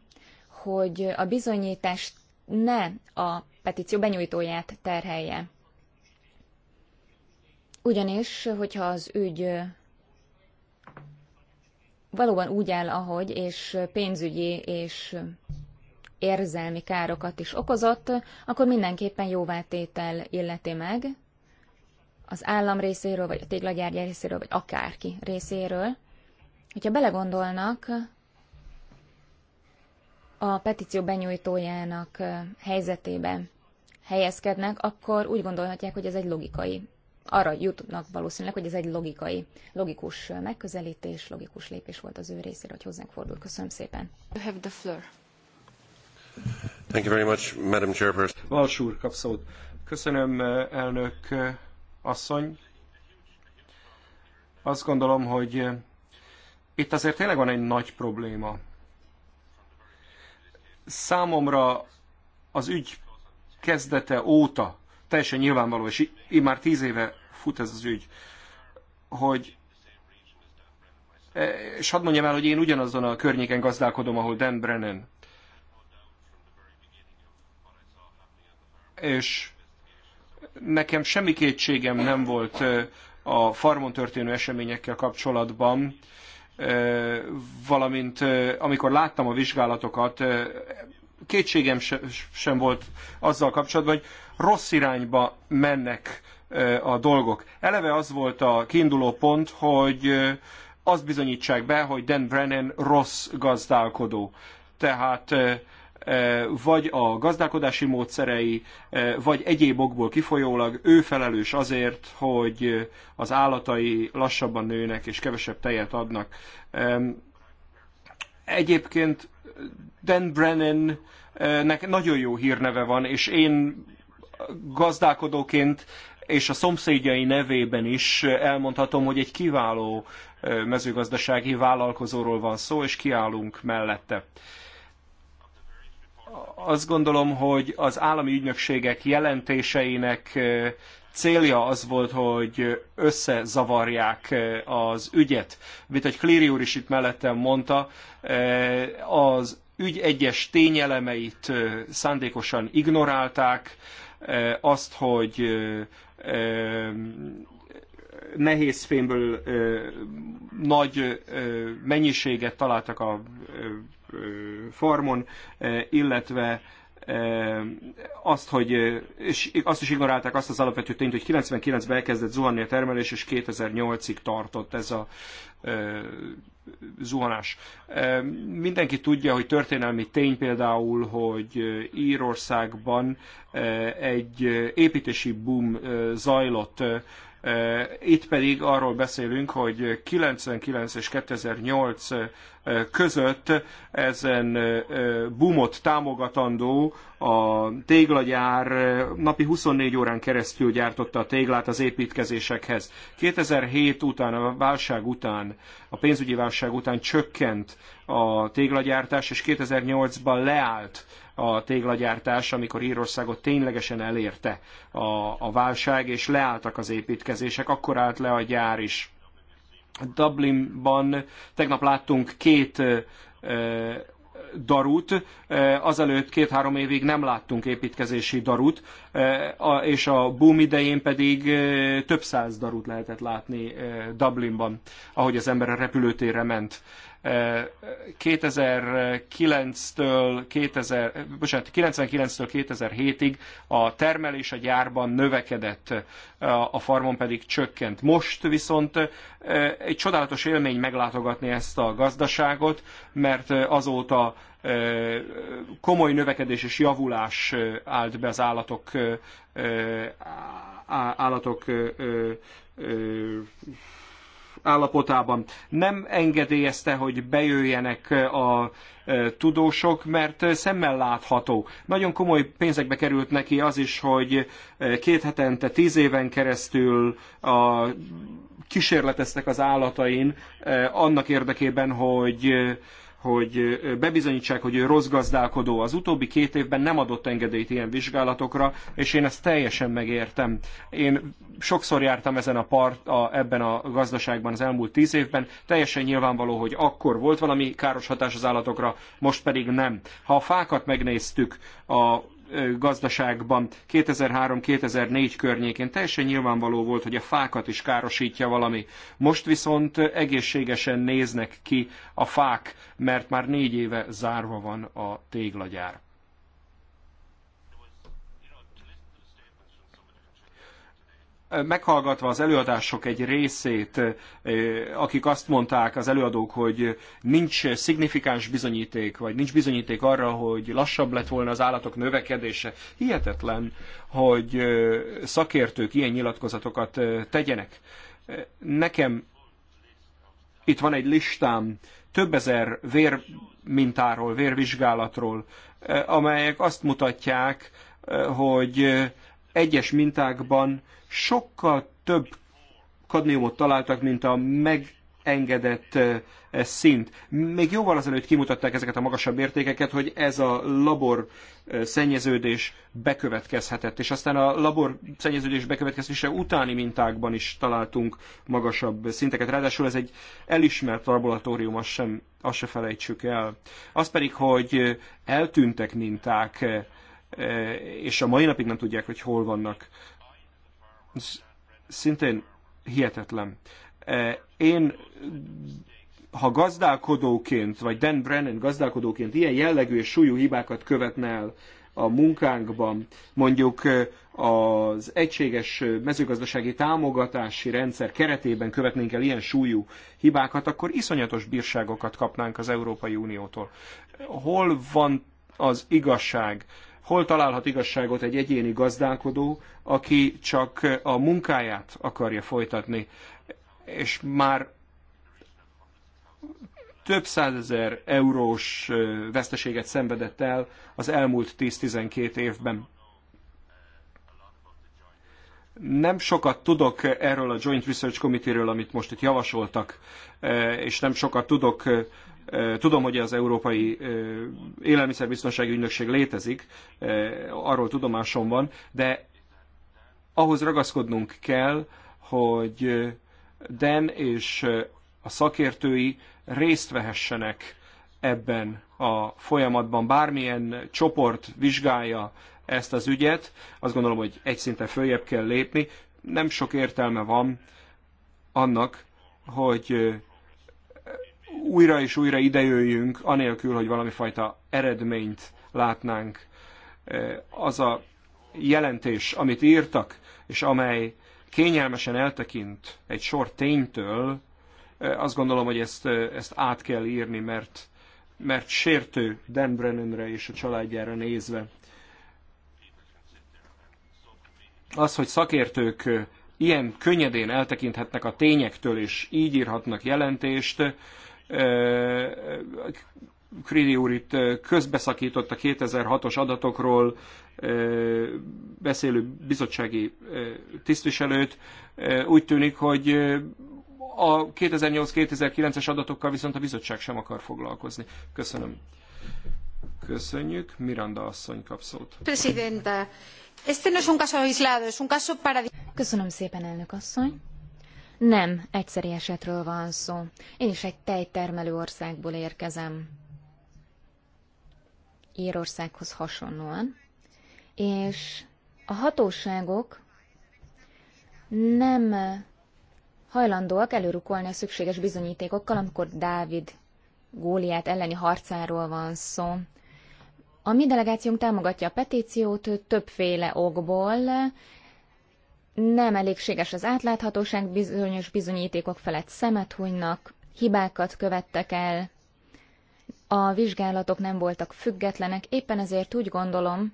hogy a bizonyítás ne a petíció benyújtóját terhelje. Ugyanis, hogyha az ügy valóban úgy áll, ahogy, és pénzügyi és érzelmi károkat is okozott, akkor mindenképpen jóváltétel illeti meg az állam részéről, vagy a téglagyárgy részéről, vagy akárki részéről. Hogyha belegondolnak, a petíció benyújtójának helyzetébe helyezkednek, akkor úgy gondolhatják, hogy ez egy logikai. Arra jutnak valószínűleg, hogy ez egy logikai, logikus megközelítés, logikus lépés volt az ő részéről, hogy hozzánk fordul. Köszönöm szépen. You have the floor. Thank you very much, Madam Chairperson. úr, kap szót. Köszönöm, elnök asszony. Azt gondolom, hogy itt azért tényleg van egy nagy probléma. Számomra az ügy kezdete óta teljesen nyilvánvaló, és így már tíz éve fut ez az ügy, hogy e, és hadd mondjam el, hogy én ugyanazon a környéken gazdálkodom, ahol Dan Brennan. és nekem semmi kétségem nem volt a farmon történő eseményekkel kapcsolatban, valamint amikor láttam a vizsgálatokat, kétségem sem volt azzal kapcsolatban, hogy rossz irányba mennek a dolgok. Eleve az volt a kiinduló pont, hogy azt bizonyítsák be, hogy Dan Brennan rossz gazdálkodó. Tehát vagy a gazdálkodási módszerei, vagy egyéb okból kifolyólag ő felelős azért, hogy az állatai lassabban nőnek és kevesebb tejet adnak. Egyébként Dan Brennannek nagyon jó hírneve van, és én gazdálkodóként és a szomszédjai nevében is elmondhatom, hogy egy kiváló mezőgazdasági vállalkozóról van szó, és kiállunk mellette azt gondolom, hogy az állami ügynökségek jelentéseinek célja az volt, hogy összezavarják az ügyet. Mint egy Cleary úr is itt mellettem mondta, az ügy egyes tényelemeit szándékosan ignorálták, azt, hogy nehéz fémből nagy mennyiséget találtak a farmon, illetve azt, hogy, és azt is ignorálták azt az alapvető tényt, hogy 99-ben elkezdett zuhanni a termelés, és 2008-ig tartott ez a zuhanás. Mindenki tudja, hogy történelmi tény például, hogy Írországban Eh, egy eh, építési boom eh, zajlott. Itt pedig arról beszélünk, hogy 99 és 2008 között ezen boomot támogatandó a téglagyár napi 24 órán keresztül gyártotta a téglát az építkezésekhez. 2007 után, a válság után, a pénzügyi válság után csökkent a téglagyártás, és 2008-ban leállt a téglagyártás, amikor Írországot ténylegesen elérte a, a válság, és leálltak az építkezések, akkor állt le a gyár is. Dublinban tegnap láttunk két ö, darut, azelőtt két-három évig nem láttunk építkezési darut, és a boom idején pedig több száz darut lehetett látni Dublinban, ahogy az ember a repülőtérre ment. 2009-től 99-től 2007-ig a termelés a gyárban növekedett, a farmon pedig csökkent. Most viszont e, egy csodálatos élmény meglátogatni ezt a gazdaságot, mert e, azóta e, komoly növekedés és javulás állt be az állatok, állatok állapotában. Nem engedélyezte, hogy bejöjjenek a tudósok, mert szemmel látható. Nagyon komoly pénzekbe került neki az is, hogy két hetente, tíz éven keresztül a, kísérleteztek az állatain annak érdekében, hogy hogy bebizonyítsák, hogy ő rossz gazdálkodó. Az utóbbi két évben nem adott engedélyt ilyen vizsgálatokra, és én ezt teljesen megértem. Én sokszor jártam ezen a part, a, ebben a gazdaságban az elmúlt tíz évben, teljesen nyilvánvaló, hogy akkor volt valami káros hatás az állatokra, most pedig nem. Ha a fákat megnéztük, a gazdaságban 2003-2004 környékén teljesen nyilvánvaló volt, hogy a fákat is károsítja valami. Most viszont egészségesen néznek ki a fák, mert már négy éve zárva van a téglagyár. meghallgatva az előadások egy részét, akik azt mondták az előadók, hogy nincs szignifikáns bizonyíték, vagy nincs bizonyíték arra, hogy lassabb lett volna az állatok növekedése. Hihetetlen, hogy szakértők ilyen nyilatkozatokat tegyenek. Nekem itt van egy listám több ezer vérmintáról, vérvizsgálatról, amelyek azt mutatják, hogy egyes mintákban sokkal több kadmiumot találtak, mint a megengedett szint. Még jóval azelőtt kimutatták ezeket a magasabb értékeket, hogy ez a labor szennyeződés bekövetkezhetett, és aztán a labor szennyeződés bekövetkezése utáni mintákban is találtunk magasabb szinteket. Ráadásul ez egy elismert laboratórium, azt sem, azt se felejtsük el. Az pedig, hogy eltűntek minták, és a mai napig nem tudják, hogy hol vannak szintén hihetetlen. E, én, ha gazdálkodóként, vagy Dan Brennan gazdálkodóként ilyen jellegű és súlyú hibákat követne el a munkánkban, mondjuk e, az egységes mezőgazdasági támogatási rendszer keretében követnénk el ilyen súlyú hibákat, akkor iszonyatos bírságokat kapnánk az Európai Uniótól. Hol van az igazság? Hol találhat igazságot egy egyéni gazdálkodó, aki csak a munkáját akarja folytatni, és már több százezer eurós veszteséget szenvedett el az elmúlt 10-12 évben. Nem sokat tudok erről a Joint Research Committee-ről, amit most itt javasoltak, és nem sokat tudok Tudom, hogy az Európai Élelmiszerbiztonsági Ügynökség létezik, arról tudomásom van, de ahhoz ragaszkodnunk kell, hogy Dan és a szakértői részt vehessenek ebben a folyamatban. Bármilyen csoport vizsgálja ezt az ügyet, azt gondolom, hogy egy szinten följebb kell lépni. Nem sok értelme van annak, hogy újra és újra idejöjjünk, anélkül, hogy valami fajta eredményt látnánk. Az a jelentés, amit írtak, és amely kényelmesen eltekint egy sor ténytől, azt gondolom, hogy ezt, ezt át kell írni, mert, mert sértő Dan Brennanre és a családjára nézve. Az, hogy szakértők ilyen könnyedén eltekinthetnek a tényektől, és így írhatnak jelentést, Kridi úr itt közbeszakított a 2006-os adatokról beszélő bizottsági tisztviselőt. Úgy tűnik, hogy a 2008-2009-es adatokkal viszont a bizottság sem akar foglalkozni. Köszönöm. Köszönjük. Miranda asszony kap szót. Presidenta, este no es un caso aislado, es un caso para... Köszönöm szépen, elnök asszony. Nem, egyszeri esetről van szó. Én is egy tejtermelő országból érkezem. Írországhoz hasonlóan. És a hatóságok nem hajlandóak előrukolni a szükséges bizonyítékokkal, amikor Dávid Góliát elleni harcáról van szó. A mi delegációnk támogatja a petíciót többféle okból, nem elégséges az átláthatóság, bizonyos bizonyítékok felett szemet hunynak, hibákat követtek el, a vizsgálatok nem voltak függetlenek, éppen ezért úgy gondolom,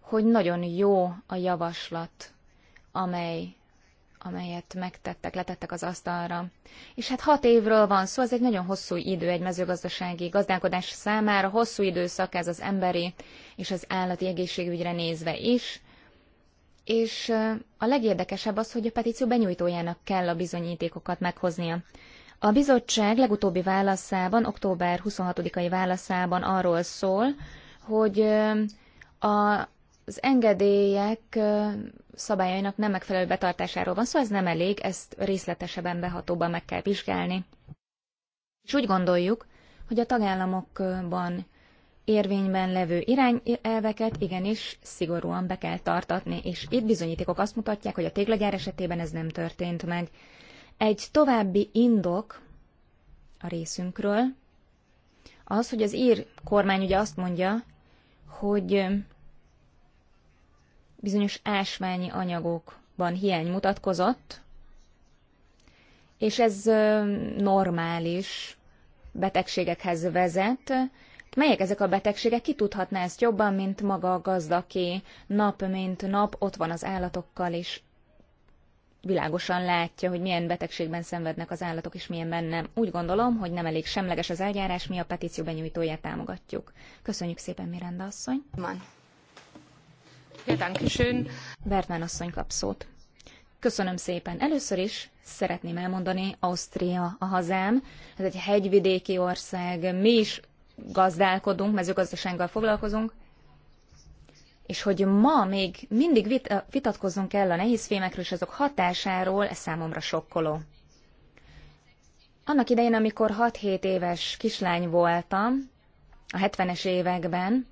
hogy nagyon jó a javaslat, amely, amelyet megtettek, letettek az asztalra. És hát hat évről van szó, ez egy nagyon hosszú idő egy mezőgazdasági gazdálkodás számára, hosszú időszak ez az emberi és az állati egészségügyre nézve is, és a legérdekesebb az, hogy a petíció benyújtójának kell a bizonyítékokat meghoznia. A bizottság legutóbbi válaszában, október 26-ai válaszában arról szól, hogy az engedélyek szabályainak nem megfelelő betartásáról van szó, szóval ez nem elég, ezt részletesebben behatóban meg kell vizsgálni. És úgy gondoljuk, hogy a tagállamokban érvényben levő irányelveket igenis szigorúan be kell tartatni, és itt bizonyítékok azt mutatják, hogy a téglagyár esetében ez nem történt meg. Egy további indok a részünkről az, hogy az ír kormány ugye azt mondja, hogy bizonyos ásványi anyagokban hiány mutatkozott, és ez normális betegségekhez vezet, Melyek ezek a betegségek? Ki tudhatná ezt jobban, mint maga a gazdaké? Nap mint nap ott van az állatokkal, és világosan látja, hogy milyen betegségben szenvednek az állatok, és milyen nem. Úgy gondolom, hogy nem elég semleges az eljárás, mi a petíció benyújtóját támogatjuk. Köszönjük szépen, Miranda asszony. Van. Bertmán asszony kap szót. Köszönöm szépen. Először is szeretném elmondani, Ausztria a hazám, ez egy hegyvidéki ország, mi is gazdálkodunk, mezőgazdasággal foglalkozunk, és hogy ma még mindig vitatkozunk eh, vitatkozzunk kell a fémekről és azok hatásáról, ez számomra sokkoló. Annak idején, amikor 6-7 éves kislány voltam, a 70-es években,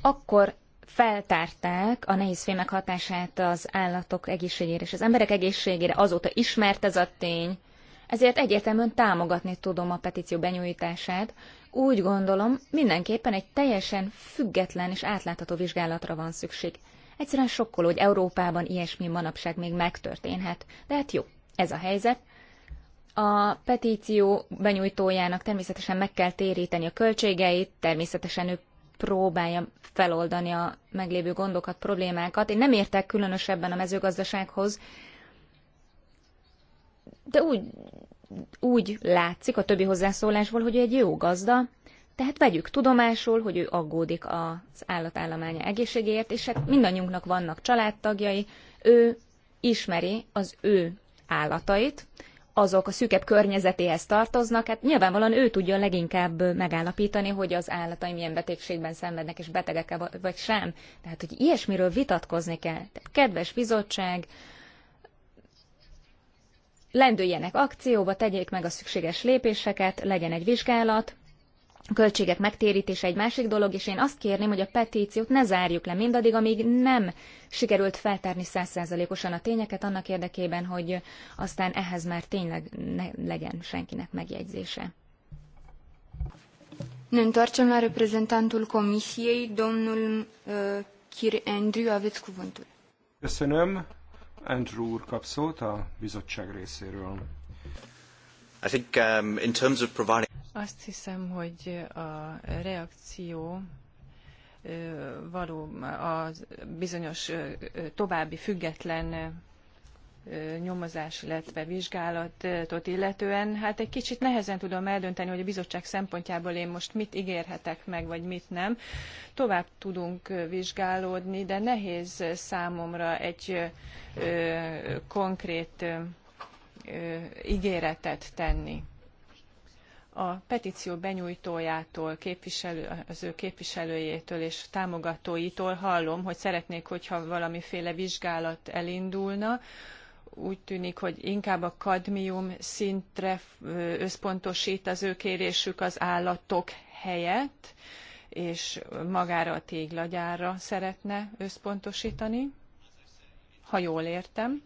akkor feltárták a fémek hatását az állatok egészségére és az emberek egészségére, azóta ismert ez a tény, ezért egyértelműen támogatni tudom a petíció benyújtását, úgy gondolom, mindenképpen egy teljesen független és átlátható vizsgálatra van szükség. Egyszerűen sokkoló, hogy Európában ilyesmi manapság még megtörténhet. De hát jó, ez a helyzet. A petíció benyújtójának természetesen meg kell téríteni a költségeit, természetesen ő próbálja feloldani a meglévő gondokat, problémákat. Én nem értek különösebben a mezőgazdasághoz, de úgy úgy látszik a többi hozzászólásból, hogy ő egy jó gazda, tehát vegyük tudomásul, hogy ő aggódik az állatállománya egészségéért, és hát mindannyiunknak vannak családtagjai, ő ismeri az ő állatait, azok a szűkebb környezetéhez tartoznak, hát nyilvánvalóan ő tudja leginkább megállapítani, hogy az állatai milyen betegségben szenvednek, és betegek -e vagy sem. Tehát, hogy ilyesmiről vitatkozni kell. Tehát, kedves bizottság, lendüljenek akcióba, tegyék meg a szükséges lépéseket, legyen egy vizsgálat, a költségek megtérítése egy másik dolog, és én azt kérném, hogy a petíciót ne zárjuk le mindaddig, amíg nem sikerült feltárni százszázalékosan a tényeket, annak érdekében, hogy aztán ehhez már tényleg ne legyen senkinek megjegyzése. Ne reprezentantul comisiei, domnul uh, Kir Andrew, aveți cuvântul. Köszönöm. Andrew úr kap szót a bizottság részéről. I think, um, in terms of providing... Azt hiszem, hogy a reakció való a bizonyos további független nyomozás, illetve vizsgálatot illetően, hát egy kicsit nehezen tudom eldönteni, hogy a bizottság szempontjából én most mit ígérhetek meg, vagy mit nem. Tovább tudunk vizsgálódni, de nehéz számomra egy ö, konkrét ö, ígéretet tenni. A petíció benyújtójától, képviselő, az ő képviselőjétől és támogatóitól hallom, hogy szeretnék, hogyha valamiféle vizsgálat elindulna, úgy tűnik, hogy inkább a kadmium szintre összpontosít az ő kérésük az állatok helyett, és magára a téglagyárra szeretne összpontosítani, ha jól értem.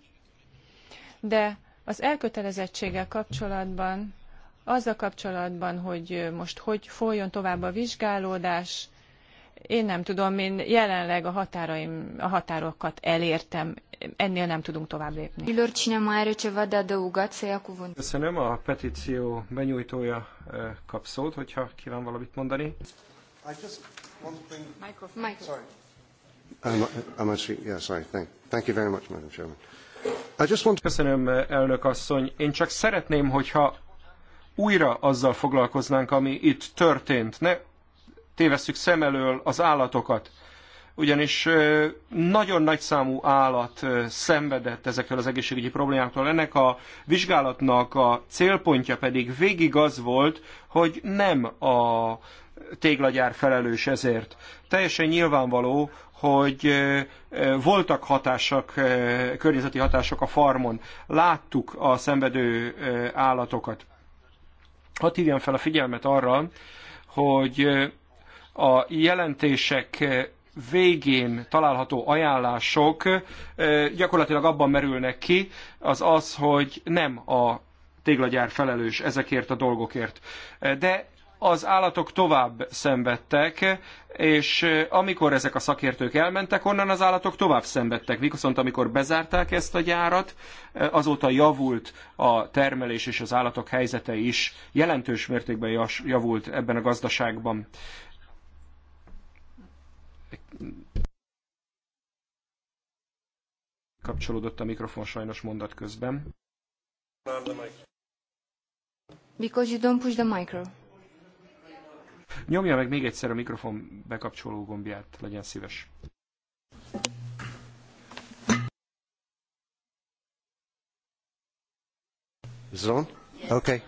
De az elkötelezettséggel kapcsolatban, azzal kapcsolatban, hogy most hogy folyjon tovább a vizsgálódás, én nem tudom, én jelenleg a, határaim, a határokat elértem, ennél nem tudunk tovább lépni. Köszönöm, a petíció benyújtója e, kap szót, hogyha kíván valamit mondani. Köszönöm, e, elnök asszony. Én csak szeretném, hogyha újra azzal foglalkoznánk, ami itt történt. Ne tévesszük szem elől az állatokat. Ugyanis nagyon nagy számú állat szenvedett ezektől az egészségügyi problémáktól. Ennek a vizsgálatnak a célpontja pedig végig az volt, hogy nem a téglagyár felelős ezért. Teljesen nyilvánvaló, hogy voltak hatások, környezeti hatások a farmon. Láttuk a szenvedő állatokat. Hadd hívjam fel a figyelmet arra, hogy a jelentések végén található ajánlások eh, gyakorlatilag abban merülnek ki, az az, hogy nem a téglagyár felelős ezekért a dolgokért. Eh, de az állatok tovább szenvedtek, és eh, amikor ezek a szakértők elmentek onnan, az állatok tovább szenvedtek. Viszont amikor bezárták ezt a gyárat, azóta javult a termelés és az állatok helyzete is, jelentős mértékben javult ebben a gazdaságban. Kapcsolódott a mikrofon sajnos mondat közben. Because you don't push the micro. Nyomja meg még egyszer a mikrofon bekapcsoló gombját, legyen szíves. Zon? Oké. Okay.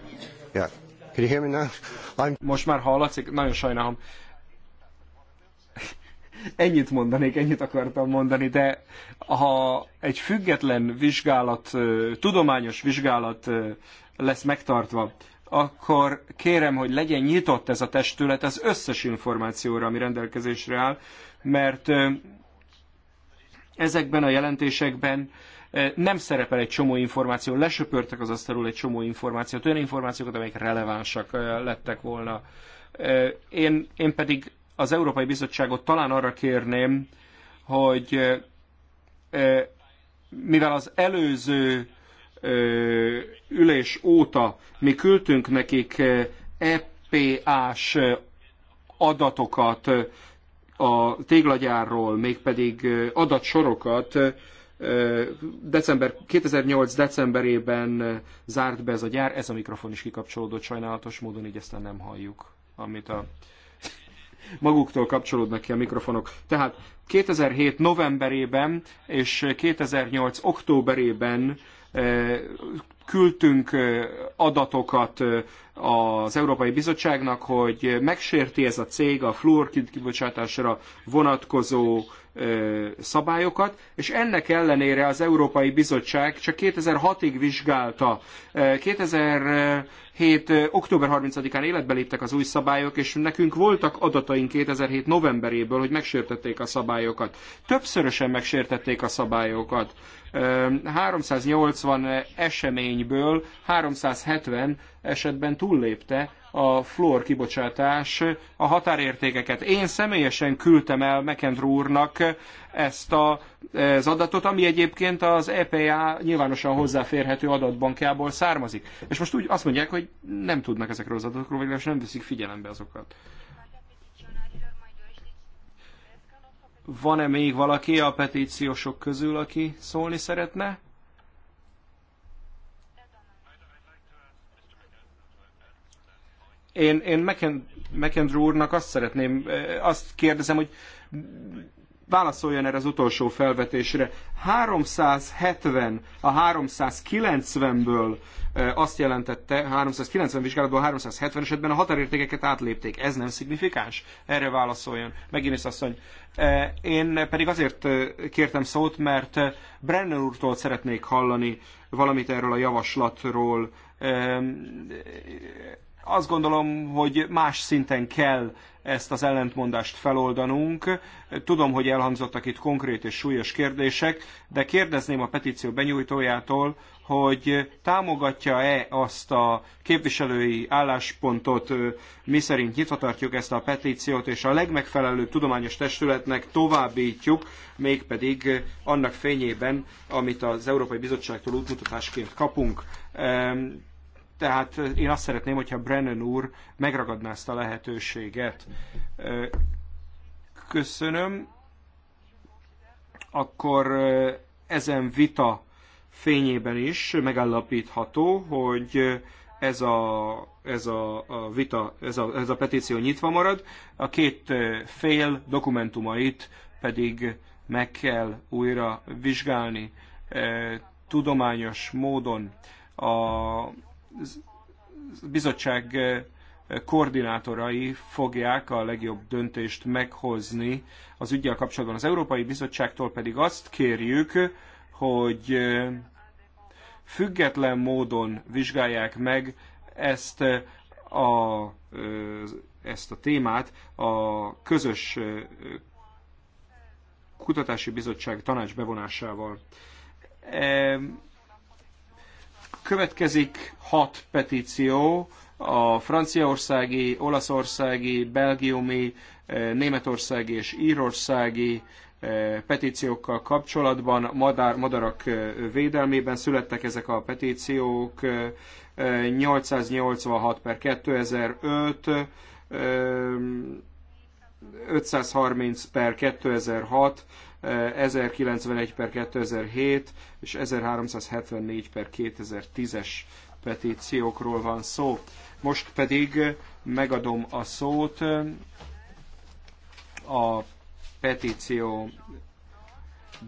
Yeah. Can you hear me now? I'm... Most már hallatszik? Nagyon sajnálom. Ennyit mondanék, ennyit akartam mondani, de ha egy független vizsgálat, tudományos vizsgálat lesz megtartva, akkor kérem, hogy legyen nyitott ez a testület az összes információra, ami rendelkezésre áll, mert ezekben a jelentésekben nem szerepel egy csomó információ, lesöpörtek az asztalról egy csomó információt, olyan információkat, amelyek relevánsak lettek volna. Én, én pedig az Európai Bizottságot talán arra kérném, hogy mivel az előző ülés óta mi küldtünk nekik EPA-s adatokat a téglagyárról, mégpedig adatsorokat, december, 2008 decemberében zárt be ez a gyár, ez a mikrofon is kikapcsolódott sajnálatos módon, így aztán nem halljuk, amit a maguktól kapcsolódnak ki a mikrofonok. Tehát 2007 novemberében és 2008 októberében eh, küldtünk eh, adatokat eh, az Európai Bizottságnak, hogy megsérti ez a cég a fluorkid kibocsátásra vonatkozó szabályokat, és ennek ellenére az Európai Bizottság csak 2006-ig vizsgálta. 2000 2007. október 30-án életbe léptek az új szabályok, és nekünk voltak adataink 2007. novemberéből, hogy megsértették a szabályokat. Többszörösen megsértették a szabályokat. 380 eseményből 370 esetben túllépte a flór kibocsátás a határértékeket. Én személyesen küldtem el McEnroe úrnak ezt a, az adatot, ami egyébként az EPA nyilvánosan hozzáférhető adatbankjából származik. És most úgy azt mondják, hogy nem tudnak ezekről az adatokról, vagy nem veszik figyelembe azokat. Van-e még valaki a petíciósok közül, aki szólni szeretne? Én, én McEndrew úrnak azt szeretném, eh, azt kérdezem, hogy válaszoljon erre az utolsó felvetésre. 370 a 390-ből azt jelentette, 390 vizsgálatból 370 esetben a határértékeket átlépték. Ez nem szignifikáns? Erre válaszoljon. Megint asszony. Én pedig azért kértem szót, mert Brenner úrtól szeretnék hallani valamit erről a javaslatról azt gondolom, hogy más szinten kell ezt az ellentmondást feloldanunk. Tudom, hogy elhangzottak itt konkrét és súlyos kérdések, de kérdezném a petíció benyújtójától, hogy támogatja-e azt a képviselői álláspontot, miszerint nyitva tartjuk ezt a petíciót, és a legmegfelelőbb tudományos testületnek továbbítjuk, mégpedig annak fényében, amit az Európai Bizottságtól útmutatásként kapunk. Tehát én azt szeretném, hogyha Brennan úr megragadná ezt a lehetőséget. Köszönöm. Akkor ezen vita fényében is megállapítható, hogy ez a, ez a, a vita, ez a, ez a petíció nyitva marad, a két fél dokumentumait pedig meg kell újra vizsgálni tudományos módon. A bizottság eh, koordinátorai fogják a legjobb döntést meghozni az ügyel kapcsolatban. Az Európai Bizottságtól pedig azt kérjük, hogy eh, független módon vizsgálják meg ezt eh, a, ezt a témát a közös kutatási bizottság tanács bevonásával. Következik hat petíció, a franciaországi, olaszországi, belgiumi, eh, németországi és írországi eh, petíciókkal kapcsolatban, madár, madarak eh, védelmében születtek ezek a petíciók 886 per 2005, 530 per 2006, 1091 per 2007 és 1374 per 2010-es petíciókról van szó. Most pedig megadom a szót a petíció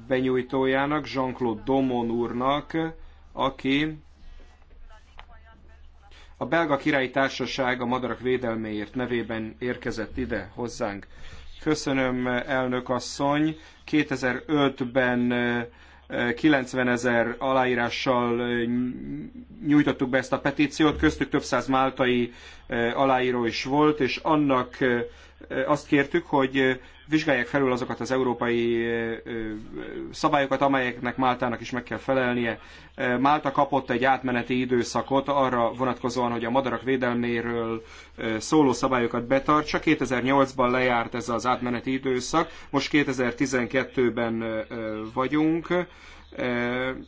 benyújtójának, Jean-Claude Domon úrnak, aki a belga királyi társaság a madarak védelméért nevében érkezett ide hozzánk. Köszönöm, elnök asszony. 2005-ben 90 ezer aláírással nyújtottuk be ezt a petíciót, köztük több száz máltai aláíró is volt, és annak azt kértük, hogy vizsgálják felül azokat az európai szabályokat, amelyeknek Máltának is meg kell felelnie. Málta kapott egy átmeneti időszakot arra vonatkozóan, hogy a madarak védelméről szóló szabályokat betartsa. 2008-ban lejárt ez az átmeneti időszak, most 2012-ben vagyunk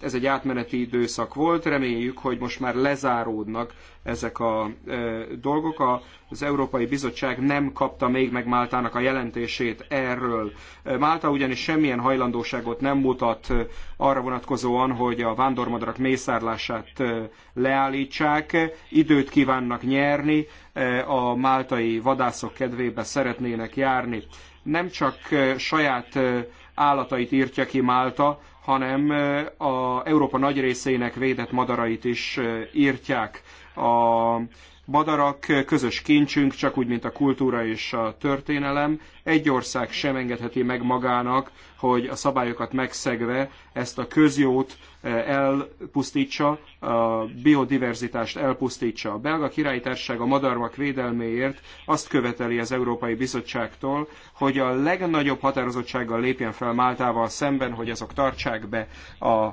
ez egy átmeneti időszak volt, reméljük, hogy most már lezáródnak ezek a e, dolgok. Az Európai Bizottság nem kapta még meg Máltának a jelentését erről. E, Málta ugyanis semmilyen hajlandóságot nem mutat e, arra vonatkozóan, hogy a vándormadarak mészárlását leállítsák, időt kívánnak nyerni, a máltai vadászok kedvébe szeretnének járni. Nem csak saját állatait írtja ki Málta, hanem a Európa nagy részének védett madarait is írtják. A madarak közös kincsünk, csak úgy, mint a kultúra és a történelem. Egy ország sem engedheti meg magának, hogy a szabályokat megszegve ezt a közjót eh, elpusztítsa, a biodiverzitást elpusztítsa. A belga királyi társaság a madarmak védelméért azt követeli az Európai Bizottságtól, hogy a legnagyobb határozottsággal lépjen fel Máltával szemben, hogy azok tartsák be a eh,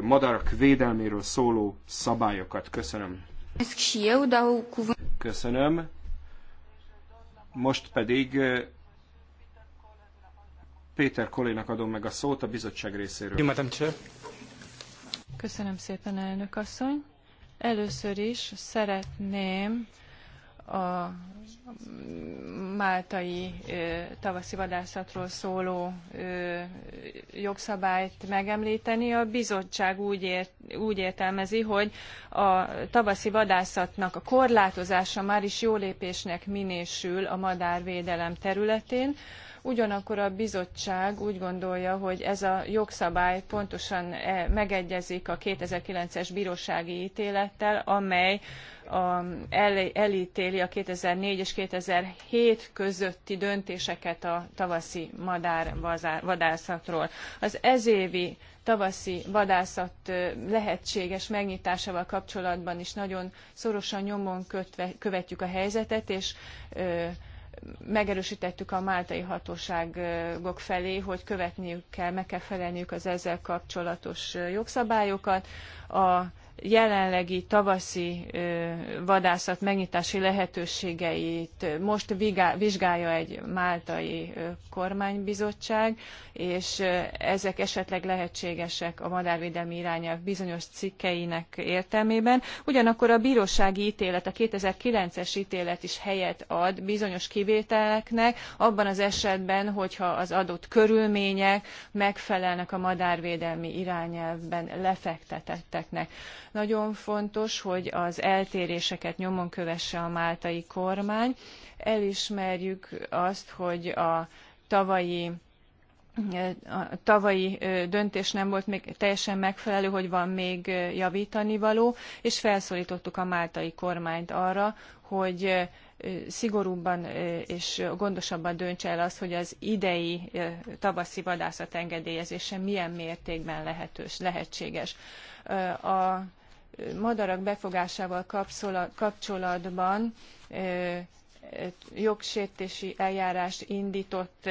madarak védelméről szóló szabályokat. Köszönöm. Köszönöm. Most pedig eh, Péter Kolénak adom meg a szót a bizottság részéről. Köszönöm szépen, elnök asszony. Először is szeretném a máltai tavaszi vadászatról szóló jogszabályt megemlíteni. A bizottság úgy, ért, úgy értelmezi, hogy a tavaszi vadászatnak a korlátozása már is jó lépésnek minősül a madárvédelem területén Ugyanakkor a bizottság úgy gondolja, hogy ez a jogszabály pontosan eh, megegyezik a 2009-es bírósági ítélettel, amely elítéli a 2004 és 2007 közötti döntéseket a tavaszi madárvadászatról. Az ezévi tavaszi vadászat eh, lehetséges megnyitásával kapcsolatban is nagyon szorosan nyomon kötve, követjük a helyzetet, és ö, eh, megerősítettük a máltai hatóságok felé, hogy követniük kell, meg kell felelniük az ezzel kapcsolatos jogszabályokat. A jelenlegi tavaszi vadászat megnyitási lehetőségeit most vizsgálja egy máltai kormánybizottság, és ezek esetleg lehetségesek a madárvédelmi irányelv bizonyos cikkeinek értelmében. Ugyanakkor a bírósági ítélet, a 2009-es ítélet is helyet ad bizonyos kivételeknek, abban az esetben, hogyha az adott körülmények megfelelnek a madárvédelmi irányelvben lefektetetteknek nagyon fontos, hogy az eltéréseket nyomon kövesse a máltai kormány. Elismerjük azt, hogy a tavalyi a tavalyi döntés nem volt még teljesen megfelelő, hogy van még javítani való, és felszólítottuk a máltai kormányt arra, hogy szigorúbban és gondosabban döntse el azt, hogy az idei tavaszi vadászat engedélyezése milyen mértékben lehetős, lehetséges. A madarak befogásával kapcsolatban jogsértési eljárást indított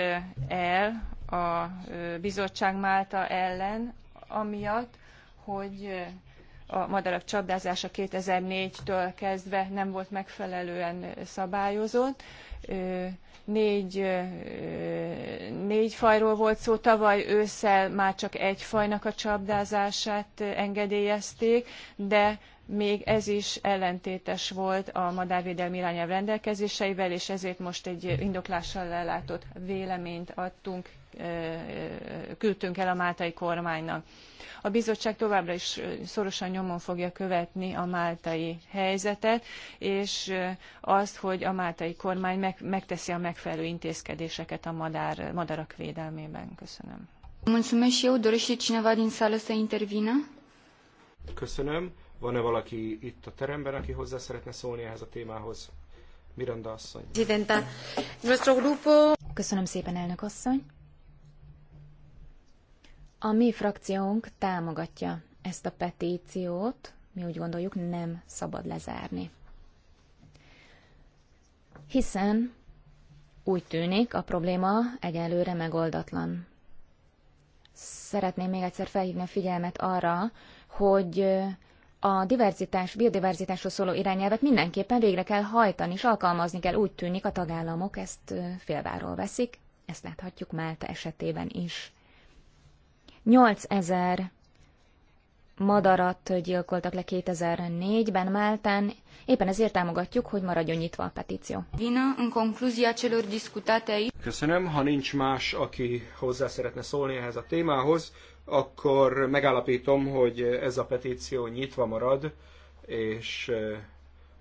el a bizottság Málta ellen, amiatt, hogy a madarak csapdázása 2004-től kezdve nem volt megfelelően szabályozott négy, négy fajról volt szó, tavaly ősszel már csak egy fajnak a csapdázását engedélyezték, de még ez is ellentétes volt a madárvédelmi irányelv rendelkezéseivel, és ezért most egy indoklással ellátott véleményt adtunk, küldtünk el a máltai kormánynak. A bizottság továbbra is szorosan nyomon fogja követni a máltai helyzetet, és azt, hogy a máltai kormány meg megteszi a megfelelő intézkedéseket a madár, madarak védelmében. Köszönöm. Mulțumesc și eu. Dorește cineva din sală să intervină? Köszönöm. Van-e valaki itt a teremben, aki hozzá szeretne szólni ehhez a témához? Miranda asszony. Köszönöm szépen, elnök asszony. A mi frakciónk támogatja ezt a petíciót, mi úgy gondoljuk nem szabad lezárni hiszen úgy tűnik, a probléma egyelőre megoldatlan. Szeretném még egyszer felhívni a figyelmet arra, hogy a diverzitás, biodiverzitásról szóló irányelvet mindenképpen végre kell hajtani, és alkalmazni kell, úgy tűnik a tagállamok ezt félváról veszik, ezt láthatjuk Málta esetében is. 8000 madarat gyilkoltak le 2004-ben Máltán, éppen ezért támogatjuk, hogy maradjon nyitva a petíció. Vina, în concluzia celor discutate Köszönöm, ha nincs más, aki hozzá szeretne szólni ehhez a témához, akkor megállapítom, hogy ez a petíció nyitva marad, és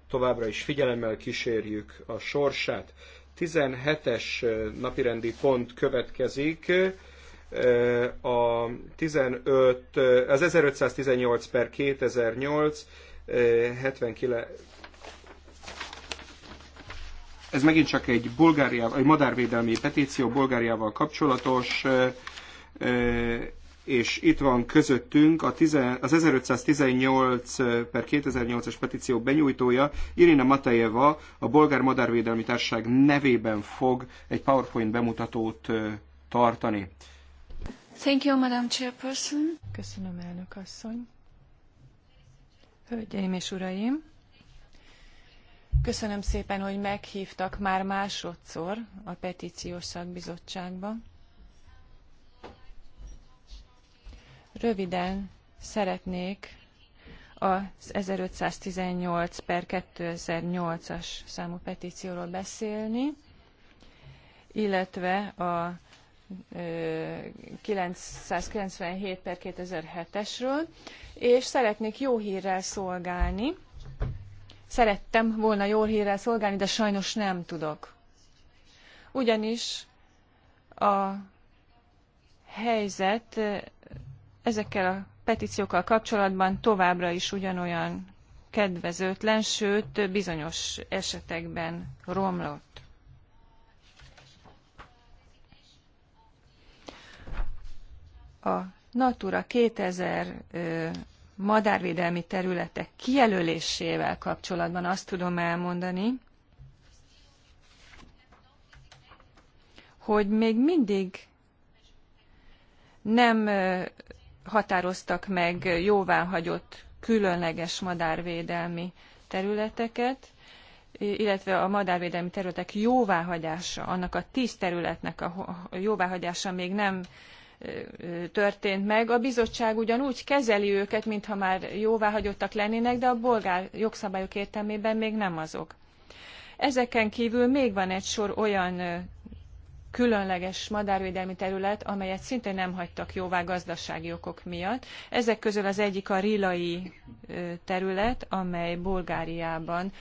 továbbra is figyelemmel kísérjük a sorsát. 17-es napirendi pont következik a 15, az 1518 per 2008, 79, ez megint csak egy, Bulgáriával, egy madárvédelmi petíció Bulgáriával kapcsolatos, és itt van közöttünk a 10 az 1518 per 2008-as petíció benyújtója, Irina Matejeva, a Bolgár Madárvédelmi Társaság nevében fog egy PowerPoint bemutatót tartani. Thank you, Madam Chairperson. Köszönöm, elnök asszony. Hölgyeim és uraim! Köszönöm szépen, hogy meghívtak már másodszor a petíciós szakbizottságba. Röviden szeretnék az 1518 per 2008-as számú petícióról beszélni, illetve a 997 per 2007-esről, és szeretnék jó hírrel szolgálni. Szerettem volna jó hírrel szolgálni, de sajnos nem tudok. Ugyanis a helyzet eh, ezekkel a petíciókkal kapcsolatban továbbra is ugyanolyan kedvezőtlen, sőt bizonyos esetekben romlott. a Natura 2000 madárvédelmi területek kijelölésével kapcsolatban azt tudom elmondani, hogy még mindig nem határoztak meg jóváhagyott különleges madárvédelmi területeket, illetve a madárvédelmi területek jóváhagyása, annak a tíz területnek a jóváhagyása még nem történt meg. A bizottság ugyanúgy kezeli őket, mintha már jóváhagyottak lennének, de a bolgár jogszabályok értelmében még nem azok. Ezeken kívül még van egy sor olyan különleges madárvédelmi terület, amelyet szintén nem hagytak jóvá gazdasági okok miatt. Ezek közül az egyik a Rilai terület, amely Bulgáriában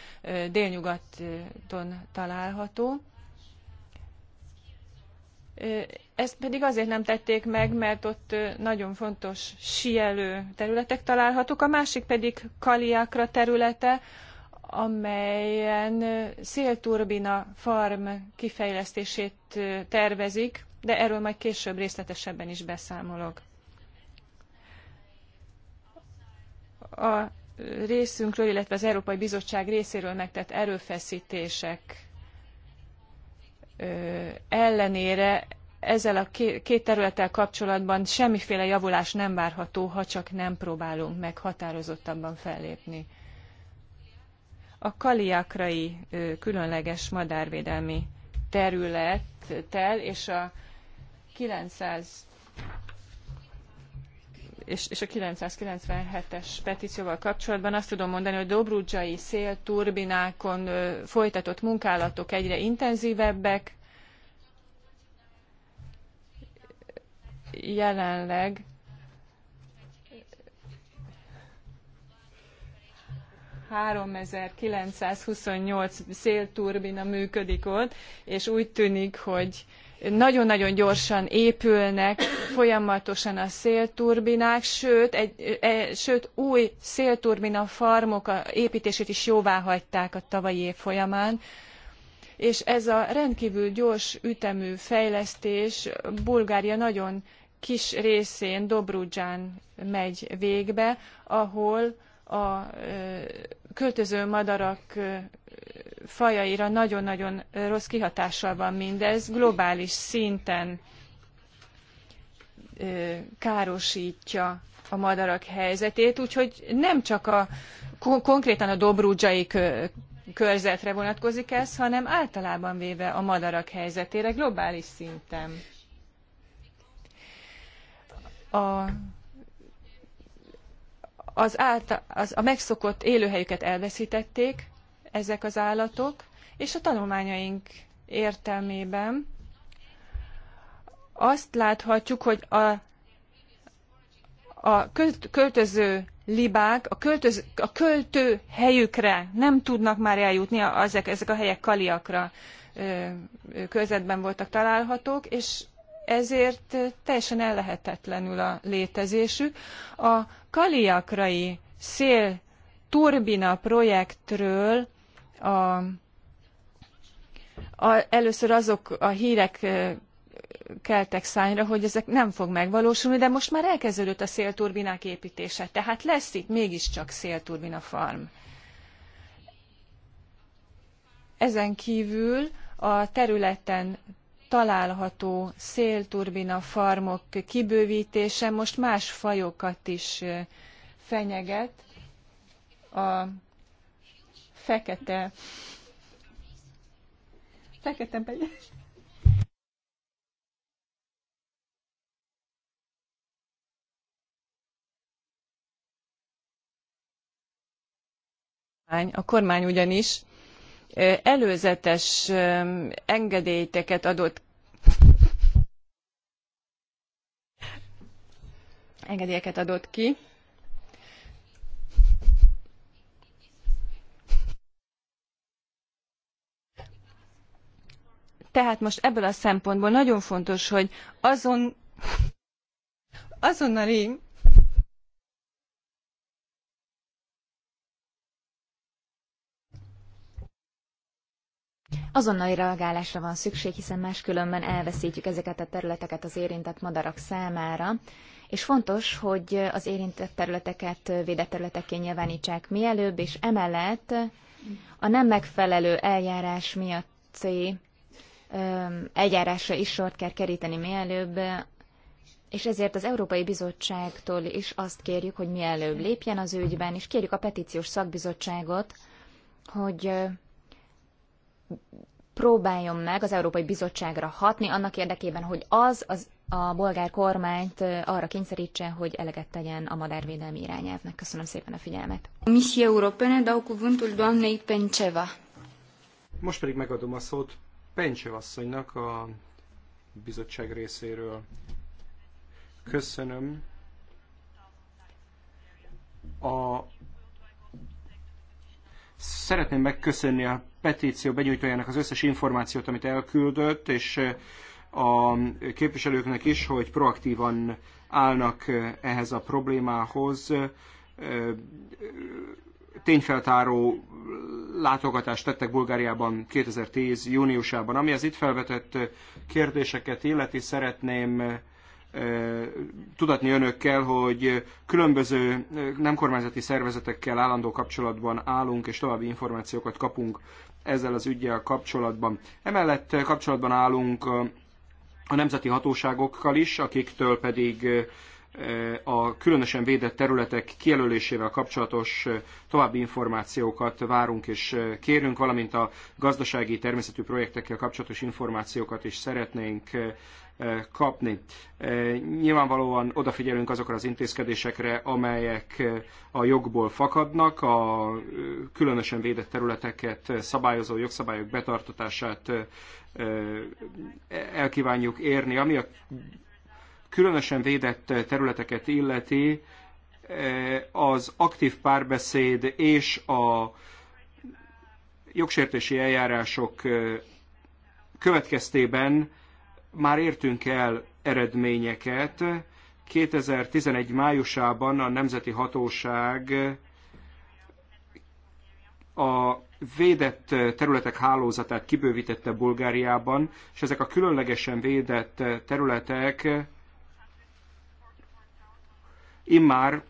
délnyugaton található. Ezt pedig azért nem tették meg, mert ott nagyon fontos sielő területek találhatók, a másik pedig Kaliakra területe, amelyen szélturbina farm kifejlesztését tervezik, de erről majd később részletesebben is beszámolok. A részünkről, illetve az Európai Bizottság részéről megtett erőfeszítések ellenére ezzel a két területtel kapcsolatban semmiféle javulás nem várható, ha csak nem próbálunk meg határozottabban fellépni. A kaliakrai különleges madárvédelmi területtel és a 900 és, és a 997-es petícióval kapcsolatban azt tudom mondani, hogy Dobrudzsai szélturbinákon folytatott munkálatok egyre intenzívebbek. Jelenleg ...3928 szélturbina működik ott, és úgy tűnik, hogy nagyon-nagyon gyorsan épülnek folyamatosan a szélturbinák, sőt, egy, e, sőt új szélturbina farmok építését is jóváhagyták a tavalyi év folyamán, és ez a rendkívül gyors ütemű fejlesztés Bulgária nagyon kis részén, Dobrudzsán megy végbe, ahol a e, költöző madarak fajaira nagyon-nagyon rossz kihatással van mindez, globális szinten károsítja a madarak helyzetét, úgyhogy nem csak a konkrétan a dobrúdzsai körzetre vonatkozik ez, hanem általában véve a madarak helyzetére globális szinten. A az, által, az a megszokott élőhelyüket elveszítették ezek az állatok, és a tanulmányaink értelmében azt láthatjuk, hogy a, a költöző libák a, költöz, a költő helyükre nem tudnak már eljutni, ezek, ezek a helyek kaliakra körzetben voltak találhatók, és ezért teljesen ellehetetlenül a létezésük. A kaliakrai szél turbina projektről a, a, először azok a hírek keltek szányra, hogy ezek nem fog megvalósulni, de most már elkezdődött a szélturbinák építése, tehát lesz itt mégiscsak szélturbina farm. Ezen kívül a területen található szélturbina farmok kibővítése most más fajokat is fenyeget. A fekete fekete begyes. A kormány ugyanis előzetes engedélyteket adott engedélyeket adott ki. Tehát most ebből a szempontból nagyon fontos, hogy azon, azonnali Azonnali reagálásra van szükség, hiszen máskülönben elveszítjük ezeket a területeket az érintett madarak számára, és fontos, hogy az érintett területeket védett területekké nyilvánítsák mielőbb, és emellett a nem megfelelő eljárás miatt eljárásra is sort kell keríteni mielőbb, és ezért az Európai Bizottságtól is azt kérjük, hogy mielőbb lépjen az ügyben, és kérjük a petíciós szakbizottságot, hogy próbáljon meg az Európai Bizottságra hatni annak érdekében, hogy az, az a bolgár kormányt arra kényszerítse, hogy eleget tegyen a madárvédelmi irányelvnek. Köszönöm szépen a figyelmet. Misszió Europene dau cuvântul doamnei Penceva. Most pedig megadom a szót Pencsev asszonynak a bizottság részéről. Köszönöm. A Szeretném megköszönni a petíció begyújtójának az összes információt, amit elküldött, és eh, a képviselőknek is, hogy proaktívan állnak eh, ehhez a problémához. Eh, tényfeltáró látogatást tettek Bulgáriában 2010. júniusában. Ami az itt felvetett kérdéseket illeti, szeretném tudatni önökkel, hogy különböző nem kormányzati szervezetekkel állandó kapcsolatban állunk, és további információkat kapunk ezzel az ügyel kapcsolatban. Emellett kapcsolatban állunk a nemzeti hatóságokkal is, akiktől pedig a különösen védett területek kijelölésével kapcsolatos további információkat várunk és kérünk, valamint a gazdasági természetű projektekkel kapcsolatos információkat is szeretnénk kapni. Nyilvánvalóan odafigyelünk azokra az intézkedésekre, amelyek a jogból fakadnak, a különösen védett területeket szabályozó jogszabályok betartatását elkívánjuk érni. Ami a különösen védett területeket illeti, az aktív párbeszéd és a jogsértési eljárások következtében már értünk el eredményeket. 2011 májusában a Nemzeti Hatóság a védett területek hálózatát kibővítette Bulgáriában, és ezek a különlegesen védett területek immár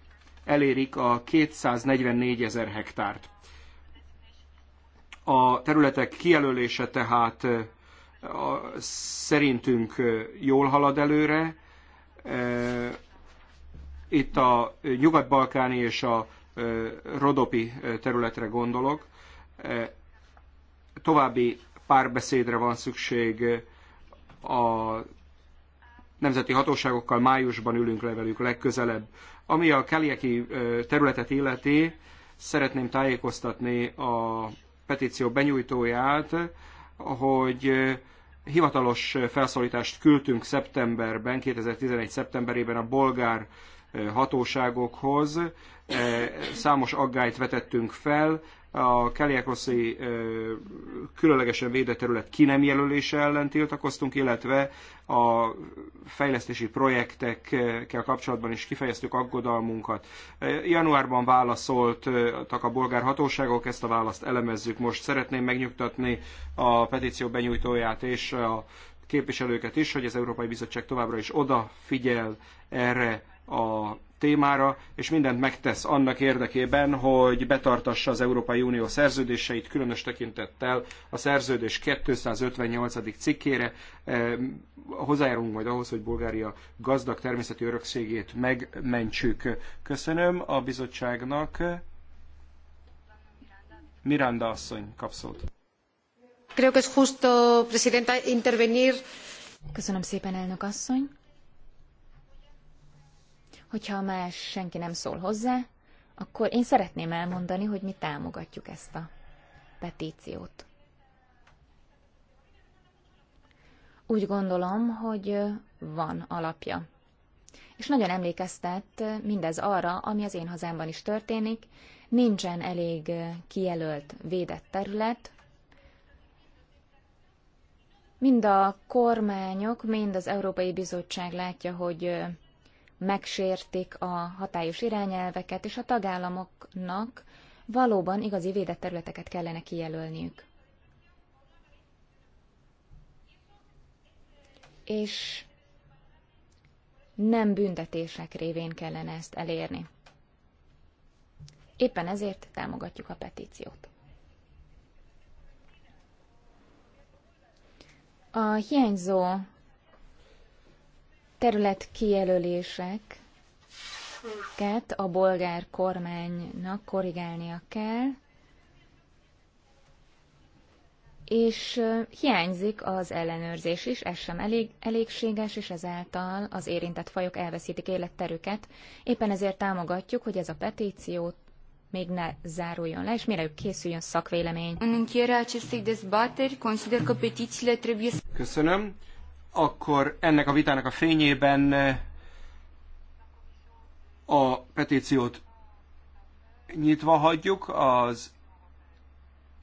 elérik a 244 ezer hektárt. A területek kijelölése tehát a, szerintünk jól halad előre. Itt a nyugat-balkáni és a rodopi területre gondolok. További párbeszédre van szükség a nemzeti hatóságokkal májusban ülünk le velük legközelebb. Ami a Kelieki területet illeti, szeretném tájékoztatni a petíció benyújtóját, hogy hivatalos felszólítást küldtünk szeptemberben, 2011. szeptemberében a bolgár hatóságokhoz. Számos aggályt vetettünk fel, a Kaliakoszi különlegesen védett terület ki nem jelölése ellen tiltakoztunk, illetve a fejlesztési projektekkel kapcsolatban is kifejeztük aggodalmunkat. Januárban válaszoltak a bolgár hatóságok, ezt a választ elemezzük most. Szeretném megnyugtatni a petíció benyújtóját és a képviselőket is, hogy az Európai Bizottság továbbra is odafigyel erre a témára, és mindent megtesz annak érdekében, hogy betartassa az Európai Unió szerződéseit, különös tekintettel a szerződés 258. cikkére. Hozzájárulunk majd ahhoz, hogy Bulgária gazdag természeti örökségét megmentsük. Köszönöm a bizottságnak. Miranda asszony kap szót. Creo que es justo, Presidenta, intervenir. Köszönöm szépen, elnök asszony. Hogyha már senki nem szól hozzá, akkor én szeretném elmondani, hogy mi támogatjuk ezt a petíciót. Úgy gondolom, hogy van alapja. És nagyon emlékeztet mindez arra, ami az én hazámban is történik. Nincsen elég kijelölt, védett terület, mind a kormányok, mind az Európai Bizottság látja, hogy megsértik a hatályos irányelveket, és a tagállamoknak valóban igazi védett területeket kellene kijelölniük. És nem büntetések révén kellene ezt elérni. Éppen ezért támogatjuk a petíciót. A hiányzó terület kijelöléseket a bolgár kormánynak korrigálnia kell, és hiányzik az ellenőrzés is, ez sem elég, elégséges, és ezáltal az érintett fajok elveszítik életterüket. Éppen ezért támogatjuk, hogy ez a petíció még ne záruljon le, és mire ők készüljön szakvélemény. Köszönöm akkor ennek a vitának a fényében eh, a petíciót nyitva hagyjuk. Az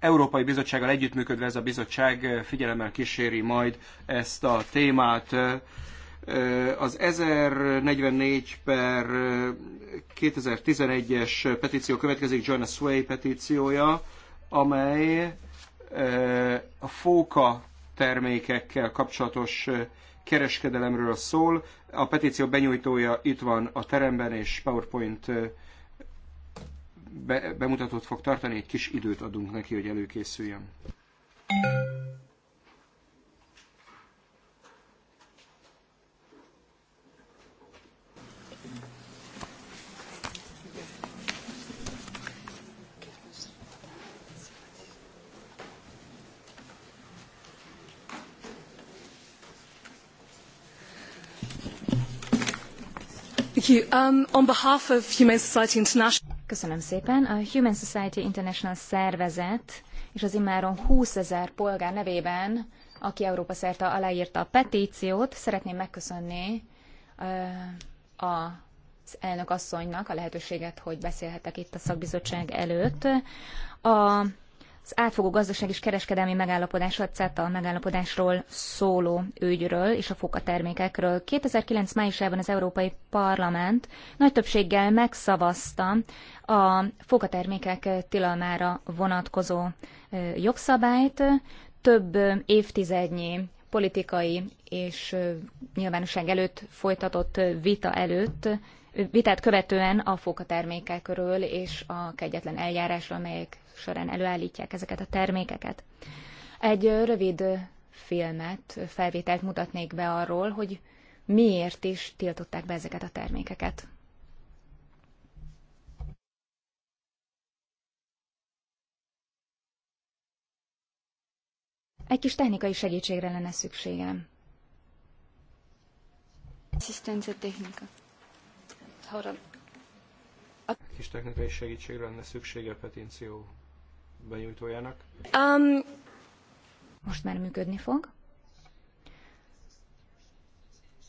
Európai Bizottsággal együttműködve ez a bizottság eh, figyelemmel kíséri majd ezt a témát. Eh, az 1044 per 2011-es petíció következik, a Sway petíciója, amely a Fóka termékekkel kapcsolatos kereskedelemről szól. A petíció benyújtója itt van a teremben, és PowerPoint bemutatót fog tartani, egy kis időt adunk neki, hogy előkészüljön. Um, Köszönöm szépen. A Human Society International szervezet és az immáron 20 ezer polgár nevében, aki Európa szerte aláírta a petíciót, szeretném megköszönni a az elnök asszonynak a lehetőséget, hogy beszélhetek itt a szakbizottság előtt. A az átfogó gazdaság és kereskedelmi megállapodás, a CETA megállapodásról szóló ügyről és a foka termékekről. 2009 májusában az Európai Parlament nagy többséggel megszavazta a termékek tilalmára vonatkozó jogszabályt, több évtizednyi politikai és nyilvánosság előtt folytatott vita előtt vitát követően a fókatermékekről és a kegyetlen eljárásról, amelyek során előállítják ezeket a termékeket. Egy rövid filmet, felvételt mutatnék be arról, hogy miért is tiltották be ezeket a termékeket. Egy kis technikai segítségre lenne szükségem. Asszisztencia technika. Hold A kis technikai segítségre lenne szüksége a petíció benyújtójának. Um, most már működni fog.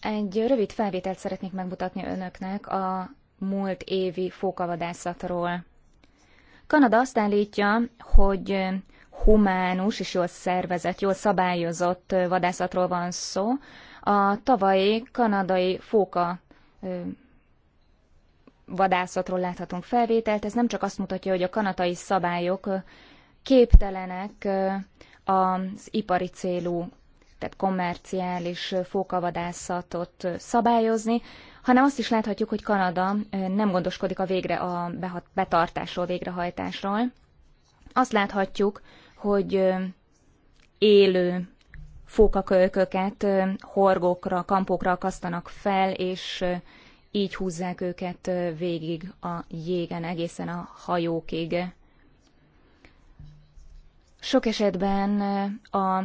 Egy rövid felvételt szeretnék megmutatni önöknek a múlt évi fókavadászatról. Kanada azt állítja, hogy humánus és jól szervezett, jól szabályozott vadászatról van szó. A tavalyi kanadai fóka vadászatról láthatunk felvételt. Ez nem csak azt mutatja, hogy a kanadai szabályok képtelenek az ipari célú, tehát kommerciális fókavadászatot szabályozni, hanem azt is láthatjuk, hogy Kanada nem gondoskodik a végre a betartásról, végrehajtásról. Azt láthatjuk, hogy élő fókakölyköket horgókra, kampókra akasztanak fel, és így húzzák őket végig a jégen, egészen a hajókig. Sok esetben a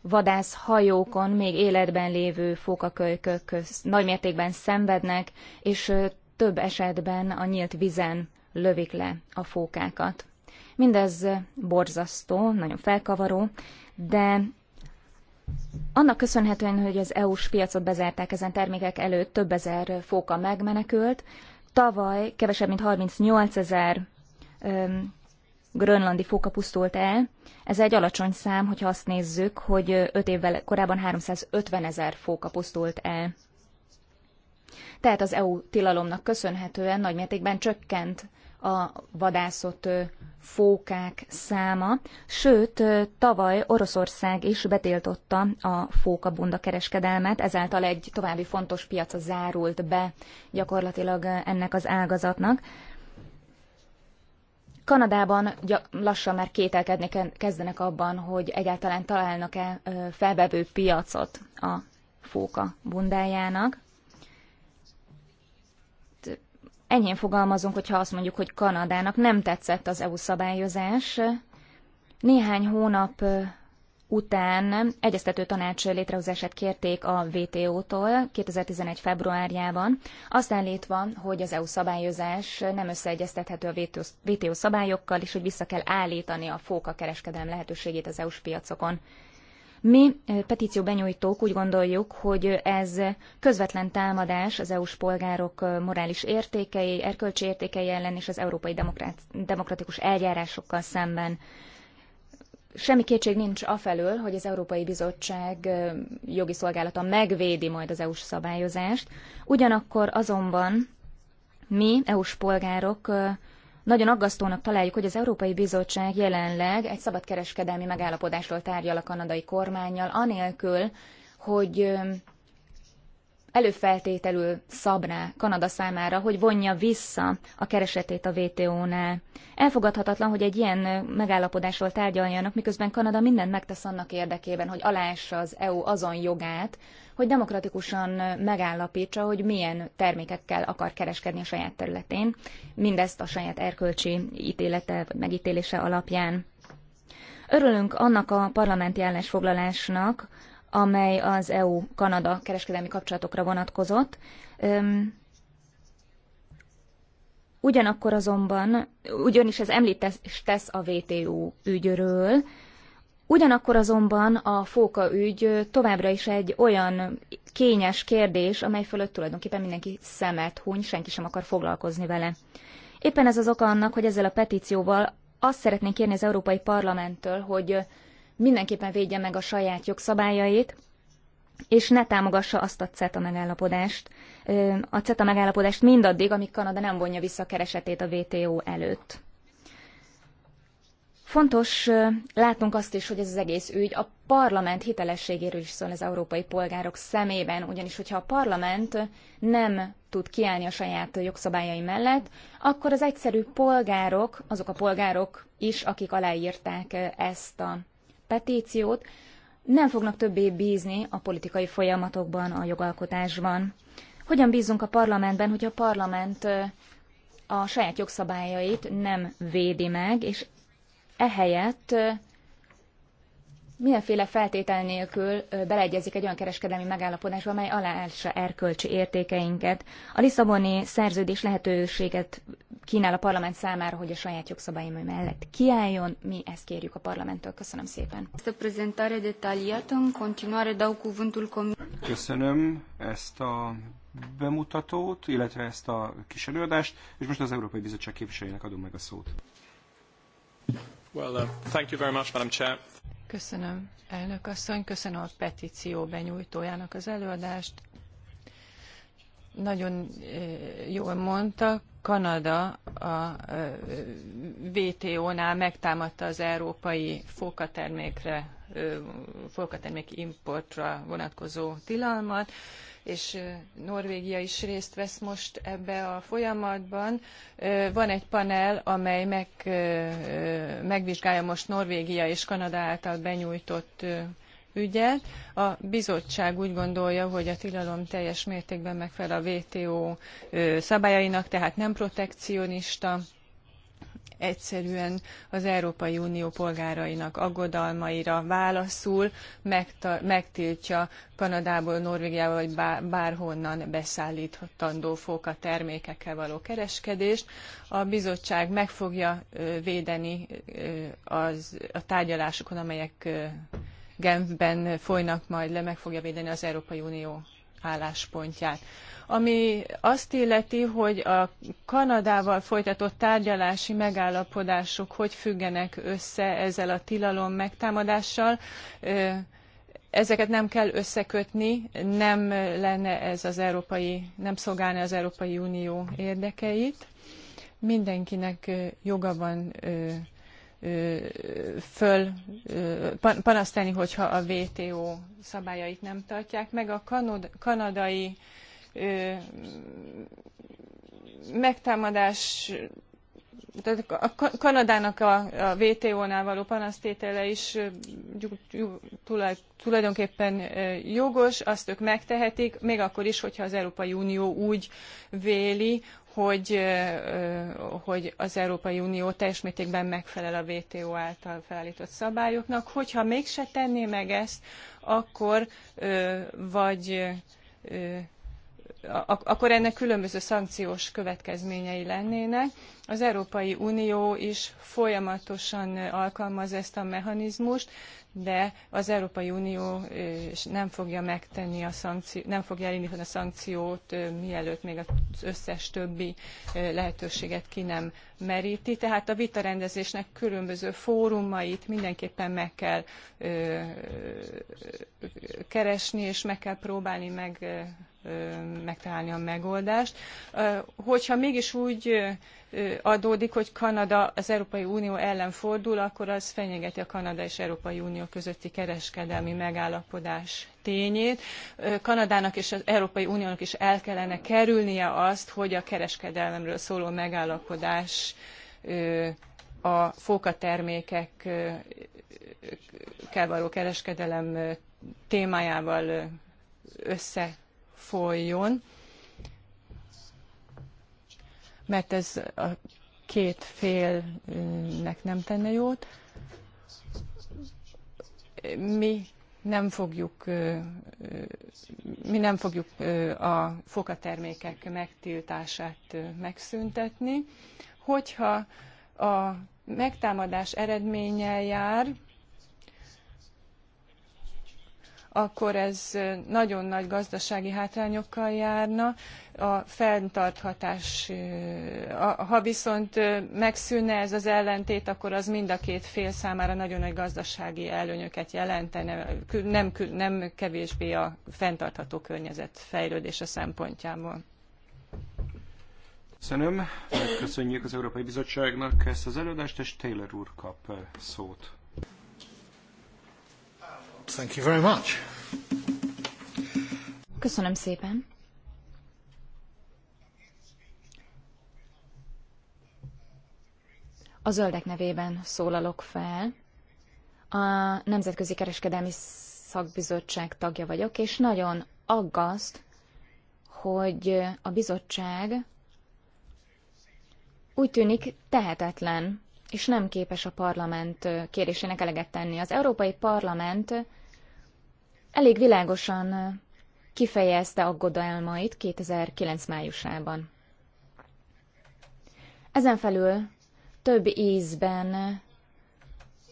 vadász hajókon még életben lévő fókakölykök nagymértékben szenvednek, és több esetben a nyílt vizen lövik le a fókákat. Mindez borzasztó, nagyon felkavaró, de annak köszönhetően, hogy az EU-s piacot bezárták ezen termékek előtt, több ezer fóka megmenekült. Tavaly kevesebb, mint 38 ezer grönlandi fóka pusztult el. Ez egy alacsony szám, hogyha azt nézzük, hogy 5 évvel korábban 350 ezer fóka pusztult el. Tehát az EU tilalomnak köszönhetően nagymértékben csökkent a vadászott fókák száma, sőt, tavaly Oroszország is betiltotta a fókabunda kereskedelmet, ezáltal egy további fontos piaca zárult be gyakorlatilag ennek az ágazatnak. Kanadában lassan már kételkedni kezdenek abban, hogy egyáltalán találnak-e felvevő piacot a fóka bundájának enyhén fogalmazunk, hogyha azt mondjuk, hogy Kanadának nem tetszett az EU szabályozás. Néhány hónap után egyeztető tanács létrehozását kérték a WTO-tól 2011. februárjában, azt állítva, hogy az EU szabályozás nem összeegyeztethető a WTO szabályokkal, és hogy vissza kell állítani a fóka kereskedelem lehetőségét az EU-s piacokon. Mi eh, petíció benyújtók úgy gondoljuk, hogy ez közvetlen támadás az EU-s polgárok eh, morális értékei, erkölcsi értékei ellen és az európai demokratikus eljárásokkal szemben. Semmi kétség nincs afelől, hogy az Európai Bizottság eh, jogi szolgálata megvédi majd az EU-s szabályozást. Ugyanakkor azonban mi, EU-s polgárok, nagyon aggasztónak találjuk, hogy az Európai Bizottság jelenleg egy szabadkereskedelmi megállapodásról tárgyal a kanadai kormányjal, anélkül, hogy előfeltételül szabná Kanada számára, hogy vonja vissza a keresetét a WTO-nál. Elfogadhatatlan, hogy egy ilyen megállapodásról tárgyaljanak, miközben Kanada mindent megtesz annak érdekében, hogy alássa az EU azon jogát, hogy demokratikusan megállapítsa, hogy milyen termékekkel akar kereskedni a saját területén, mindezt a saját erkölcsi ítélete vagy megítélése alapján. Örülünk annak a parlamenti állásfoglalásnak, amely az EU-Kanada kereskedelmi kapcsolatokra vonatkozott. Ugyanakkor azonban, ugyanis ez említés tesz a WTO ügyről, Ugyanakkor azonban a fóka ügy továbbra is egy olyan kényes kérdés, amely fölött tulajdonképpen mindenki szemet huny, senki sem akar foglalkozni vele. Éppen ez az oka annak, hogy ezzel a petícióval azt szeretnénk kérni az Európai Parlamenttől, hogy mindenképpen védje meg a saját jogszabályait, és ne támogassa azt a CETA megállapodást. A CETA megállapodást mindaddig, amíg Kanada nem vonja vissza a keresetét a WTO előtt. Fontos látnunk azt is, hogy ez az egész ügy a parlament hitelességéről is szól az európai polgárok szemében, ugyanis hogyha a parlament nem tud kiállni a saját jogszabályai mellett, akkor az egyszerű polgárok, azok a polgárok is, akik aláírták ezt a petíciót, nem fognak többé bízni a politikai folyamatokban, a jogalkotásban. Hogyan bízunk a parlamentben, hogy a parlament a saját jogszabályait nem védi meg, és ehelyett mindenféle feltétel nélkül beleegyezik egy olyan kereskedelmi megállapodásba, amely aláássa erkölcsi értékeinket. A Lisszaboni szerződés lehetőséget kínál a parlament számára, hogy a saját jogszabályom mellett kiálljon. Mi ezt kérjük a parlamenttől. Köszönöm szépen. Ezt a Köszönöm ezt a bemutatót, illetve ezt a kis előadást, és most az Európai Bizottság képviselőjének adom meg a szót. Uh, köszönöm, elnök asszony, köszönöm a petíció benyújtójának az előadást. Nagyon eh, jól mondta, Kanada a eh, WTO-nál megtámadta az európai fókatermékre, eh, fókatermék importra vonatkozó tilalmat és Norvégia is részt vesz most ebbe a folyamatban. Van egy panel, amely meg, megvizsgálja most Norvégia és Kanada által benyújtott ügyet. A bizottság úgy gondolja, hogy a tilalom teljes mértékben megfelel a WTO szabályainak, tehát nem protekcionista egyszerűen az Európai Unió polgárainak aggodalmaira válaszul, megtiltja Kanadából, Norvégiából vagy bárhonnan beszállítandó fóka termékekkel való kereskedést. A bizottság meg fogja védeni az, a tárgyalásokon, amelyek Genfben folynak majd le, meg fogja védeni az Európai Unió álláspontját. Ami azt illeti, hogy a Kanadával folytatott tárgyalási megállapodások hogy függenek össze ezzel a tilalom megtámadással, ezeket nem kell összekötni, nem lenne ez az európai, nem szolgálna az Európai Unió érdekeit. Mindenkinek joga van föl panaszt hogyha a WTO szabályait nem tartják meg. A kanadai megtámadás tehát a Kanadának a, a WTO-nál való panasztétele is tulajdonképpen jogos, azt ők megtehetik, még akkor is, hogyha az Európai Unió úgy véli, hogy, hogy az Európai Unió teljes mértékben megfelel a WTO által felállított szabályoknak. Hogyha mégse tenné meg ezt, akkor vagy akkor ennek különböző szankciós következményei lennének. Az Európai Unió is folyamatosan alkalmaz ezt a mechanizmust, de az Európai Unió nem fogja megtenni a szankció, nem fogja elindítani a szankciót, mielőtt még az összes többi lehetőséget ki nem meríti. Tehát a vitarendezésnek különböző fórumait mindenképpen meg kell keresni, és meg kell próbálni meg megtalálni a megoldást. Hogyha mégis úgy adódik, hogy Kanada az Európai Unió ellen fordul, akkor az fenyegeti a Kanada és Európai Unió közötti kereskedelmi megállapodás tényét. Kanadának és az Európai Uniónak is el kellene kerülnie azt, hogy a kereskedelemről szóló megállapodás a fókatermékekkel való kereskedelem témájával összefolyjon mert ez a két félnek nem tenne jót. Mi nem fogjuk, mi nem fogjuk a fokatermékek megtiltását megszüntetni. Hogyha a megtámadás eredménnyel jár, akkor ez nagyon nagy gazdasági hátrányokkal járna. A fenntarthatás, ha viszont megszűnne ez az ellentét, akkor az mind a két fél számára nagyon nagy gazdasági előnyöket jelentene, nem, nem kevésbé a fenntartható környezet fejlődése szempontjából. Köszönöm, megköszönjük az Európai Bizottságnak ezt az előadást, és Taylor úr kap szót. Thank you very much. Köszönöm szépen. A zöldek nevében szólalok fel. A Nemzetközi Kereskedelmi Szakbizottság tagja vagyok, és nagyon aggaszt, hogy a bizottság úgy tűnik tehetetlen, és nem képes a parlament kérésének eleget tenni. Az Európai Parlament elég világosan kifejezte aggodalmait 2009 májusában. Ezen felül több ízben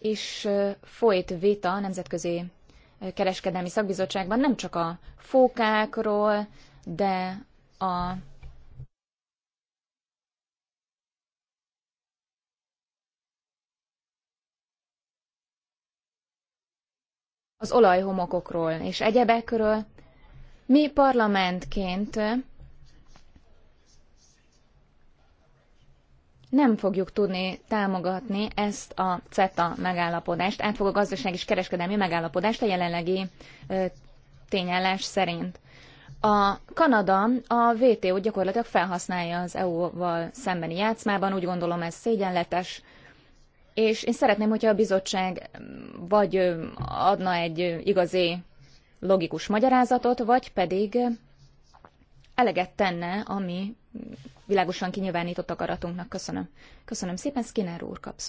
is folyt vita a Nemzetközi Kereskedelmi Szakbizottságban nem csak a fókákról, de a az olajhomokokról és egyebekről. Mi parlamentként nem fogjuk tudni támogatni ezt a CETA megállapodást, átfogó gazdaság és kereskedelmi megállapodást a jelenlegi tényállás szerint. A Kanada a WTO gyakorlatilag felhasználja az EU-val szembeni játszmában, úgy gondolom ez szégyenletes, és én szeretném, hogyha a bizottság mm, vagy adna egy igazi logikus magyarázatot, vagy pedig eleget tenne ami világosan kinyilvánított akaratunknak. Köszönöm. Köszönöm szépen, Skinner úr kap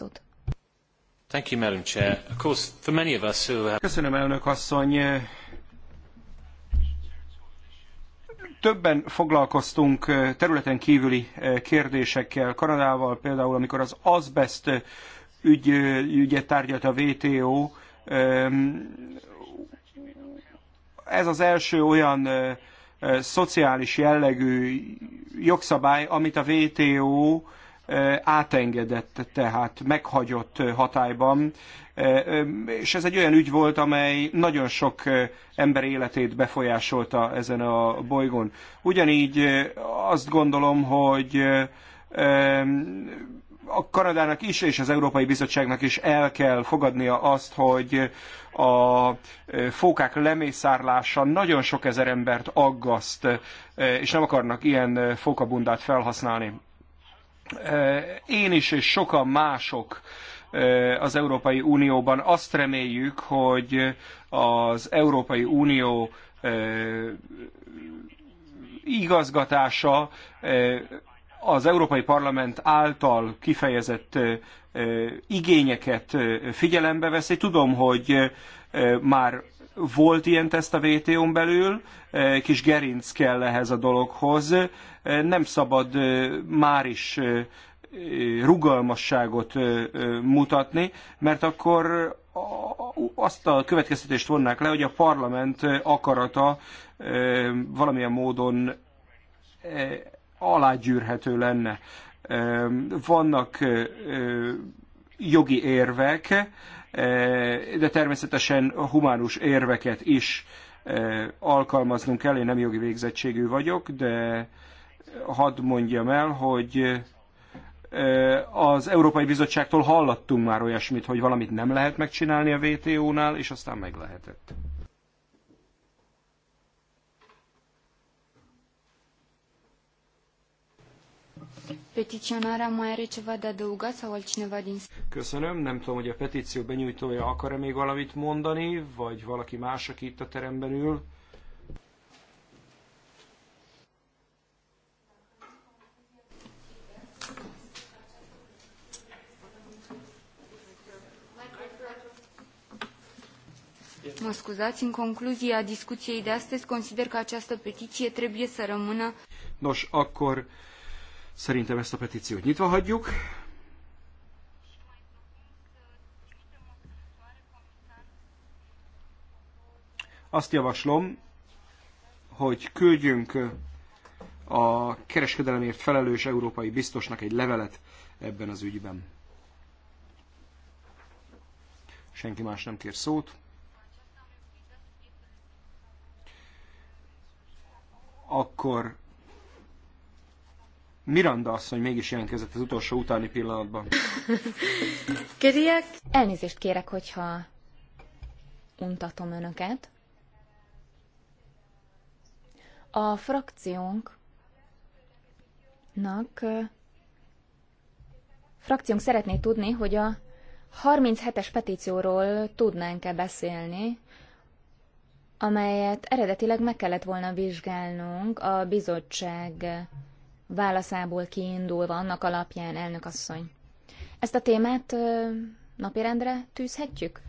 Köszönöm, elnök asszony. Többen foglalkoztunk területen kívüli kérdésekkel Kanadával, például amikor az azbest ügy, ügyet tárgyalt a WTO. Ez az első olyan szociális jellegű jogszabály, amit a WTO átengedett, tehát meghagyott hatályban. És ez egy olyan ügy volt, amely nagyon sok ember életét befolyásolta ezen a bolygón. Ugyanígy azt gondolom, hogy a Kanadának is és az Európai Bizottságnak is el kell fogadnia azt, hogy a fókák lemészárlása nagyon sok ezer embert aggaszt, és nem akarnak ilyen fókabundát felhasználni. Én is és sokan mások az Európai Unióban azt reméljük, hogy az Európai Unió eh, igazgatása eh, az Európai Parlament által kifejezett igényeket figyelembe veszi. Tudom, hogy már volt ilyen teszt a WTO-n belül, kis gerinc kell ehhez a dologhoz. Nem szabad már is rugalmasságot mutatni, mert akkor azt a következtetést vonnák le, hogy a parlament akarata valamilyen módon alágyűrhető lenne. Vannak jogi érvek, de természetesen humánus érveket is alkalmaznunk kell. Én nem jogi végzettségű vagyok, de hadd mondjam el, hogy az Európai Bizottságtól hallattunk már olyasmit, hogy valamit nem lehet megcsinálni a WTO-nál, és aztán meg lehetett. Petiționarea már ceva de adăugat sau altcineva din... Köszönöm, nem tudom, hogy a petíció benyújtója akar-e még valamit mondani, vagy valaki más, aki itt a teremben ül. Mă scuzați, în concluzie a discuției de astăzi, consider că această petiție trebuie să rămână... Nos, akkor Szerintem ezt a petíciót nyitva hagyjuk. Azt javaslom, hogy küldjünk a kereskedelemért felelős európai biztosnak egy levelet ebben az ügyben. Senki más nem kér szót. Akkor Miranda asszony mégis jelentkezett az utolsó utáni pillanatban. Kérjek? Elnézést kérek, hogyha untatom önöket. A frakciónknak frakciónk szeretné tudni, hogy a 37-es petícióról tudnánk-e beszélni, amelyet eredetileg meg kellett volna vizsgálnunk a bizottság válaszából kiindulva, annak alapján, elnök asszony. Ezt a témát napirendre tűzhetjük?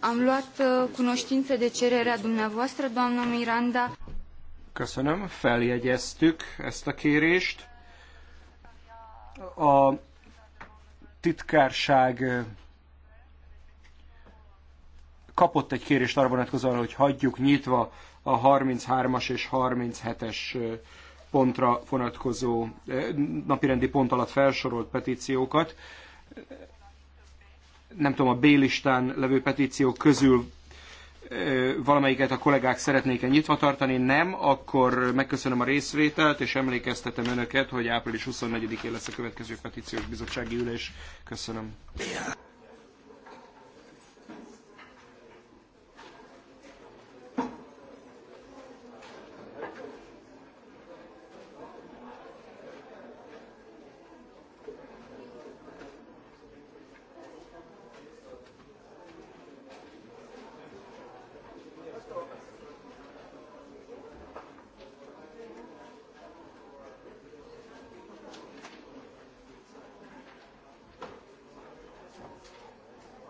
Am luat cunoștință de cererea dumneavoastră, doamna Miranda. Köszönöm, feljegyeztük ezt a kérést. A titkárság kapott egy kérést arra vonatkozóan, hogy hagyjuk nyitva a 33-as és 37-es pontra vonatkozó napirendi pont alatt felsorolt petíciókat. Nem tudom, a B-listán levő petíciók közül valamelyiket a kollégák szeretnék -e nyitva tartani, nem, akkor megköszönöm a részvételt, és emlékeztetem önöket, hogy április 24-én lesz a következő petíciós bizottsági ülés. Köszönöm.